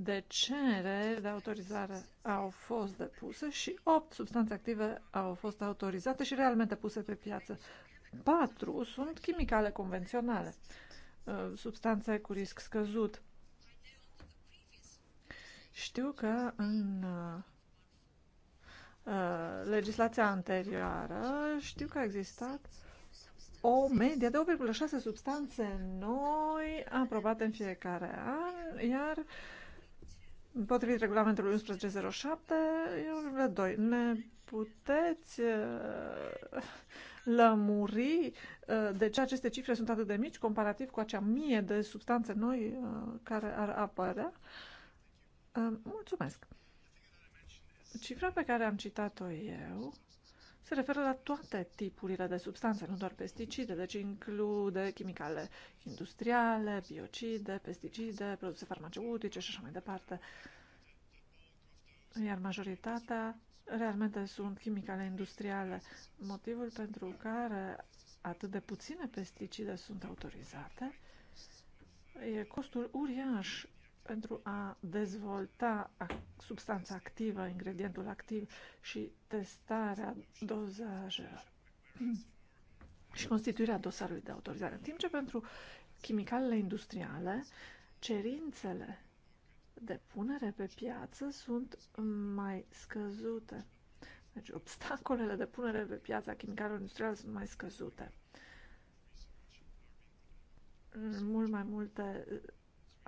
de cereri de autorizare au fost depuse și 8 substanțe active au fost autorizate și realmente puse pe piață. 4 sunt chimicale convenționale, uh, substanțe cu risc scăzut. Știu că în uh, uh, legislația anterioară știu că a existat o medie de 8,6 substanțe noi aprobate în fiecare an, iar uh, Potrivit regulamentului 1107, eu 2. Ne puteți uh, lămuri uh, de ce aceste cifre sunt atât de mici comparativ cu acea mie de substanțe noi uh, care ar apărea? Mulțumesc! Cifra pe care am citat-o eu se referă la toate tipurile de substanțe, nu doar pesticide, deci include chimicale industriale, biocide, pesticide, produse farmaceutice și așa mai departe. Iar majoritatea realmente sunt chimicale industriale, motivul pentru care atât de puține pesticide sunt autorizate e costul uriaș pentru a dezvolta substanța activă, ingredientul activ și testarea dozajelor și constituirea dosarului de autorizare. În timp ce pentru chimicalele industriale, cerințele de punere pe piață sunt mai scăzute. Deci obstacolele de punere pe piață a chimicalelor industriale sunt mai scăzute. Mult mai multe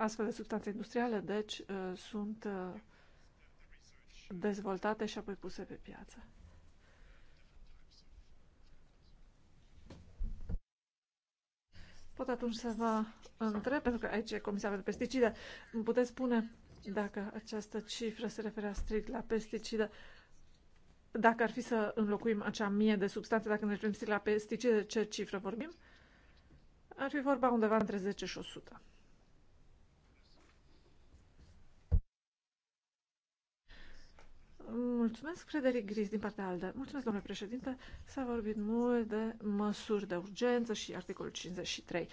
Astfel de substanțe industriale, deci, uh, sunt uh, dezvoltate și apoi puse pe piață. Pot atunci să vă întreb, pentru că aici e Comisia pentru Pesticide, îmi puteți spune dacă această cifră se referea strict la pesticide, dacă ar fi să înlocuim acea mie de substanțe, dacă ne referim strict la pesticide, ce cifră vorbim? Ar fi vorba undeva între 10 și 100. Mulțumesc, Frederic Gris, din partea ALDE. Mulțumesc, domnule președinte. S-a vorbit mult de măsuri de urgență și articolul 53.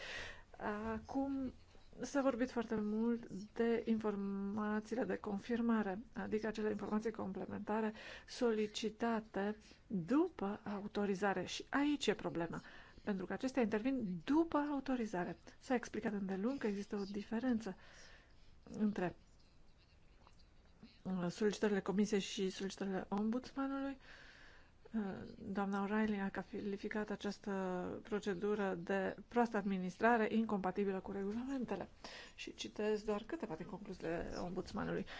Acum s-a vorbit foarte mult de informațiile de confirmare, adică acele informații complementare solicitate după autorizare. Și aici e problema, pentru că acestea intervin după autorizare. S-a explicat îndelung că există o diferență între solicitările comisiei și solicitările ombudsmanului. Doamna O'Reilly a calificat această procedură de proastă administrare incompatibilă cu regulamentele. Și citez doar câteva din concluziile ombudsmanului. Uh,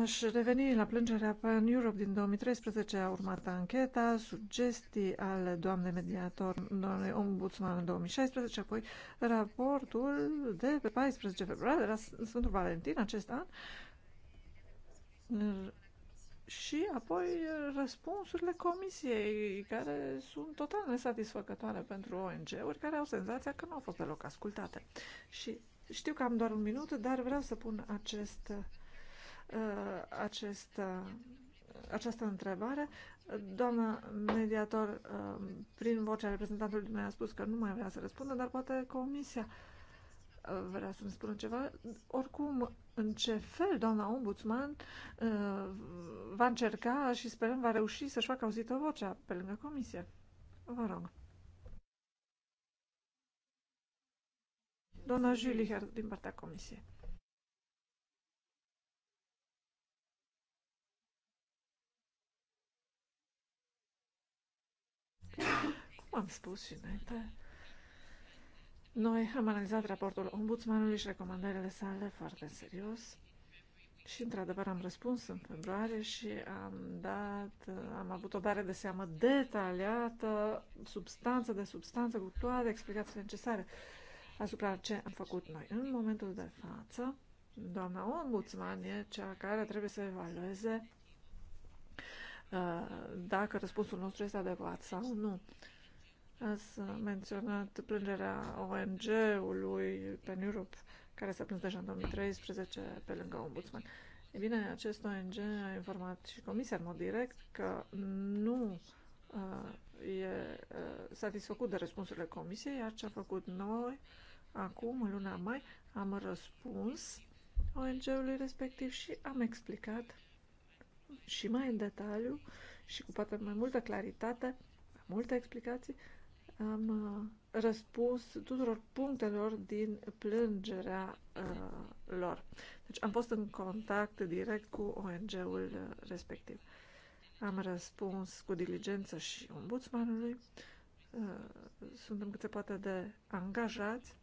Aș reveni la plângerea Pan Europe din 2013. A urmat ancheta, sugestii ale doamnei mediator, doamnei ombudsman în 2016, apoi raportul de pe 14 februarie, la Sfântul Valentin acest an, și apoi răspunsurile comisiei, care sunt total nesatisfăcătoare pentru ONG-uri, care au senzația că nu au fost deloc ascultate. Și știu că am doar un minut, dar vreau să pun acest Uh, acest, uh, această întrebare. Doamna mediator, uh, prin vocea reprezentantului mi-a spus că nu mai vrea să răspundă, dar poate comisia vrea să-mi spună ceva. Oricum, în ce fel doamna ombudsman va încerca și sperăm va reuși să-și facă auzită vocea pe lângă comisie. Vă rog. Doamna Julie, din partea comisiei. Cum am spus și înainte, noi am analizat raportul ombudsmanului și recomandările sale foarte serios și, într-adevăr, am răspuns în februarie și am dat, am avut o dare de seamă detaliată, substanță de substanță, cu toate explicațiile necesare asupra ce am făcut noi. În momentul de față, doamna ombudsman e cea care trebuie să evalueze Uh, dacă răspunsul nostru este adecvat sau nu. Ați menționat plângerea ONG-ului Pen Europe, care s-a plâns deja în 2013 pe lângă ombudsman. E bine, acest ONG a informat și Comisia în mod direct că nu uh, e uh, satisfăcut de răspunsurile Comisiei, iar ce a făcut noi acum, în luna mai, am răspuns ONG-ului respectiv și am explicat și mai în detaliu și cu poate mai multă claritate, mai multe explicații, am uh, răspuns tuturor punctelor din plângerea uh, lor. Deci am fost în contact direct cu ONG-ul uh, respectiv. Am răspuns cu diligență și ombudsmanului. Uh, suntem cât se poate de angajați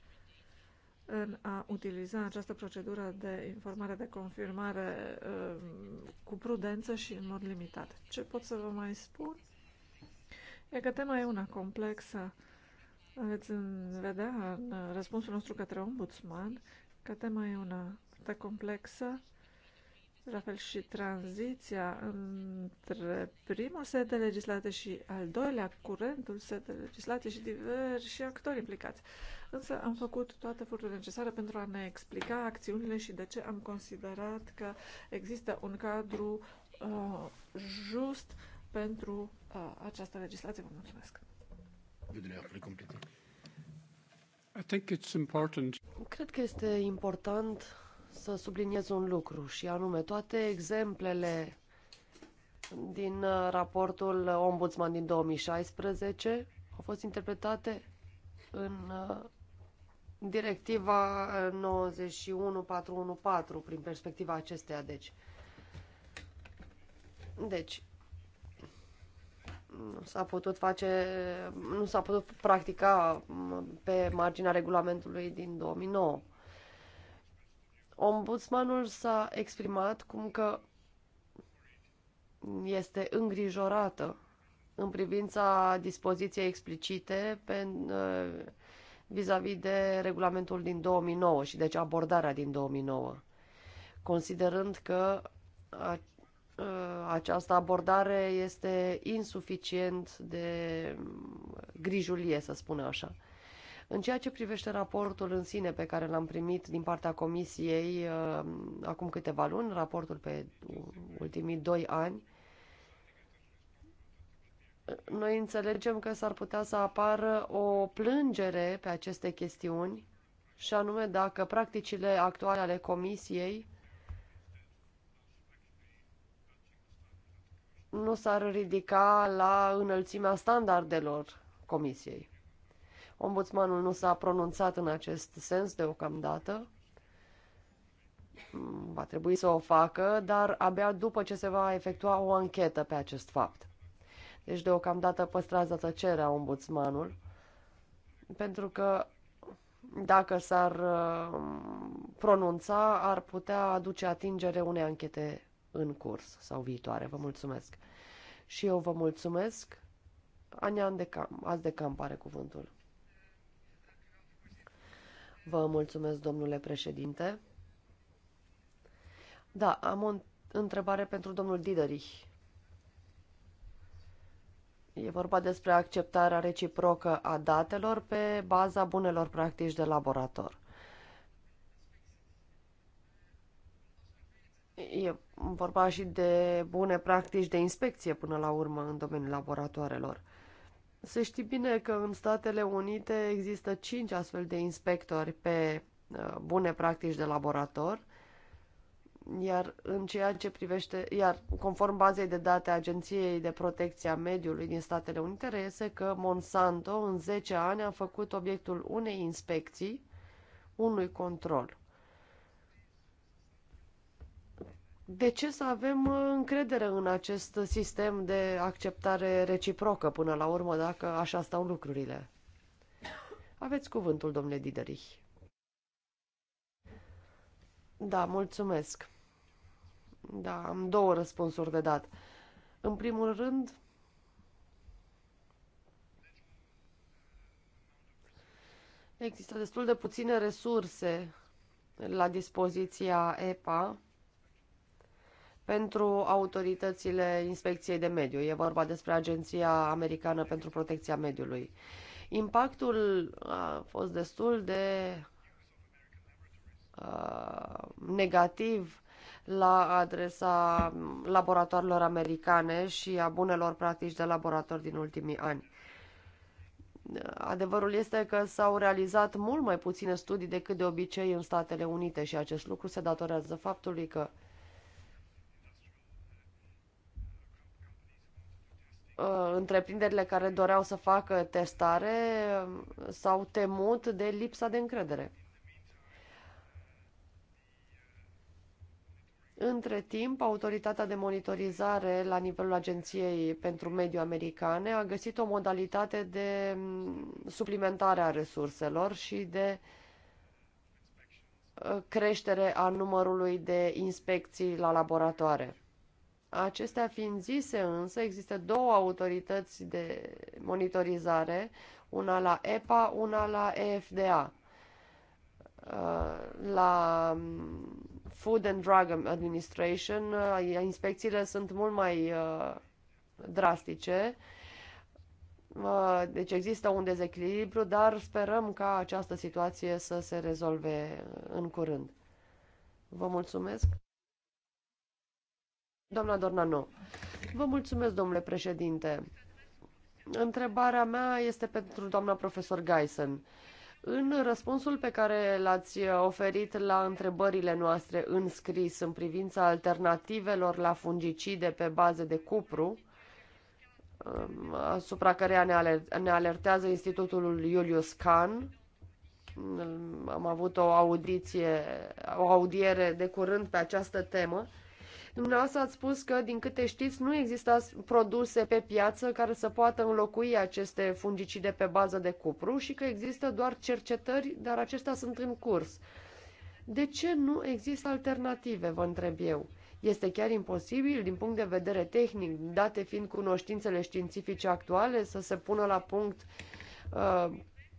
în a utiliza această procedură de informare, de confirmare um, cu prudență și în mod limitat. Ce pot să vă mai spun? E că tema e una complexă. Veți vedea în răspunsul nostru către ombudsman că tema e una foarte complexă la fel și tranziția între primul set de legislație și al doilea, curentul set de legislație și diversi actori implicați. Însă am făcut toate eforturile necesare pentru a ne explica acțiunile și de ce am considerat că există un cadru uh, just pentru uh, această legislație. Vă mulțumesc! Cred că este important să subliniez un lucru și anume toate exemplele din uh, raportul Ombudsman din 2016 au fost interpretate în uh, directiva 91414 uh, prin perspectiva acesteia. Deci, deci nu s-a putut face, nu s-a putut practica pe marginea regulamentului din 2009. Ombudsmanul s-a exprimat cum că este îngrijorată în privința dispoziției explicite pe, uh, vis-a-vis -vis de regulamentul din 2009 și deci abordarea din 2009, considerând că a, uh, această abordare este insuficient de grijulie, să spun așa. În ceea ce privește raportul în sine pe care l-am primit din partea Comisiei uh, acum câteva luni, raportul pe ultimii doi ani, noi înțelegem că s-ar putea să apară o plângere pe aceste chestiuni și anume dacă practicile actuale ale Comisiei nu s-ar ridica la înălțimea standardelor Comisiei. Ombudsmanul nu s-a pronunțat în acest sens deocamdată. Mm, va trebui să o facă, dar abia după ce se va efectua o anchetă pe acest fapt. Deci deocamdată păstrează tăcerea ombudsmanul, pentru că dacă s-ar uh, pronunța, ar putea aduce atingere unei anchete în curs sau viitoare. Vă mulțumesc. Și eu vă mulțumesc. Ania azi de Camp are cuvântul. Vă mulțumesc, domnule președinte. Da, am o întrebare pentru domnul Diderich. E vorba despre acceptarea reciprocă a datelor pe baza bunelor practici de laborator. E vorba și de bune practici de inspecție până la urmă în domeniul laboratoarelor. Se știe bine că în Statele Unite există cinci astfel de inspectori pe uh, bune practici de laborator, iar în ceea ce privește, iar conform bazei de date a Agenției de Protecție a Mediului din Statele Unite, reiese că Monsanto în 10 ani a făcut obiectul unei inspecții, unui control. de ce să avem uh, încredere în acest sistem de acceptare reciprocă până la urmă, dacă așa stau lucrurile? Aveți cuvântul, domnule Diderich. Da, mulțumesc. Da, am două răspunsuri de dat. În primul rând, există destul de puține resurse la dispoziția EPA pentru autoritățile Inspecției de Mediu. E vorba despre Agenția Americană pentru Protecția Mediului. Impactul a fost destul de uh, negativ la adresa laboratoarelor americane și a bunelor practici de laborator din ultimii ani. Adevărul este că s-au realizat mult mai puține studii decât de obicei în Statele Unite și acest lucru se datorează faptului că Uh, întreprinderile care doreau să facă testare s-au temut de lipsa de încredere. Între timp, autoritatea de monitorizare la nivelul Agenției pentru Mediu Americane a găsit o modalitate de mm, suplimentare a resurselor și de uh, creștere a numărului de inspecții la laboratoare. Acestea fiind zise însă, există două autorități de monitorizare, una la EPA, una la EFDA. Uh, la um, Food and Drug Administration uh, inspecțiile sunt mult mai uh, drastice, deci există un dezechilibru, dar sperăm ca această situație să se rezolve în curând. Vă mulțumesc! Doamna Dornano, vă mulțumesc, domnule președinte. Întrebarea mea este pentru doamna profesor Geisen. În răspunsul pe care l-ați oferit la întrebările noastre în scris în privința alternativelor la fungicide pe bază de cupru, um, asupra căreia ne alertează Institutul Julius Kahn, um, am avut o audiție, o audiere de curând pe această temă, Dumneavoastră ați spus că, din câte știți, nu există produse pe piață care să poată înlocui aceste fungicide pe bază de cupru și că există doar cercetări, dar acestea sunt în curs. De ce nu există alternative, vă întreb eu? Este chiar imposibil, din punct de vedere tehnic, date fiind cunoștințele științifice actuale, să se pună la punct uh,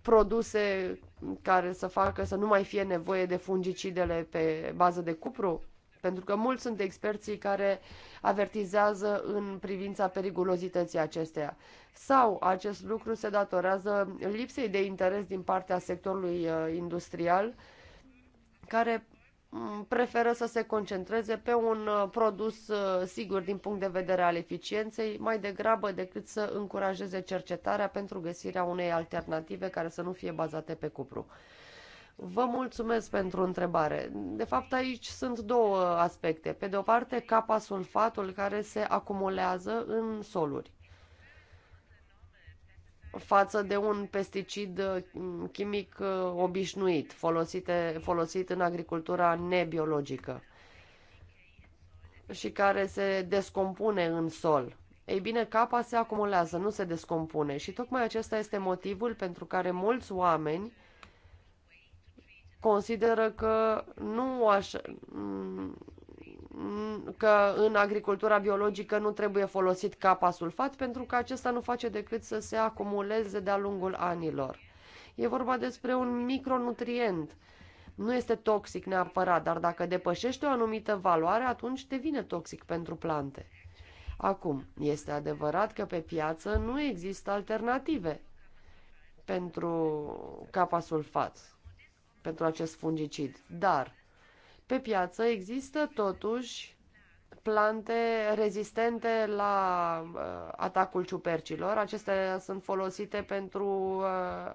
produse care să facă să nu mai fie nevoie de fungicidele pe bază de cupru? Pentru că mulți sunt experții care avertizează în privința periculozității acesteia. Sau acest lucru se datorează lipsei de interes din partea sectorului uh, industrial, care mm, preferă să se concentreze pe un uh, produs uh, sigur din punct de vedere al eficienței, mai degrabă decât să încurajeze cercetarea pentru găsirea unei alternative care să nu fie bazate pe cupru. Vă mulțumesc pentru întrebare. De fapt, aici sunt două aspecte. Pe de o parte, capa sulfatul care se acumulează în soluri față de un pesticid uh, chimic uh, obișnuit folosite, folosit în agricultura nebiologică și care se descompune în sol. Ei bine, capa se acumulează, nu se descompune și tocmai acesta este motivul pentru care mulți oameni consideră că nu așa, că în agricultura biologică nu trebuie folosit capa sulfat pentru că acesta nu face decât să se acumuleze de-a lungul anilor. E vorba despre un micronutrient. Nu este toxic neapărat, dar dacă depășește o anumită valoare, atunci devine toxic pentru plante. Acum, este adevărat că pe piață nu există alternative pentru capa sulfat pentru acest fungicid. Dar pe piață există totuși plante rezistente la uh, atacul ciupercilor. Acestea sunt folosite pentru uh,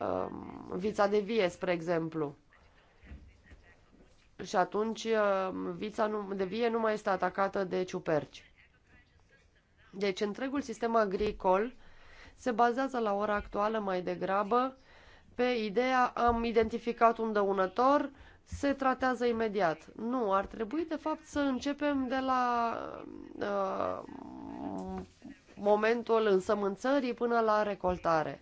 uh, vița de vie, spre exemplu. Și atunci uh, vița nu, de vie nu mai este atacată de ciuperci. Deci întregul sistem agricol se bazează la ora actuală mai degrabă pe ideea am identificat un dăunător, se tratează imediat. Nu, ar trebui de fapt să începem de la uh, momentul însămânțării până la recoltare.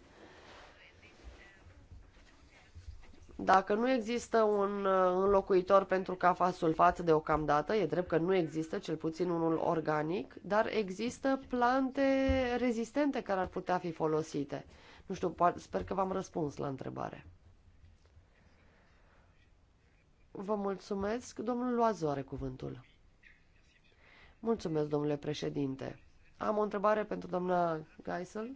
Dacă nu există un ă, înlocuitor pentru cafa sulfat deocamdată, e drept că nu există, cel puțin unul organic, dar există plante rezistente care ar putea fi folosite. Nu știu, sper că v-am răspuns la întrebare. Vă mulțumesc. Domnul Loazu are cuvântul. Mulțumesc, domnule președinte. Am o întrebare pentru doamna Geisel.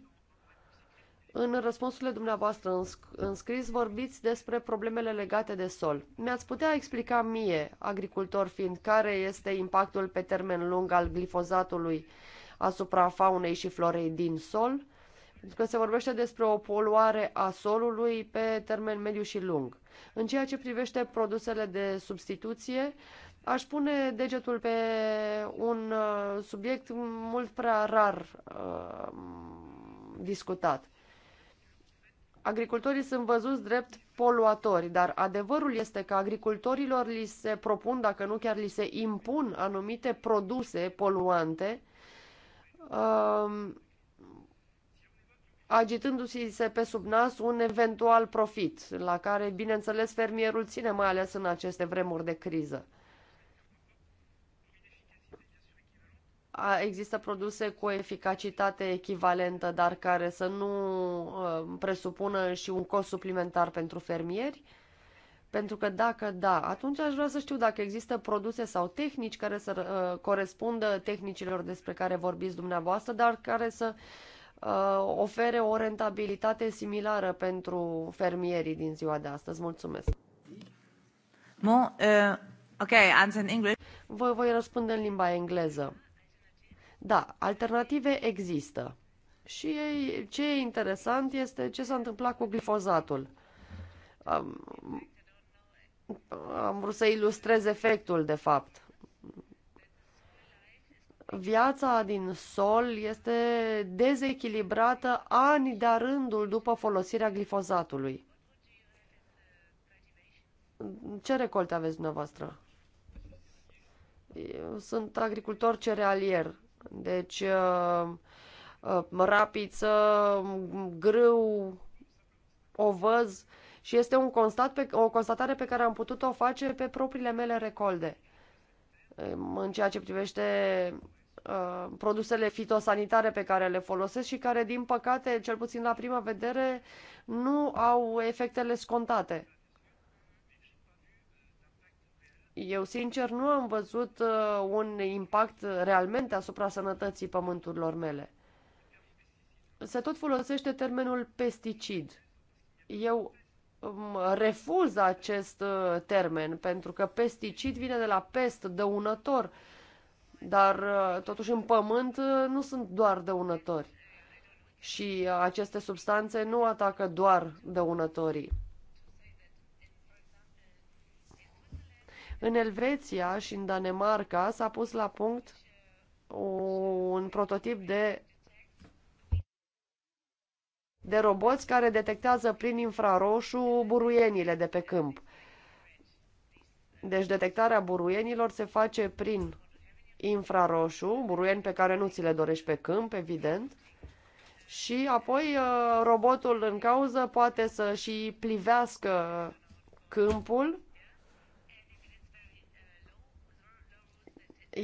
În răspunsurile dumneavoastră înscris vorbiți despre problemele legate de sol. Mi-ați putea explica mie, agricultor fiind, care este impactul pe termen lung al glifozatului asupra faunei și florei din sol? că se vorbește despre o poluare a solului pe termen mediu și lung. În ceea ce privește produsele de substituție, aș pune degetul pe un uh, subiect mult prea rar uh, discutat. Agricultorii sunt văzuți drept poluatori, dar adevărul este că agricultorilor li se propun, dacă nu chiar li se impun anumite produse poluante, uh, agitându-se pe sub nas un eventual profit, la care, bineînțeles, fermierul ține, mai ales în aceste vremuri de criză. Există produse cu eficacitate echivalentă, dar care să nu ă, presupună și un cost suplimentar pentru fermieri? Pentru că dacă da, atunci aș vrea să știu dacă există produse sau tehnici care să uh, corespundă tehnicilor despre care vorbiți dumneavoastră, dar care să uh, Uh, ofere o rentabilitate similară pentru fermierii din ziua de astăzi. Mulțumesc! Mo, uh, ok, answer in English. Vă voi răspunde în limba engleză. Da, alternative există. Și ce e interesant este ce s-a întâmplat cu glifozatul. am vrut să ilustrez efectul, de fapt viața din sol este dezechilibrată ani de rândul după folosirea glifozatului. Ce recolte aveți dumneavoastră? Eu sunt agricultor cerealier, deci uh, uh, rapiță, mm, grâu, ovăz și este un constat pe, o constatare pe care am putut-o face pe propriile mele recolte. în ceea ce privește Uh, produsele fitosanitare pe care le folosesc și care, din păcate, cel puțin la prima vedere, nu au efectele scontate. Eu, sincer, nu am văzut uh, un impact realmente asupra sănătății pământurilor mele. Se tot folosește termenul pesticid. Eu um, refuz acest uh, termen pentru că pesticid vine de la pest, dăunător. Uh, dar, uh, totuși, în pământ uh, nu sunt doar dăunători. Și uh, aceste substanțe nu atacă doar dăunătorii. În Elveția și în Danemarca s-a pus la punct un prototip de de roboți care detectează prin infraroșu buruienile de pe câmp. Deci detectarea buruienilor se face prin infraroșu, buruieni pe care nu ți le dorești pe câmp, evident, și apoi uh, robotul în cauză poate să și plivească câmpul,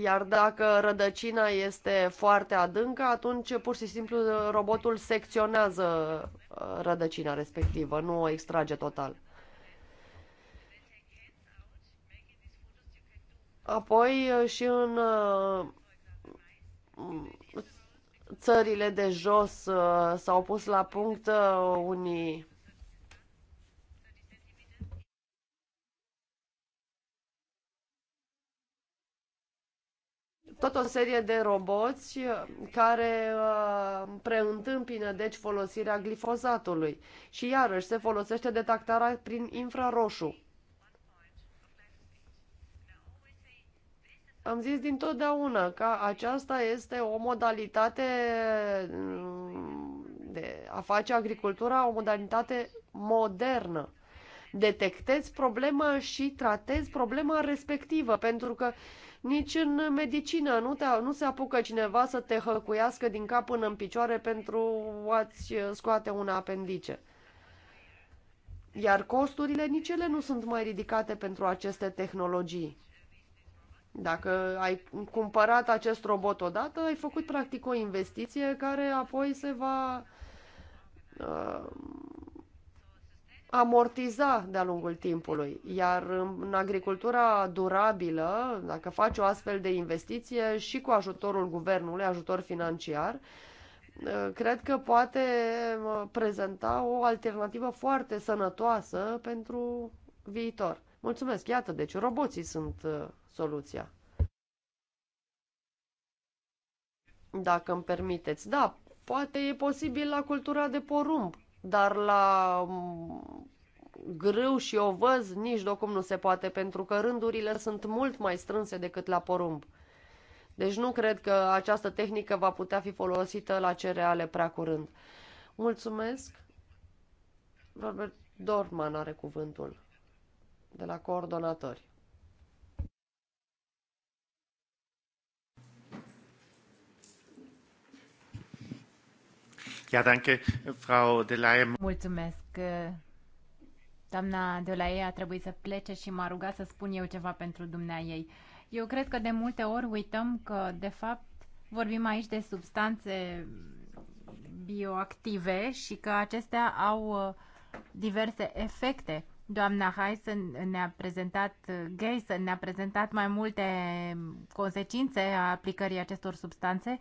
iar dacă rădăcina este foarte adâncă, atunci pur și simplu robotul secționează uh, rădăcina respectivă, nu o extrage total. Apoi uh, și în uh, țările de jos uh, s-au pus la punct unii tot o serie de roboți care preîntâmpină deci folosirea glifozatului și iarăși se folosește detectarea prin infraroșu. Am zis dintotdeauna că aceasta este o modalitate mm, de a face agricultura, o modalitate modernă. Detectezi problema și tratezi problema respectivă, pentru că nici în medicină nu, te, nu se apucă cineva să te hăcuiască din cap până în picioare pentru a-ți scoate un apendice. Iar costurile nici ele nu sunt mai ridicate pentru aceste tehnologii. Dacă ai cumpărat acest robot odată, ai făcut practic o investiție care apoi se va uh, amortiza de-a lungul timpului. Iar în agricultura durabilă, dacă faci o astfel de investiție și cu ajutorul guvernului, ajutor financiar, uh, cred că poate prezenta o alternativă foarte sănătoasă pentru viitor. Mulțumesc! Iată, deci roboții sunt uh, soluția. Dacă îmi permiteți. Da, poate e posibil la cultura de porumb, dar la mm, grâu și ovăz nici docum nu se poate, pentru că rândurile sunt mult mai strânse decât la porumb. Deci nu cred că această tehnică va putea fi folosită la cereale prea curând. Mulțumesc. Robert Dorman are cuvântul de la coordonatori. Ja, danke, Frau Delaie. Mulțumesc. Doamna a trebuit să plece și m-a rugat să spun eu ceva pentru dumnea ei. Eu cred că de multe ori uităm că, de fapt, vorbim aici de substanțe bioactive și că acestea au uh, diverse efecte. Doamna Heisen ne-a prezentat, uh, Geisen ne-a prezentat mai multe consecințe a aplicării acestor substanțe.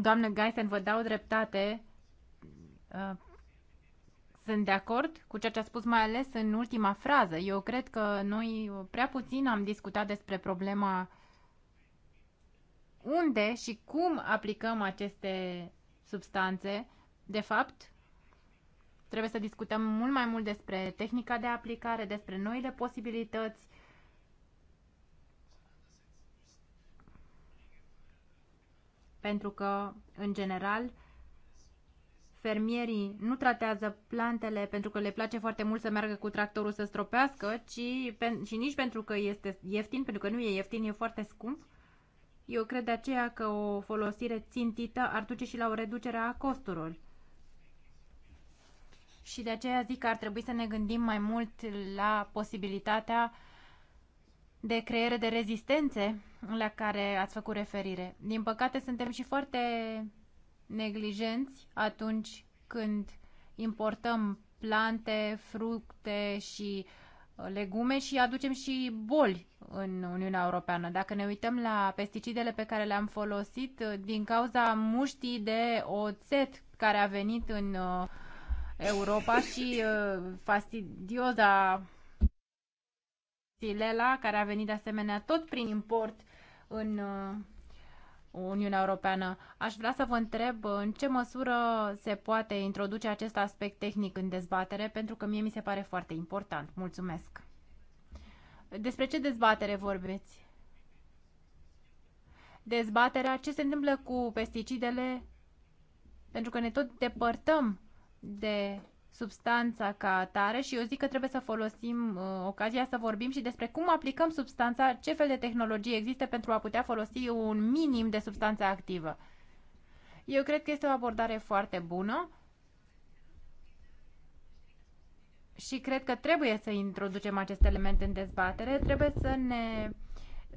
Doamna Geisen, vă dau dreptate Uh, sunt de acord cu ceea ce a spus mai ales în ultima frază. Eu cred că noi prea puțin am discutat despre problema unde și cum aplicăm aceste substanțe. De fapt, trebuie să discutăm mult mai mult despre tehnica de aplicare, despre noile posibilități. Pentru că, în general, fermierii nu tratează plantele pentru că le place foarte mult să meargă cu tractorul să stropească, ci pe, și nici pentru că este ieftin, pentru că nu e ieftin, e foarte scump. Eu cred de aceea că o folosire țintită ar duce și la o reducere a costurilor. Și de aceea zic că ar trebui să ne gândim mai mult la posibilitatea de creere de rezistențe la care ați făcut referire. Din păcate, suntem și foarte neglijenți atunci când importăm plante, fructe și uh, legume și aducem și boli în Uniunea Europeană. Dacă ne uităm la pesticidele pe care le-am folosit uh, din cauza muștii de oțet care a venit în uh, Europa și fastidioza silela care a venit de asemenea tot prin import în Uniunea Europeană. Aș vrea să vă întreb în ce măsură se poate introduce acest aspect tehnic în dezbatere, pentru că mie mi se pare foarte important. Mulțumesc! Despre ce dezbatere vorbeți? Dezbaterea ce se întâmplă cu pesticidele, pentru că ne tot depărtăm de substanța ca atare și eu zic că trebuie să folosim uh, ocazia să vorbim și despre cum aplicăm substanța, ce fel de tehnologie există pentru a putea folosi un minim de substanță activă. Eu cred că este o abordare foarte bună și cred că trebuie să introducem acest element în dezbatere, trebuie să ne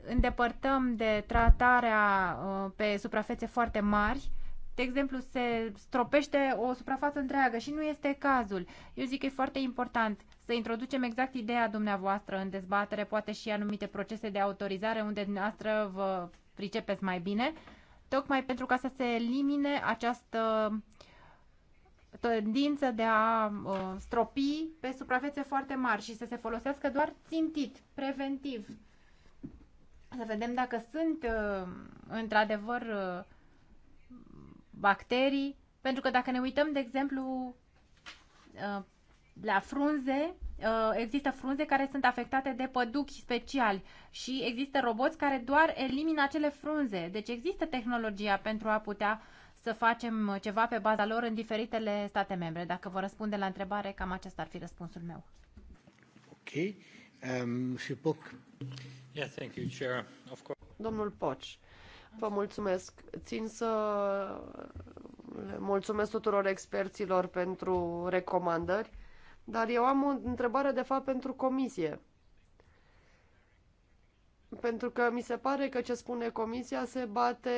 îndepărtăm de tratarea uh, pe suprafețe foarte mari de exemplu, se stropește o suprafață întreagă și nu este cazul. Eu zic că e foarte important să introducem exact ideea dumneavoastră în dezbatere, poate și anumite procese de autorizare unde dumneavoastră vă pricepeți mai bine, tocmai pentru ca să se elimine această tendință de a uh, stropi pe suprafețe foarte mari și să se folosească doar țintit, preventiv. Să vedem dacă sunt uh, într-adevăr uh, bacterii, pentru că dacă ne uităm, de exemplu, uh, la frunze, uh, există frunze care sunt afectate de păduchi speciali și există roboți care doar elimină acele frunze. Deci există tehnologia pentru a putea să facem ceva pe baza lor în diferitele state membre. Dacă vă răspunde la întrebare, cam acesta ar fi răspunsul meu. Ok. Um, și Poc. Yeah, thank you, Chair. Of course. Domnul Poci. Vă mulțumesc. Țin să le mulțumesc tuturor experților pentru recomandări, dar eu am o întrebare de fapt pentru comisie. Pentru că mi se pare că ce spune comisia se bate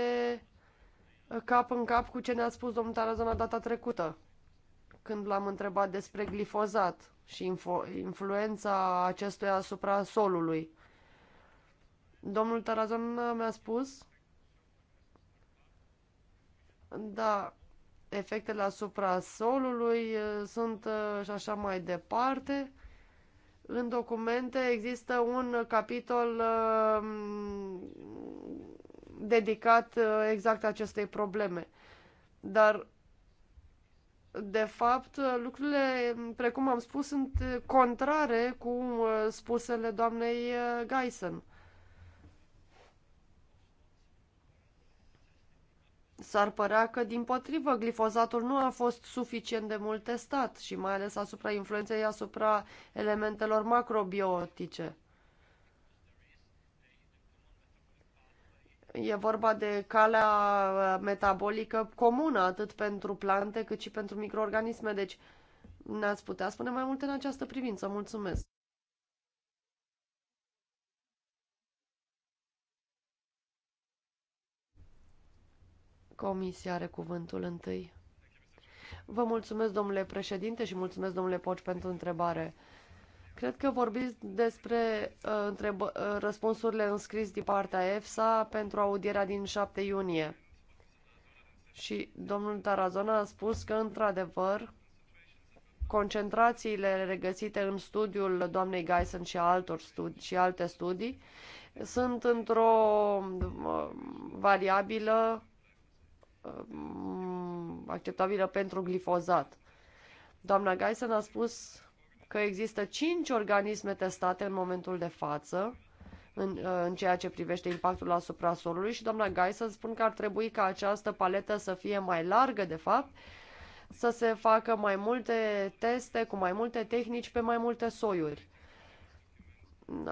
cap în cap cu ce ne-a spus domnul Tarazona data trecută, când l-am întrebat despre glifozat și influența acestuia asupra solului. Domnul Tarazona mi-a spus da, efectele asupra solului sunt și așa mai departe. În documente există un capitol dedicat exact acestei probleme. Dar, de fapt, lucrurile, precum am spus, sunt contrare cu spusele doamnei Geisen. S-ar părea că, din potrivă, glifozatul nu a fost suficient de mult testat și mai ales asupra influenței asupra elementelor macrobiotice. E vorba de calea uh, metabolică comună, atât pentru plante cât și pentru microorganisme, deci ne-ați putea spune mai multe în această privință. Mulțumesc! Comisia are cuvântul întâi. Vă mulțumesc, domnule președinte, și mulțumesc, domnule Poci, pentru întrebare. Cred că vorbiți despre uh, întreb, uh, răspunsurile înscris din partea EFSA pentru audierea din 7 iunie. Și domnul Tarazona a spus că, într-adevăr, concentrațiile regăsite în studiul doamnei Geisen și, altor studi- și alte studii sunt într-o uh, variabilă Um, acceptabilă pentru glifozat. Doamna Geisen a spus că există cinci organisme testate în momentul de față în, uh, în ceea ce privește impactul asupra solului și doamna Geisen spun că ar trebui ca această paletă să fie mai largă, de fapt, să se facă mai multe teste cu mai multe tehnici pe mai multe soiuri.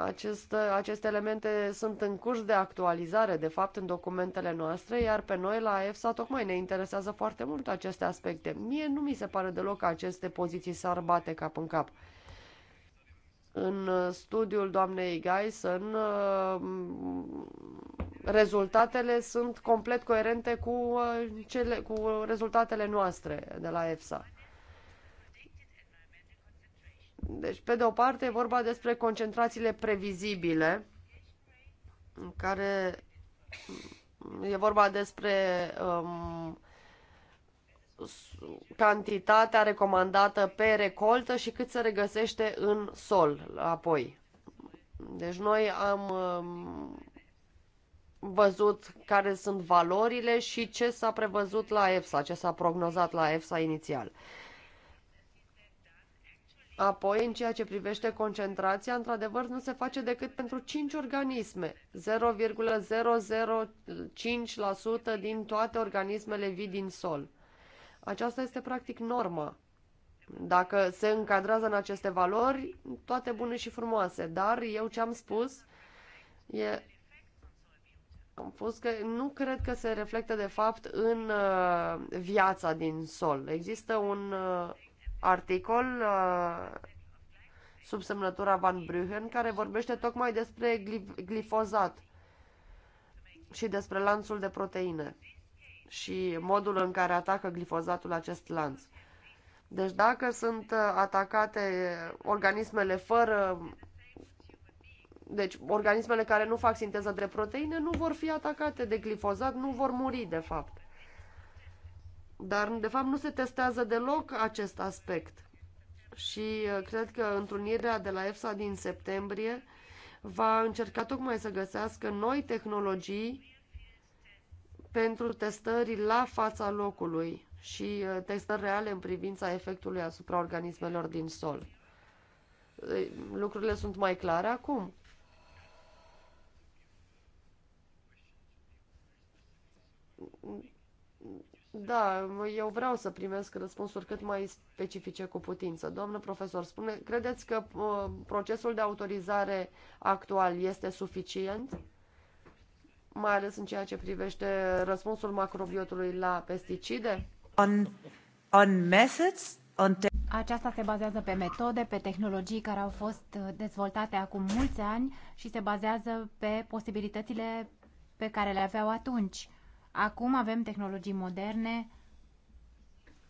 Acest, aceste elemente sunt în curs de actualizare, de fapt, în documentele noastre, iar pe noi la EFSA tocmai ne interesează foarte mult aceste aspecte. Mie nu mi se pare deloc că aceste poziții s-ar bate cap în cap. În studiul doamnei Geisen, uh, rezultatele sunt complet coerente cu, uh, cele, cu rezultatele noastre de la EFSA. Deci, pe de o parte, e vorba despre concentrațiile previzibile, în care e vorba despre um, cantitatea recomandată pe recoltă și cât se regăsește în sol apoi. Deci noi am um, văzut care sunt valorile și ce s-a prevăzut la EFSA, ce s-a prognozat la EFSA inițial. Apoi, în ceea ce privește concentrația, într-adevăr nu se face decât pentru 5 organisme, 0,005% din toate organismele vii din sol. Aceasta este practic norma. Dacă se încadrează în aceste valori, toate bune și frumoase, dar eu ce am spus e am fost că nu cred că se reflectă de fapt în uh, viața din sol. Există un uh, articol uh, sub semnătura Van Brühen care vorbește tocmai despre glifozat și despre lanțul de proteine și modul în care atacă glifozatul acest lanț. Deci dacă sunt uh, atacate organismele fără deci organismele care nu fac sinteză de proteine nu vor fi atacate de glifozat, nu vor muri de fapt. Dar, de fapt, nu se testează deloc acest aspect. Și uh, cred că întrunirea de la EFSA din septembrie va încerca tocmai să găsească noi tehnologii pentru testări la fața locului și uh, testări reale în privința efectului asupra organismelor din sol. Lucrurile sunt mai clare acum. Da, eu vreau să primesc răspunsuri cât mai specifice cu putință. Domnul profesor, spune, credeți că uh, procesul de autorizare actual este suficient? Mai ales în ceea ce privește răspunsul macrobiotului la pesticide? On, on methods, on Aceasta se bazează pe metode, pe tehnologii care au fost uh, dezvoltate acum mulți ani și se bazează pe posibilitățile pe care le aveau atunci Acum avem tehnologii moderne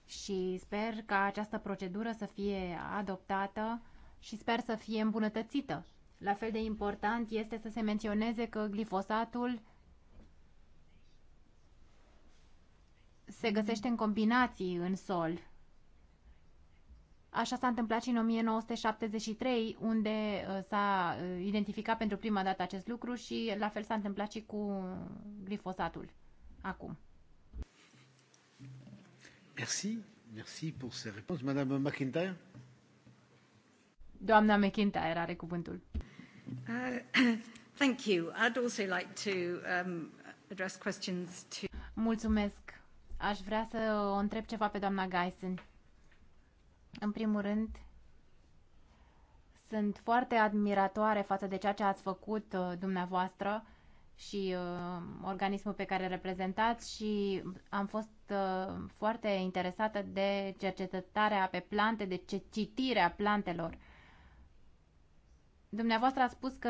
și sper ca această procedură să fie adoptată și sper să fie îmbunătățită. La fel de important este să se menționeze că glifosatul se găsește în combinații în sol. Așa s-a întâmplat și în 1973, unde uh, s-a uh, identificat pentru prima dată acest lucru și la fel s-a întâmplat și cu glifosatul acum. Merci, merci pour ces réponses. Madame McIntyre? Doamna McIntyre are cuvântul. Uh, thank you. I'd also like to um, address questions to... Mulțumesc. Aș vrea să o întreb ceva pe doamna Geisen. În primul rând, sunt foarte admiratoare față de ceea ce ați făcut uh, dumneavoastră și uh, organismul pe care reprezentați și am fost uh, foarte interesată de cercetarea pe plante, de ce citirea plantelor. Dumneavoastră ați spus că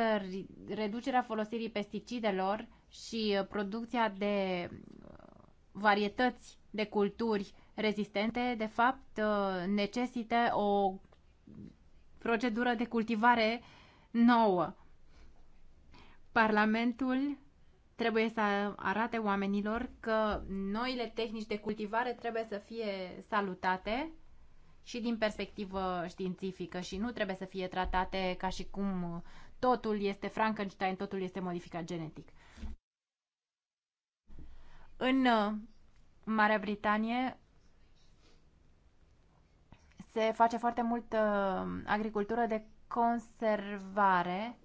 reducerea folosirii pesticidelor și uh, producția de uh, varietăți de culturi rezistente, de fapt, uh, necesită o procedură de cultivare nouă. Parlamentul trebuie să arate oamenilor că noile tehnici de cultivare trebuie să fie salutate și din perspectivă științifică și nu trebuie să fie tratate ca și cum totul este Frankenstein, totul este modificat genetic. În uh, Marea Britanie se face foarte mult uh, agricultură de conservare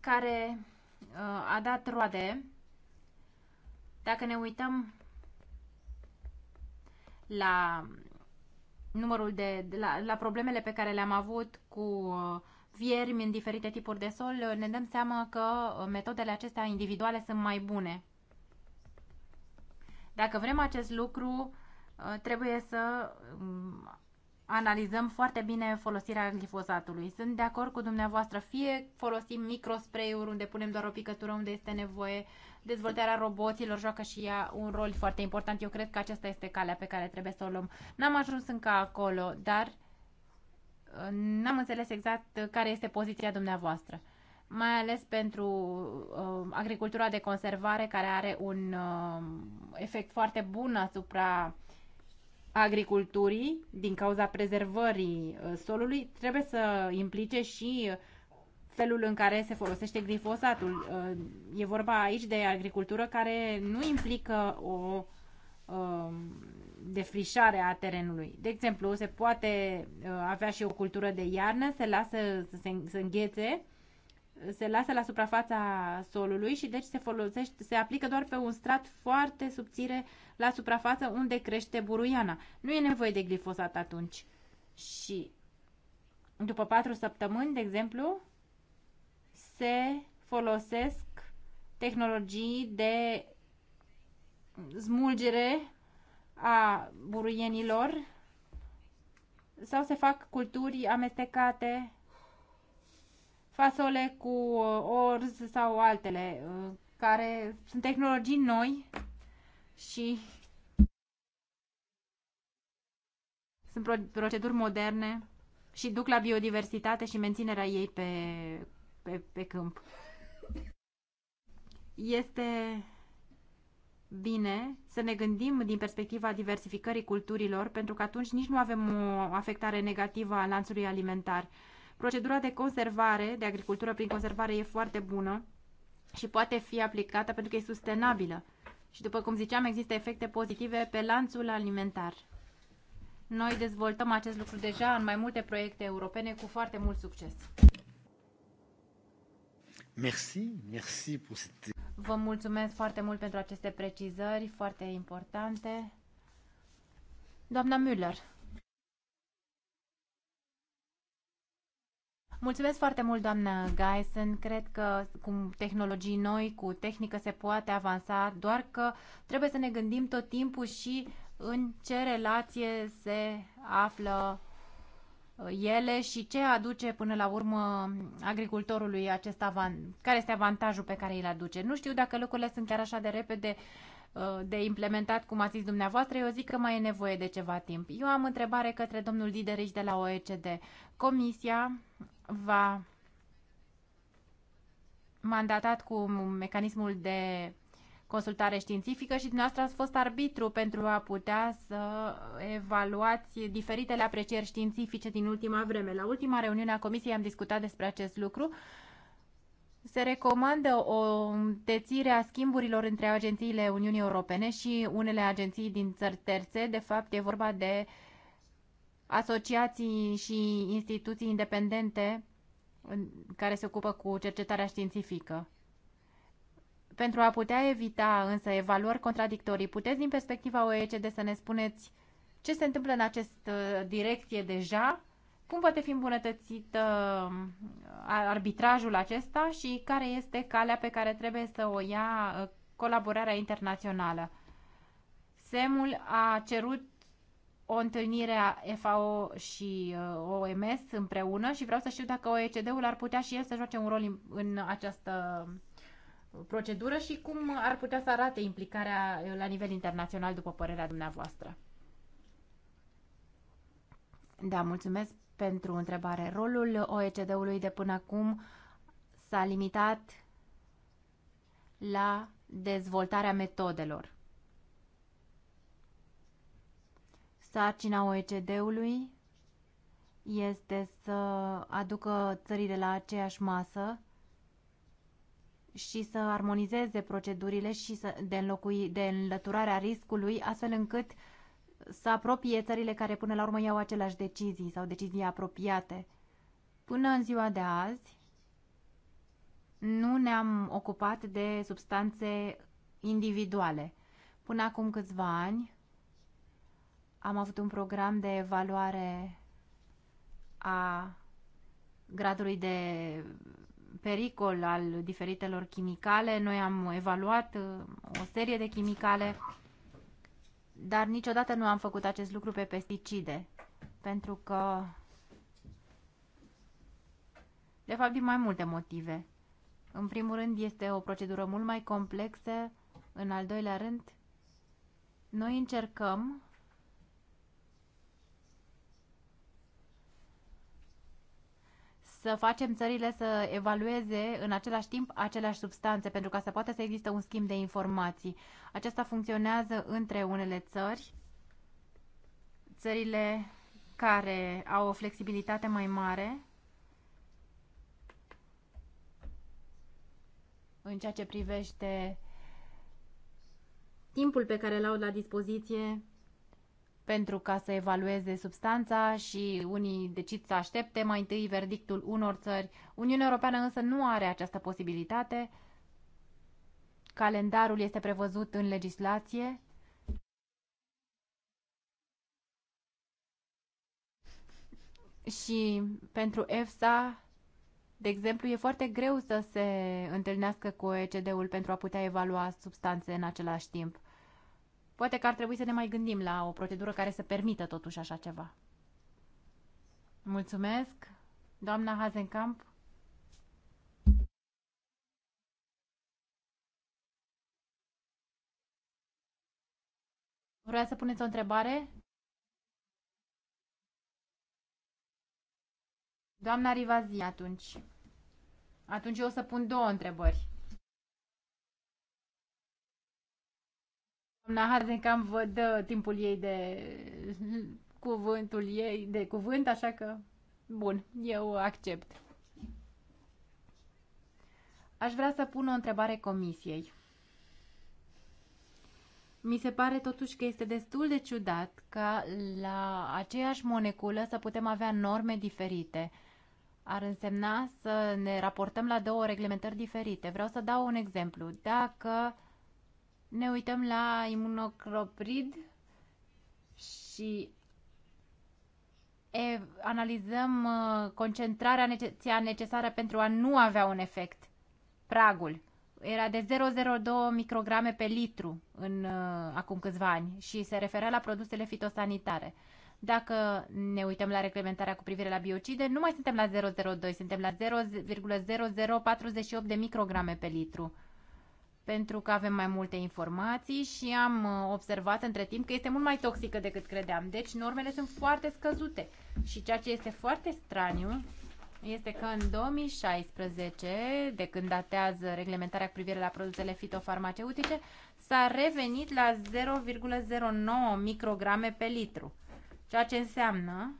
care uh, a dat roade. Dacă ne uităm la numărul de, la, la problemele pe care le-am avut cu uh, viermi în diferite tipuri de sol, uh, ne dăm seama că metodele acestea individuale sunt mai bune. Dacă vrem acest lucru, trebuie să um, analizăm foarte bine folosirea glifosatului. Sunt de acord cu dumneavoastră, fie folosim microspray-uri unde punem doar o picătură unde este nevoie, dezvoltarea roboților joacă și ea un rol foarte important. Eu cred că aceasta este calea pe care trebuie să o luăm. N-am ajuns încă acolo, dar uh, n-am înțeles exact care este poziția dumneavoastră mai ales pentru uh, agricultura de conservare care are un uh, efect foarte bun asupra agriculturii, din cauza prezervării uh, solului, trebuie să implice și felul în care se folosește glifosatul. Uh, e vorba aici de agricultură care nu implică o um, defrișare a terenului. De exemplu, se poate uh, avea și o cultură de iarnă, se lasă să se înghețe se lasă la suprafața solului și deci se folosește, se aplică doar pe un strat foarte subțire la suprafață unde crește buruiana. Nu e nevoie de glifosat atunci. Și după patru săptămâni, de exemplu, se folosesc tehnologii de smulgere a buruienilor sau se fac culturi amestecate fasole cu uh, orz sau altele, uh, care sunt tehnologii noi și sunt proceduri moderne și duc la biodiversitate și menținerea ei pe, pe, pe câmp. Este bine să ne gândim din perspectiva diversificării culturilor, pentru că atunci nici nu avem o afectare negativă a lanțului alimentar. Procedura de conservare, de agricultură prin conservare, e foarte bună și poate fi aplicată pentru că e sustenabilă. Și după cum ziceam, există efecte pozitive pe lanțul alimentar. Noi dezvoltăm acest lucru deja în mai multe proiecte europene cu foarte mult succes. Merci, merci pour cette... Vă mulțumesc foarte mult pentru aceste precizări foarte importante. Doamna Müller. Mulțumesc foarte mult, doamnă Geisen. Cred că cu tehnologii noi, cu tehnică se poate avansa, doar că trebuie să ne gândim tot timpul și în ce relație se află uh, ele și ce aduce până la urmă agricultorului acest avan, care este avantajul pe care îl aduce. Nu știu dacă lucrurile sunt chiar așa de repede uh, de implementat, cum ați zis dumneavoastră, eu zic că mai e nevoie de ceva timp. Eu am întrebare către domnul Diderici de la OECD. Comisia va mandatat cu mecanismul de consultare științifică și dumneavoastră ați fost arbitru pentru a putea să evaluați diferitele aprecieri științifice din ultima vreme. La ultima reuniune a Comisiei am discutat despre acest lucru. Se recomandă o dețire a schimburilor între agențiile Uniunii Europene și unele agenții din țări terțe. De fapt, e vorba de uh, asociații și instituții independente care se ocupă cu cercetarea științifică. Pentru a putea evita însă evaluări contradictorii, puteți din perspectiva OECD să ne spuneți ce se întâmplă în această uh, direcție deja, cum poate fi îmbunătățit uh, arbitrajul acesta și care este calea pe care trebuie să o ia uh, colaborarea internațională. SEMUL a cerut o întâlnire a FAO și uh, OMS împreună și vreau să știu dacă OECD-ul ar putea și el să joace un rol în această procedură și cum ar putea să arate implicarea uh, la nivel internațional, după părerea dumneavoastră. Da, mulțumesc pentru întrebare. Rolul OECD-ului de până acum s-a limitat la dezvoltarea metodelor Sarcina OECD-ului este să aducă țările la aceeași masă și să armonizeze procedurile și să, de, înlocui, de înlăturarea riscului, astfel încât să apropie țările care până la urmă iau aceleași decizii sau decizii apropiate. Până în ziua de azi, nu ne-am ocupat de substanțe individuale. Până acum câțiva ani, am avut un program de evaluare a gradului de pericol al diferitelor chimicale. Noi am evaluat uh, o serie de chimicale, dar niciodată nu am făcut acest lucru pe pesticide, pentru că, de fapt, din mai multe motive. În primul rând, este o procedură mult mai complexă. În al doilea rând, noi încercăm să facem țările să evalueze în același timp aceleași substanțe, pentru ca să poată să existe un schimb de informații. Aceasta funcționează între unele țări, țările care au o flexibilitate mai mare în ceea ce privește timpul pe care l-au la dispoziție pentru ca să evalueze substanța și unii decid să aștepte mai întâi verdictul unor țări. Uniunea Europeană însă nu are această posibilitate. Calendarul este prevăzut în legislație. Și pentru EFSA, de exemplu, e foarte greu să se întâlnească cu OECD-ul pentru a putea evalua substanțe în același timp. Poate că ar trebui să ne mai gândim la o procedură care să permită totuși așa ceva. Mulțumesc, doamna Hazenkamp. Vreau să puneți o întrebare? Doamna Rivazi, atunci. Atunci eu o să pun două întrebări. Doamna cam văd uh, timpul ei de cuvântul ei de cuvânt, așa că bun, eu accept. Aș vrea să pun o întrebare comisiei. Mi se pare totuși că este destul de ciudat ca la aceeași moleculă să putem avea norme diferite. Ar însemna să ne raportăm la două reglementări diferite. Vreau să dau un exemplu. Dacă uh, ne uităm la imunocroprid și e, analizăm uh, concentrarea necesară pentru a nu avea un efect. Pragul era de 0,02 micrograme pe litru în, uh, acum câțiva ani și se referea la produsele fitosanitare. Dacă ne uităm la reglementarea cu privire la biocide, nu mai suntem la 0,02, suntem la 0,0048 de micrograme pe litru pentru că avem mai multe informații și am uh, observat între timp că este mult mai toxică decât credeam. Deci normele sunt foarte scăzute. Și ceea ce este foarte straniu este că în 2016, de când datează reglementarea cu privire la produsele fitofarmaceutice, s-a revenit la 0,09 micrograme pe litru. Ceea ce înseamnă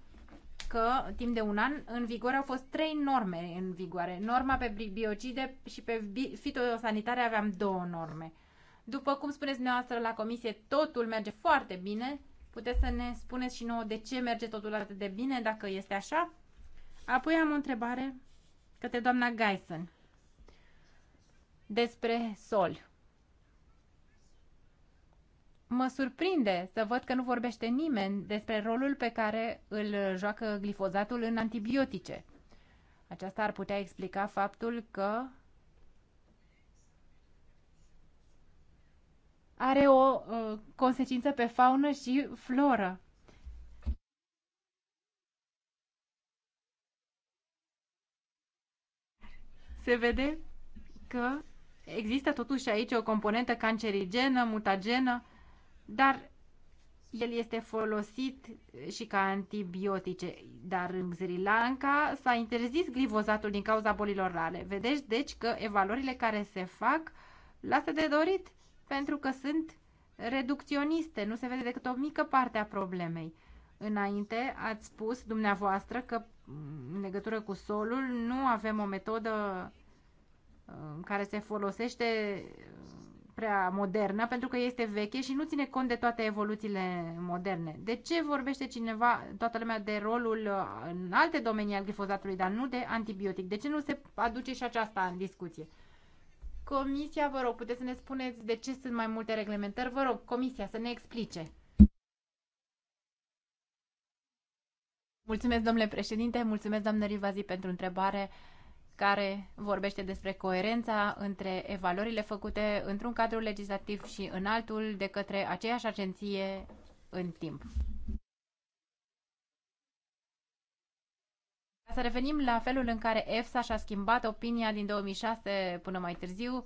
că timp de un an în vigoare au fost trei norme în vigoare. Norma pe biocide și pe fitosanitare aveam două norme. După cum spuneți dumneavoastră la comisie, totul merge foarte bine. Puteți să ne spuneți și nouă de ce merge totul atât de bine, dacă este așa? Apoi am o întrebare către doamna Geisen despre sol mă surprinde să văd că nu vorbește nimeni despre rolul pe care îl joacă glifozatul în antibiotice. Aceasta ar putea explica faptul că are o uh, consecință pe faună și floră. Se vede că există totuși aici o componentă cancerigenă, mutagenă, dar el este folosit și ca antibiotice, dar în Sri Lanka s-a interzis glifozatul din cauza bolilor rale. Vedeți, deci, că evaluările care se fac lasă de dorit, pentru că sunt reducționiste, nu se vede decât o mică parte a problemei. Înainte ați spus dumneavoastră că mm, în legătură cu solul nu avem o metodă uh, care se folosește prea modernă pentru că este veche și nu ține cont de toate evoluțiile moderne. De ce vorbește cineva, toată lumea, de rolul uh, în alte domenii al glifozatului, dar nu de antibiotic? De ce nu se aduce și aceasta în discuție? Comisia, vă rog, puteți să ne spuneți de ce sunt mai multe reglementări? Vă rog, Comisia, să ne explice. Mulțumesc, domnule președinte, mulțumesc, doamnă Rivazi, pentru întrebare care vorbește despre coerența între evaluările făcute într-un cadru legislativ și în altul de către aceeași agenție în timp. Ca să revenim la felul în care EFSA și-a schimbat opinia din 2006 până mai târziu,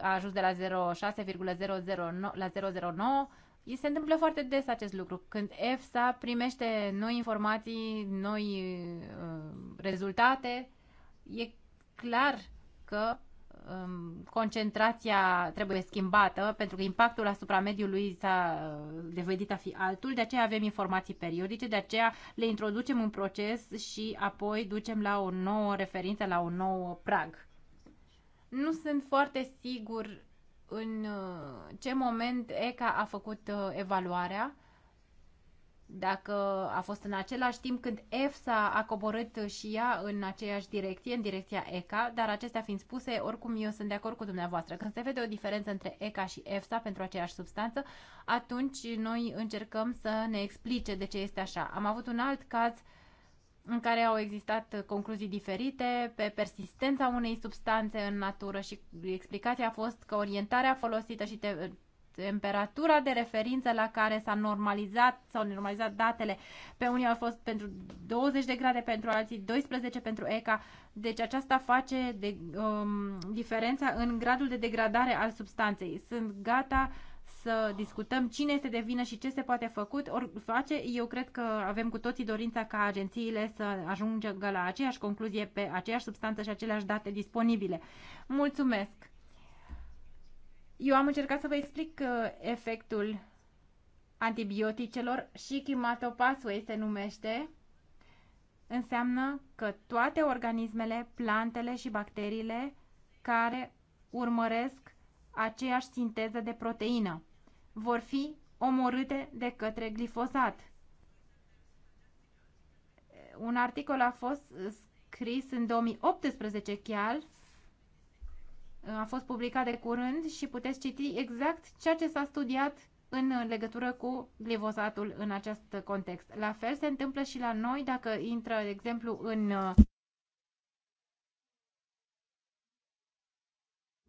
a ajuns de la 06,009 la 009, îi se întâmplă foarte des acest lucru. Când EFSA primește noi informații, noi uh, rezultate, E clar că um, concentrația trebuie schimbată pentru că impactul asupra mediului s-a uh, devedit a fi altul, de aceea avem informații periodice, de aceea le introducem în proces și apoi ducem la o nouă referință, la un nou prag. Nu sunt foarte sigur în uh, ce moment ECA a făcut uh, evaluarea, dacă a fost în același timp când EFSA a coborât și ea în aceeași direcție, în direcția ECA, dar acestea fiind spuse, oricum eu sunt de acord cu dumneavoastră. Când se vede o diferență între ECA și EFSA pentru aceeași substanță, atunci noi încercăm să ne explice de ce este așa. Am avut un alt caz în care au existat concluzii diferite pe persistența unei substanțe în natură și explicația a fost că orientarea folosită și te temperatura de referință la care s-a normalizat sau normalizat datele. Pe unii au fost pentru 20 de grade, pentru alții 12 pentru ECA. Deci aceasta face de, um, diferența în gradul de degradare al substanței. Sunt gata să discutăm cine este de vină și ce se poate făcut, or, face, eu cred că avem cu toții dorința ca agențiile să ajungă la aceeași concluzie pe aceeași substanță și aceleași date disponibile. Mulțumesc! Eu am încercat să vă explic uh, efectul antibioticelor și chimatopasul ei se numește. Înseamnă că toate organismele, plantele și bacteriile care urmăresc aceeași sinteză de proteină vor fi omorâte de către glifosat. Un articol a fost scris în 2018 chiar Uh, a fost publicat de curând și puteți citi exact ceea ce s-a studiat în uh, legătură cu glifosatul în acest context. La fel se întâmplă și la noi dacă intră, de exemplu, în uh,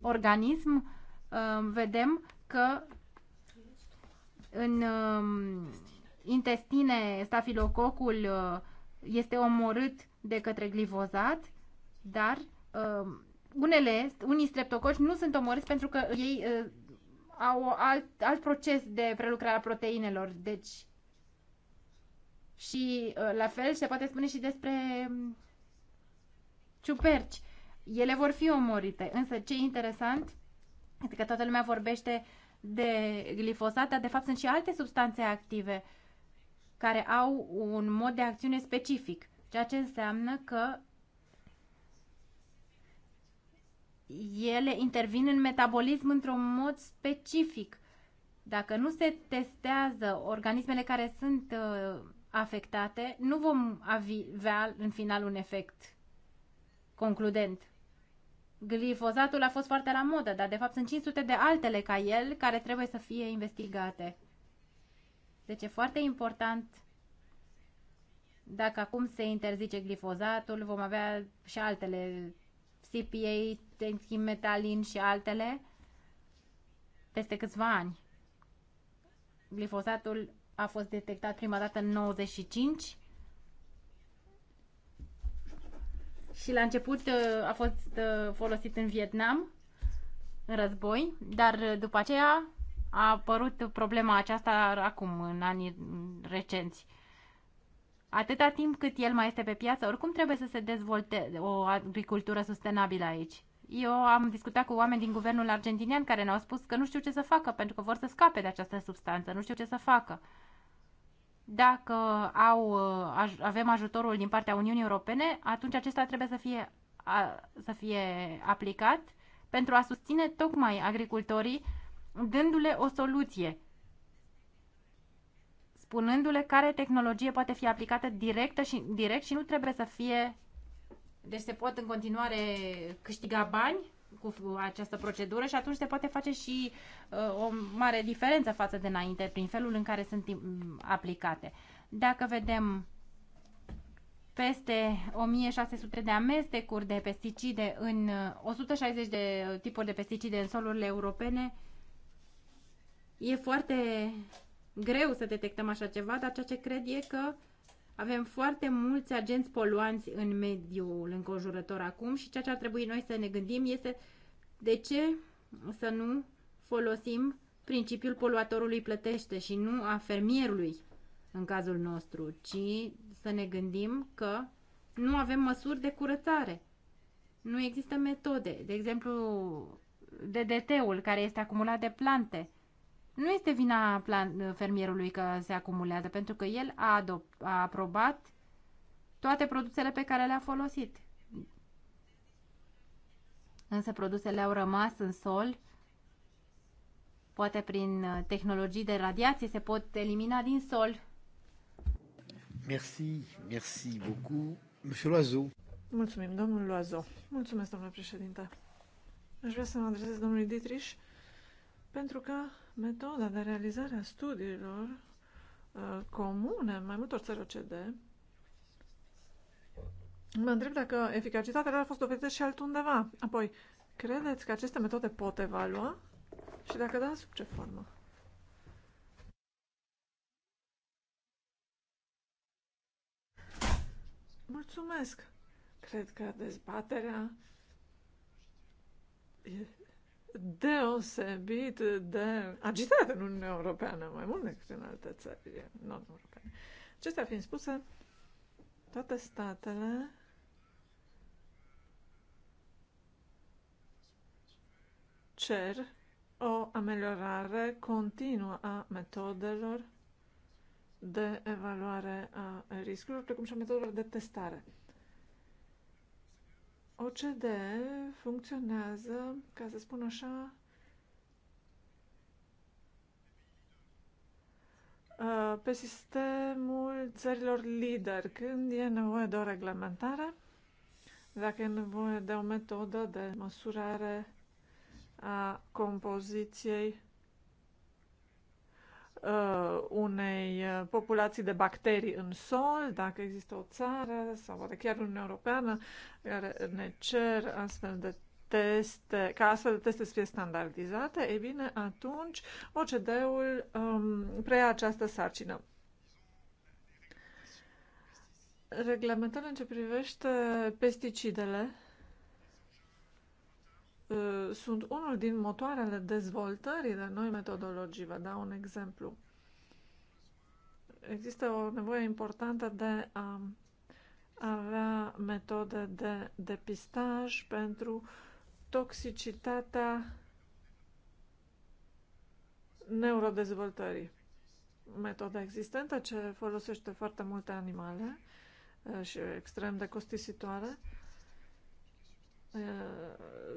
organism, vedem că în um, intestine stafilococul este omorât de către glivozat, dar um, unele, unii streptococi nu sunt omorâți pentru că ei uh, au alt, alt proces de prelucrare a proteinelor. Deci, și uh, la fel se poate spune și despre um, ciuperci. Ele vor fi omorite, însă ce interesant este că toată lumea vorbește de glifosat, dar de fapt sunt și alte substanțe active care au un mod de acțiune specific, ceea ce înseamnă că ele intervin în metabolism într-un mod specific. Dacă nu se testează organismele care sunt uh, afectate, nu vom avea în final un efect concludent. Glifozatul a fost foarte la modă, dar de fapt sunt 500 de altele ca el care trebuie să fie investigate. Deci e foarte important dacă acum se interzice glifozatul, vom avea și altele CPA, metalin și altele peste câțiva ani. Glifosatul a fost detectat prima dată în 95 și la început uh, a fost uh, folosit în Vietnam, în război, dar uh, după aceea a apărut problema aceasta acum, în anii recenți. Atâta timp cât el mai este pe piață, oricum trebuie să se dezvolte o agricultură sustenabilă aici. Eu am discutat cu oameni din guvernul argentinian care ne-au spus că nu știu ce să facă pentru că vor să scape de această substanță, nu știu ce să facă. Dacă au, uh, avem ajutorul din partea Uniunii Europene, atunci acesta trebuie să fie, să fie aplicat pentru a susține tocmai agricultorii, dându-le o soluție, spunându-le care tehnologie poate fi aplicată directă și, direct și nu trebuie să fie deci se pot în continuare câștiga bani cu această procedură și atunci se poate face și uh, o mare diferență față de înainte prin felul în care sunt mm, aplicate. Dacă vedem peste 1600 de amestecuri de pesticide în 160 uh, de tipuri de pesticide în solurile europene, e foarte greu să detectăm așa ceva, dar ceea ce cred e că avem foarte mulți agenți poluanți în mediul înconjurător acum și ceea ce ar trebui noi să ne gândim este de ce să nu folosim principiul poluatorului plătește și nu a fermierului în cazul nostru, ci să ne gândim că nu avem măsuri de curățare. Nu există metode. De exemplu, DDT-ul care este acumulat de plante – nu este vina plan fermierului că se acumulează, pentru că el a, a aprobat toate produsele pe care le-a folosit. Însă produsele au rămas în sol, poate prin uh, tehnologii de radiație se pot elimina din sol. Merci, merci beaucoup. Monsieur Loiseau. Mulțumim, domnul Loiseau. Mulțumesc, domnule președinte. Aș vrea să mă adresez domnului Dietrich pentru că metoda de realizare a studiilor uh, comune în mai multor țări OCD, mă întreb dacă eficacitatea lor a fost dovedită și altundeva. Apoi, credeți că aceste metode pot evalua? Și dacă da, sub ce formă? Mulțumesc! Cred că dezbaterea deosebit de agitat în Uniunea Europeană, mai mult decât în alte țări non-europene. Acestea fiind spuse, toate statele cer o ameliorare continuă a metodelor de evaluare a riscurilor, precum și a metodelor de testare. OCD funcționează, ca să spun așa, pe sistemul țărilor lider, când e nevoie de o reglementare, dacă e nevoie de o metodă de măsurare a compoziției uh, unei uh, populații de bacterii în sol, dacă există o țară sau poate chiar Uniunea Europeană care ne cer astfel de teste, ca astfel de teste să fie standardizate, e bine, atunci OCD-ul um, preia această sarcină. Reglementările în ce privește pesticidele Uh, sunt unul din motoarele dezvoltării de noi metodologii. Vă dau un exemplu. Există o nevoie importantă de a avea metode de depistaj pentru toxicitatea neurodezvoltării. Metoda existentă ce folosește foarte multe animale uh, și extrem de costisitoare Eh,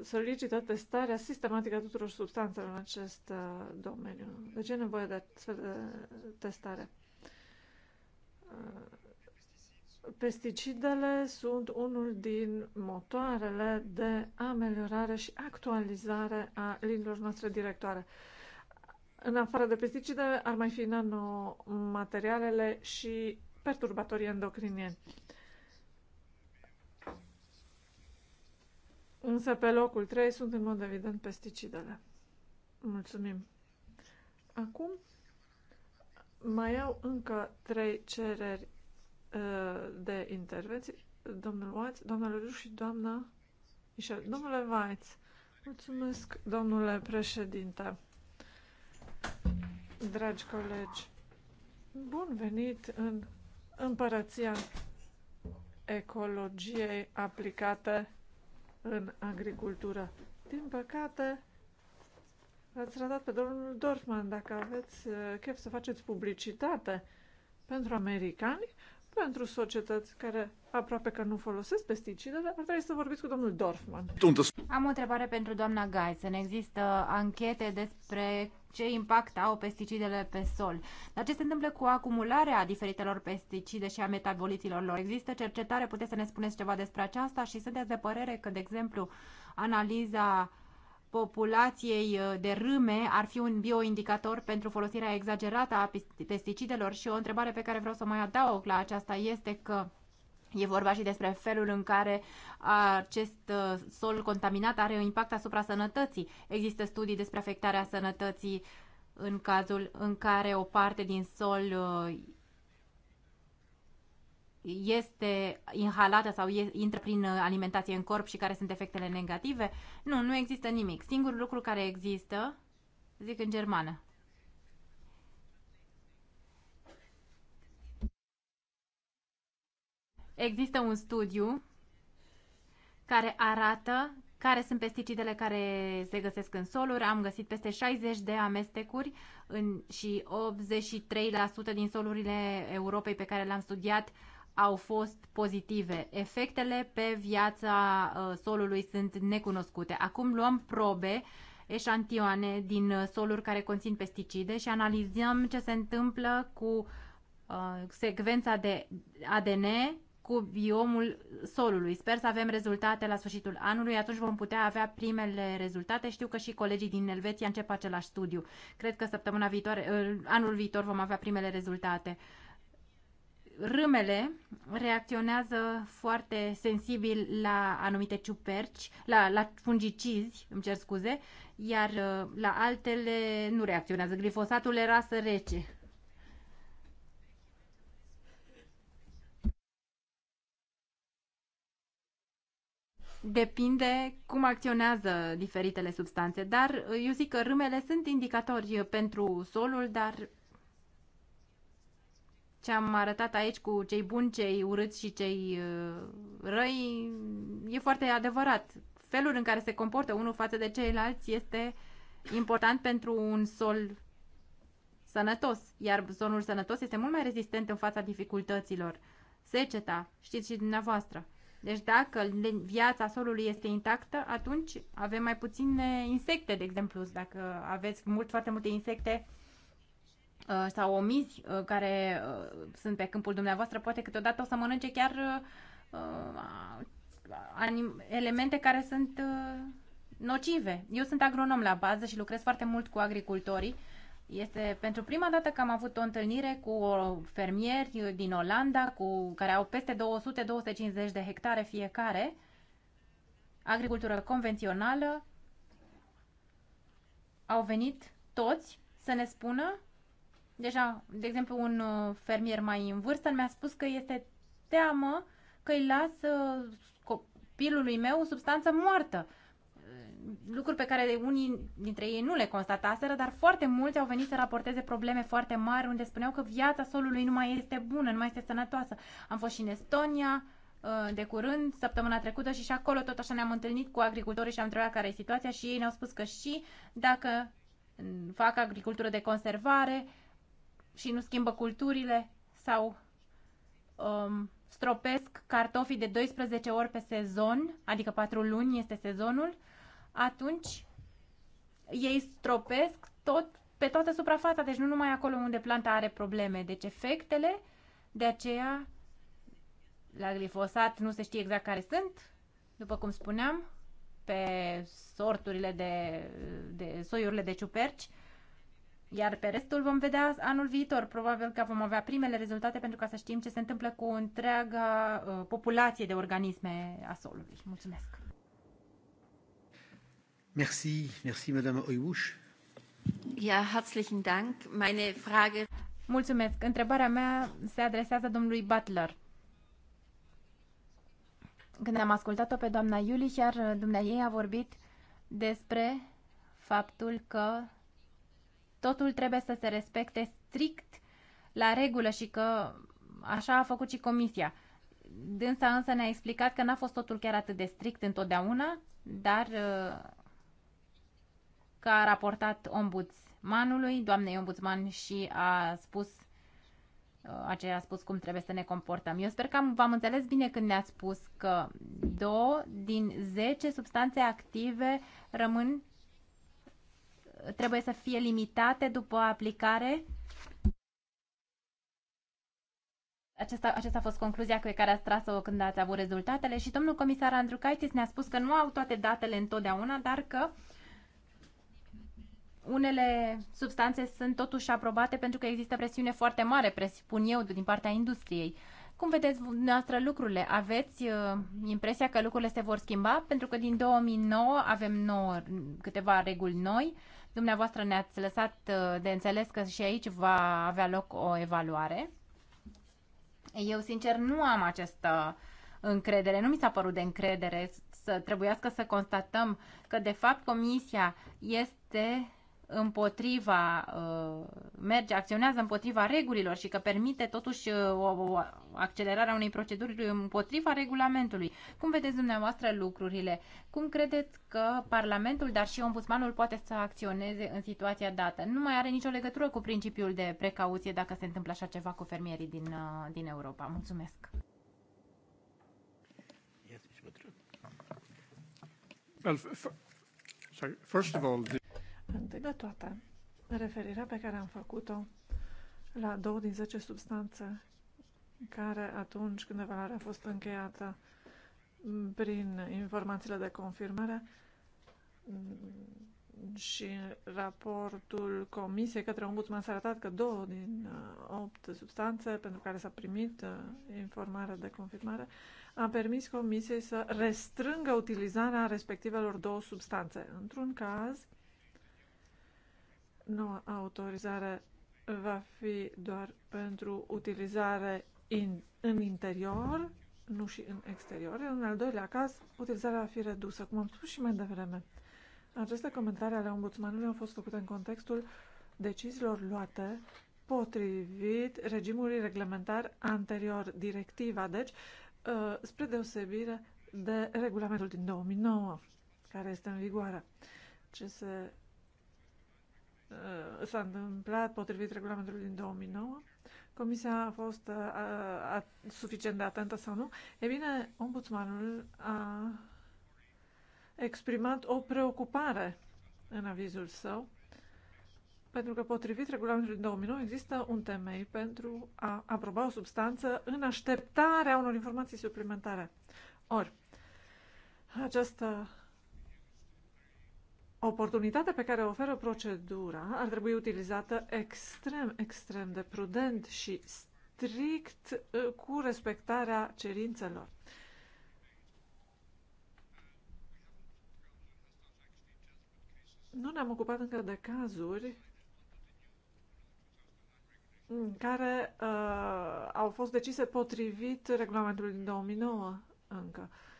solicită testarea sistematică a tuturor substanțelor în acest eh, domeniu. De ce e nevoie de astfel de testare? Eh, pesticidele sunt unul din motoarele de ameliorare și actualizare a liniilor noastre directoare. În afară de pesticide, ar mai fi nanomaterialele și perturbatorii endocrinieni. Uh, Însă pe locul 3 sunt în mod evident pesticidele. Mulțumim. Acum mai au încă trei cereri uh, de intervenții. Domnul Watts, domnul Ruș și doamna Michel. Domnule Weitz, mulțumesc, domnule președinte. Dragi colegi, bun venit în împărăția ecologiei aplicate în agricultură. Din păcate, ați ratat pe domnul Dorfman dacă aveți uh, chef să faceți publicitate pentru americani, pentru societăți care aproape că nu folosesc pesticide, dar ar trebui să vorbiți cu domnul Dorfman. Am o întrebare pentru doamna Gaisen. Există anchete despre ce impact au pesticidele pe sol. Dar ce se întâmplă cu acumularea diferitelor pesticide și a metaboliților lor? Există cercetare? Puteți să ne spuneți ceva despre aceasta? Și sunteți de părere că, de exemplu, analiza populației uh, de râme ar fi un bioindicator pentru folosirea exagerată a pesticidelor și o întrebare pe care vreau să mai adaug la aceasta este că E vorba și despre felul în care acest uh, sol contaminat are un impact asupra sănătății. Există studii despre afectarea sănătății în cazul în care o parte din sol uh, este inhalată sau intră prin uh, alimentație în corp și care sunt efectele negative. Nu, nu există nimic. Singurul lucru care există, zic în germană, Există un studiu care arată care sunt pesticidele care se găsesc în soluri. Am găsit peste 60 de amestecuri în, și 83% din solurile Europei pe care le-am studiat au fost pozitive. Efectele pe viața ă, solului sunt necunoscute. Acum luăm probe, eșantioane din ă, soluri care conțin pesticide și analizăm ce se întâmplă cu uh, secvența de ADN cu biomul solului. Sper să avem rezultate la sfârșitul anului, atunci vom putea avea primele rezultate. Știu că și colegii din Elveția încep același studiu. Cred că săptămâna viitoare, uh, anul viitor vom avea primele rezultate. Râmele reacționează foarte sensibil la anumite ciuperci, la, la fungicizi, îmi cer scuze, iar uh, la altele nu reacționează. Glifosatul era rece. depinde cum acționează diferitele substanțe, dar eu zic că râmele sunt indicatori pentru solul, dar ce am arătat aici cu cei buni, cei urâți și cei uh, răi e foarte adevărat. Felul în care se comportă unul față de ceilalți este important pentru un sol sănătos, iar solul sănătos este mult mai rezistent în fața dificultăților. Seceta, știți și dumneavoastră. Deci dacă viața solului este intactă, atunci avem mai puține insecte, de exemplu, dacă aveți mult, foarte multe insecte uh, sau omizi uh, care uh, sunt pe câmpul dumneavoastră, poate câteodată o să mănânce chiar elemente care sunt nocive. Eu sunt agronom la bază și lucrez foarte mult cu agricultorii este pentru prima dată că am avut o întâlnire cu fermieri din Olanda cu, care au peste 200-250 de hectare fiecare, agricultură convențională. Au venit toți să ne spună, deja, de exemplu, un uh, fermier mai în vârstă mi-a spus că este teamă că îi las copilului meu substanță moartă lucruri pe care unii dintre ei nu le constataseră, dar foarte mulți au venit să raporteze probleme foarte mari unde spuneau că viața solului nu mai este bună, nu mai este sănătoasă. Am fost și în Estonia uh, de curând, săptămâna trecută și și acolo tot așa ne-am întâlnit cu agricultorii și am întrebat care e situația și ei ne-au spus că și dacă mm, fac agricultură de conservare și nu schimbă culturile sau um, stropesc cartofii de 12 ori pe sezon, adică 4 luni este sezonul, uh, atunci ei stropesc tot, pe toată suprafața, deci nu numai acolo unde planta are probleme. Deci efectele, de aceea, la glifosat nu se știe exact care sunt, după cum spuneam, pe sorturile de, de soiurile de ciuperci, iar pe restul vom vedea anul viitor. Probabil că vom avea primele rezultate pentru ca să știm ce se întâmplă cu întreaga uh, populație de organisme a solului. Mulțumesc! Merci, merci, Madame Ja, herzlichen Dank. Meine Frage... Mulțumesc. Întrebarea mea se adresează domnului Butler. Când am ascultat-o pe doamna Iuli, chiar ei a vorbit despre faptul că totul trebuie să se respecte strict la regulă și că așa a făcut și comisia. Dânsa însă ne-a explicat că n-a fost totul chiar atât de strict întotdeauna, dar că a raportat ombudsmanului, doamnei ombudsman și a spus uh, aceea a spus cum trebuie să ne comportăm. Eu sper că v-am înțeles bine când ne-ați spus că două din 10 substanțe active rămân trebuie să fie limitate după aplicare. Acesta, acesta a fost concluzia cu care ați tras-o când ați avut rezultatele și domnul comisar Andrukaitis ne-a spus că nu au toate datele întotdeauna, dar că uh, unele substanțe sunt totuși aprobate pentru că există presiune foarte mare, presupun eu, din partea industriei. Cum vedeți dumneavoastră lucrurile? Aveți uh, impresia că lucrurile se vor schimba? Pentru că din 2009 avem nouă, câteva reguli noi. Dumneavoastră ne-ați lăsat uh, de înțeles că și aici va avea loc o evaluare. Eu, sincer, nu am această încredere. Nu mi s-a părut de încredere să trebuiască să constatăm că, de fapt, Comisia este împotriva, uh, merge, acționează împotriva regulilor și că permite totuși uh, o, o accelerare a unei proceduri împotriva regulamentului. Cum vedeți dumneavoastră lucrurile? Cum credeți că Parlamentul, dar și Ombudsmanul poate să acționeze în situația dată? Nu mai are nicio legătură cu principiul de precauție dacă se întâmplă așa ceva cu fermierii din, uh, din Europa. Mulțumesc! Well, first of all, the Întâi de toate, referirea pe care am făcut-o la două din zece substanțe care atunci când evaluarea a fost încheiată prin informațiile de confirmare și raportul comisiei către ombudsman s-a arătat că două din uh, opt substanțe pentru care s-a primit uh, informarea de confirmare a permis comisiei să restrângă utilizarea respectivelor două substanțe. Într-un caz, noua autorizare va fi doar pentru utilizare in, în interior, nu și în exterior. În al doilea caz, utilizarea va fi redusă, cum am spus și mai devreme. Aceste comentarii ale ombudsmanului au fost făcute în contextul deciziilor luate potrivit regimului reglementar anterior, directiva, deci, uh, spre deosebire de regulamentul din 2009, care este în vigoare. Ce se Uh, s-a întâmplat potrivit regulamentului din 2009, comisia a fost uh, a, a, suficient de atentă sau nu, e bine, ombudsmanul a exprimat o preocupare în avizul său, pentru că potrivit regulamentului 2009 există un temei pentru a aproba o substanță în așteptarea unor informații suplimentare. Ori, această Oportunitatea pe care o oferă procedura ar trebui utilizată extrem, extrem de prudent și strict uh, cu respectarea cerințelor. Nu ne-am ocupat încă de cazuri în care uh, au fost decise potrivit regulamentului din 2009 încă. Uh,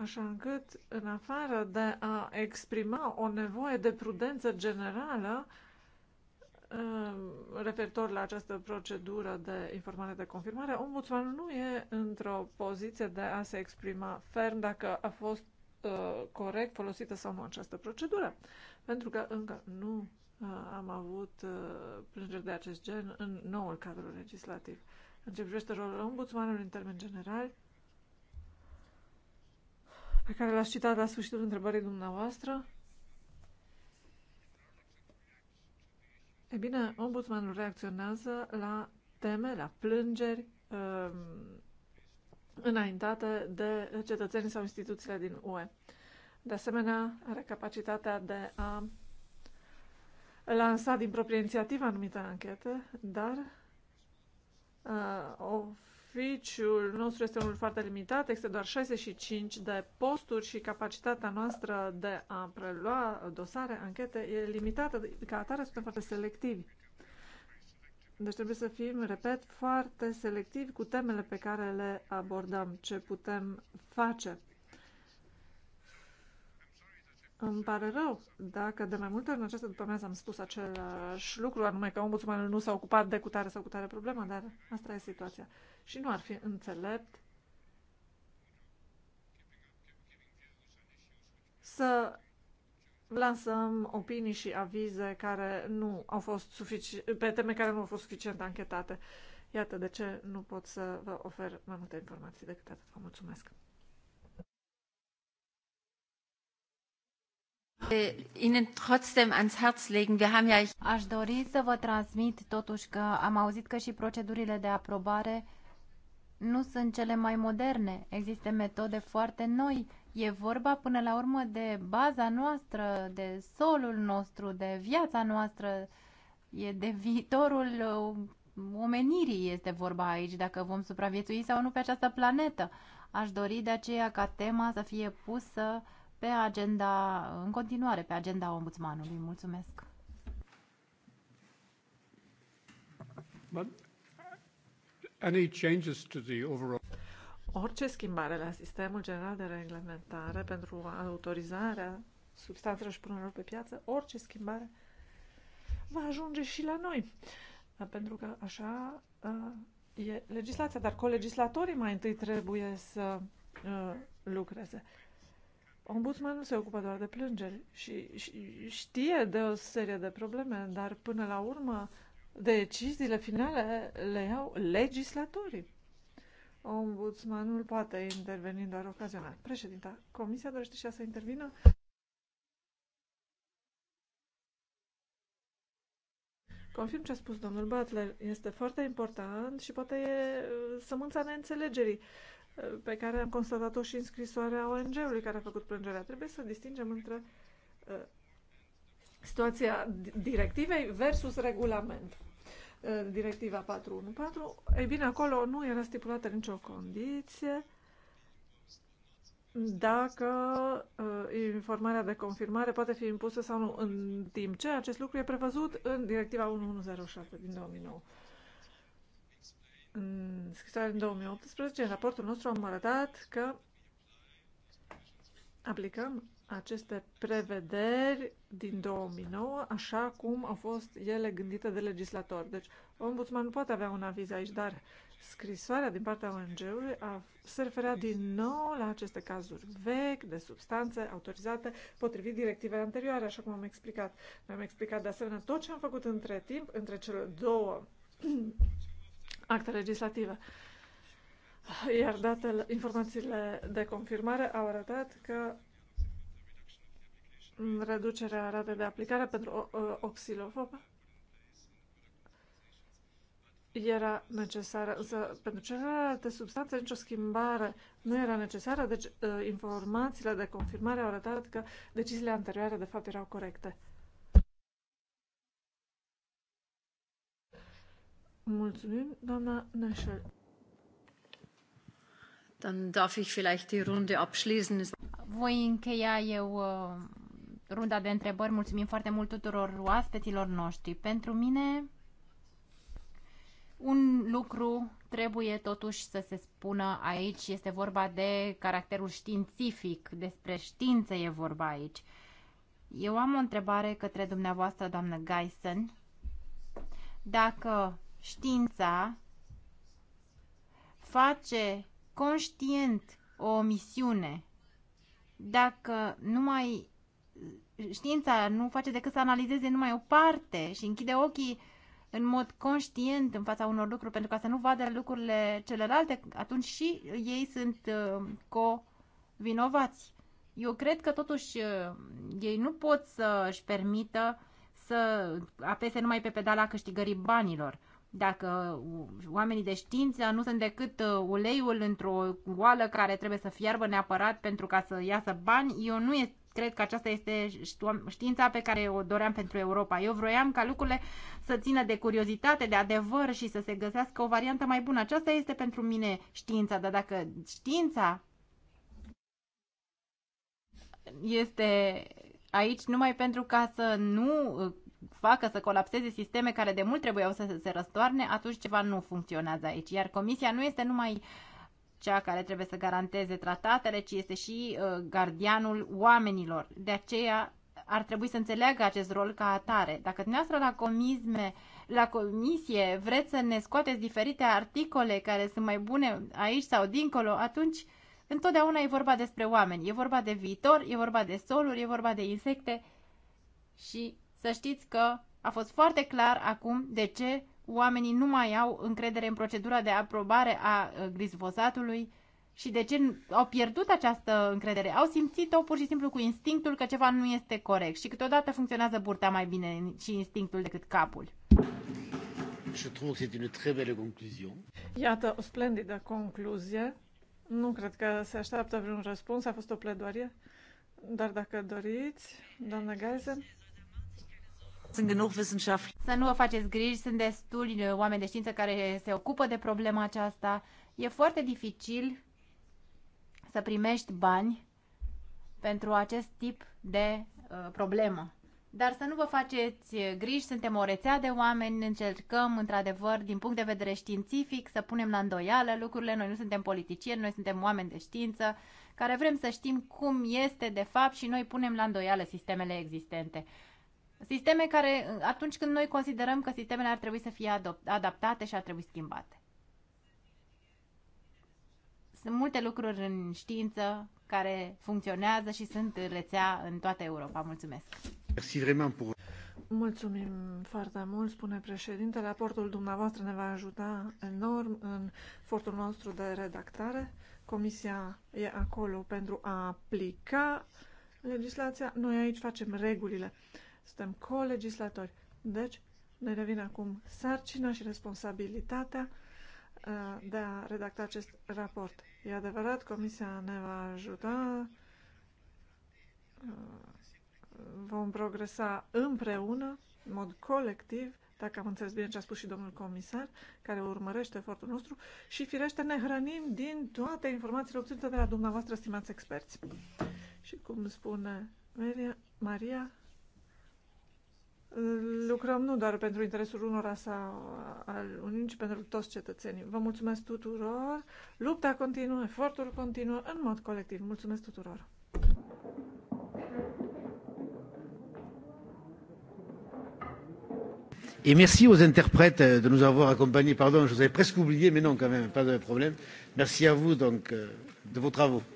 Așa încât, în afară de a exprima o nevoie de prudență generală uh, referitor la această procedură de informare de confirmare, ombudsmanul nu e într-o poziție de a se exprima ferm dacă a fost uh, corect folosită sau nu această procedură, pentru că încă nu uh, am avut uh, plângeri de acest gen în noul cadru legislativ. În ce privește rolul ombudsmanului în termen general, pe care l-ați citat la sfârșitul întrebării dumneavoastră. E bine, ombudsmanul reacționează la teme, la plângeri um, înaintate de cetățenii sau instituțiile din UE. De asemenea, are capacitatea de a lansa din proprie inițiativă anumite anchete, dar uh, o serviciul nostru este unul foarte limitat, este doar 65 de posturi și capacitatea noastră de a prelua dosare, anchete, e limitată. Ca atare suntem foarte selectivi. Deci trebuie să fim, repet, foarte selectivi cu temele pe care le abordăm, ce putem face. Îmi pare rău dacă de mai multe ori în această după-amiază am spus același lucru, anume că ombudsmanul nu s-a ocupat de cutare sau cutare problema, dar asta e situația și nu ar fi înțelept să lansăm opinii și avize care nu au fost sufici- pe teme care nu au fost suficient anchetate. Iată de ce nu pot să vă ofer mai multe informații decât atât. Vă mulțumesc! Aș dori să vă transmit totuși că am auzit că și procedurile de aprobare nu sunt cele mai moderne. Există metode foarte noi. E vorba până la urmă de baza noastră, de solul nostru, de viața noastră, e de viitorul uh, omenirii este vorba aici, dacă vom supraviețui sau nu pe această planetă. Aș dori de aceea ca tema să fie pusă pe agenda, în continuare, pe agenda ombudsmanului. Mulțumesc! Bun. Any changes to the overall... Orice schimbare la sistemul general de reglementare pentru autorizarea substanțelor și punerilor pe piață, orice schimbare va ajunge și la noi. Pentru că așa e legislația, dar colegislatorii mai întâi trebuie să lucreze. Ombudsmanul se ocupă doar de plângeri și, și știe de o serie de probleme, dar până la urmă Deciziile finale le iau legislatorii. Ombudsmanul poate interveni doar ocazional. Președinta, comisia dorește și ea să intervină? Confirm ce a spus domnul Butler. Este foarte important și poate e uh, sămânța neînțelegerii uh, pe care am constatat-o și în scrisoarea ONG-ului care a făcut plângerea. Trebuie să distingem între uh, situația directivei versus regulament. Eh, directiva 414, ei bine, acolo nu era stipulată nicio condiție dacă uh, informarea de confirmare poate fi impusă sau nu, în timp ce acest lucru e prevăzut în Directiva 1107 din 2009. În scrisoarea din 2018, în raportul nostru am arătat că aplicăm aceste prevederi din 2009 așa cum au fost ele gândite de legislator. Deci, ombudsmanul poate avea un aviz aici, dar scrisoarea din partea ONG-ului se referea din nou la aceste cazuri vechi de substanțe autorizate potrivit directivei anterioare, așa cum am explicat. Mi-am explicat de asemenea tot ce am făcut între timp, între cele două acte legislative. Iar datele, informațiile de confirmare au arătat că reducerea ratei de aplicare pentru oxilofobă era necesară, însă pentru celelalte substanțe nicio schimbare nu era necesară, deci uh, informațiile de confirmare au arătat că deciziile anterioare de fapt erau corecte. Mulțumim, doamna Neschel. Dann darf ich vielleicht die Runde abschließen. Voi încheia eu uh runda de întrebări. Mulțumim foarte mult tuturor oaspeților noștri. Pentru mine, un lucru trebuie totuși să se spună aici. Este vorba de caracterul științific, despre știință e vorba aici. Eu am o întrebare către dumneavoastră, doamnă Geisen. Dacă știința face conștient o misiune, dacă numai știința nu face decât să analizeze numai o parte și închide ochii în mod conștient în fața unor lucruri pentru ca să nu vadă lucrurile celelalte, atunci și ei sunt uh, co-vinovați. Eu cred că totuși uh, ei nu pot să-și permită să apese numai pe pedala câștigării banilor. Dacă oamenii de știință nu sunt decât uh, uleiul într-o oală care trebuie să fiarbă neapărat pentru ca să iasă bani, eu nu este cred că aceasta este știința pe care o doream pentru Europa. Eu vroiam ca lucrurile să țină de curiozitate, de adevăr și să se găsească o variantă mai bună. Aceasta este pentru mine știința, dar dacă știința este aici numai pentru ca să nu uh, facă să colapseze sisteme care de mult trebuiau să se răstoarne, atunci ceva nu funcționează aici. Iar comisia nu este numai uh, cea care trebuie să garanteze tratatele, ci este și uh, gardianul oamenilor. De aceea ar trebui să înțeleagă acest rol ca atare. Dacă dumneavoastră la comisme, la comisie vreți să ne scoateți diferite articole care sunt mai bune aici sau dincolo, atunci întotdeauna e vorba despre oameni, e vorba de viitor, e vorba de soluri, e vorba de insecte și să știți că a fost foarte clar acum de ce oamenii nu mai au încredere în procedura de aprobare a ă, glifozatului și de ce au pierdut această încredere. Au simțit-o pur și simplu cu instinctul că ceva nu este corect și câteodată funcționează burta mai bine și instinctul decât capul. Je trouve c'est une très belle conclusion. Iată o splendidă concluzie. Nu cred că se așteaptă vreun răspuns, a fost o pledoarie. Dar dacă doriți, doamna Geisen... Să nu vă faceți griji, sunt destuli uh, oameni de știință care se ocupă de problema aceasta. E foarte dificil să primești bani pentru acest tip de uh, problemă. Dar să nu vă faceți uh, griji, suntem o rețea de oameni, încercăm într-adevăr din punct de vedere științific să punem la îndoială lucrurile, noi nu suntem politicieni, noi suntem oameni de știință care vrem să știm cum este de fapt și noi punem la îndoială sistemele existente. Sisteme care, atunci când noi considerăm că sistemele ar trebui să fie adaptate și ar trebui schimbate. Sunt multe lucruri în știință care funcționează și sunt în rețea în toată Europa. Mulțumesc! Mulțumim foarte mult, spune președintele. Aportul dumneavoastră ne va ajuta enorm în fortul nostru de redactare. Comisia e acolo pentru a aplica legislația. Noi aici facem regulile. Suntem co-legislatori. Deci, ne revine acum sarcina și responsabilitatea uh, de a redacta acest raport. E adevărat, Comisia ne va ajuta, uh, vom progresa împreună, în mod colectiv, dacă am înțeles bine ce a spus și domnul comisar, care urmărește efortul nostru și, firește, ne hrănim din toate informațiile obținute de la dumneavoastră, stimați experți. Și cum spune Maria, Maria lucrăm nu doar pentru interesul unora sau al unii, ci pentru toți cetățenii. Vă mulțumesc tuturor. Lupta continuă, efortul continuă în mod colectiv. Mulțumesc tuturor. Et merci aux interprètes de nous avoir accompagnés. Pardon, je vous avais presque oublié, mais non, quand même, pas de problème. Merci à vous donc euh, de vos travaux.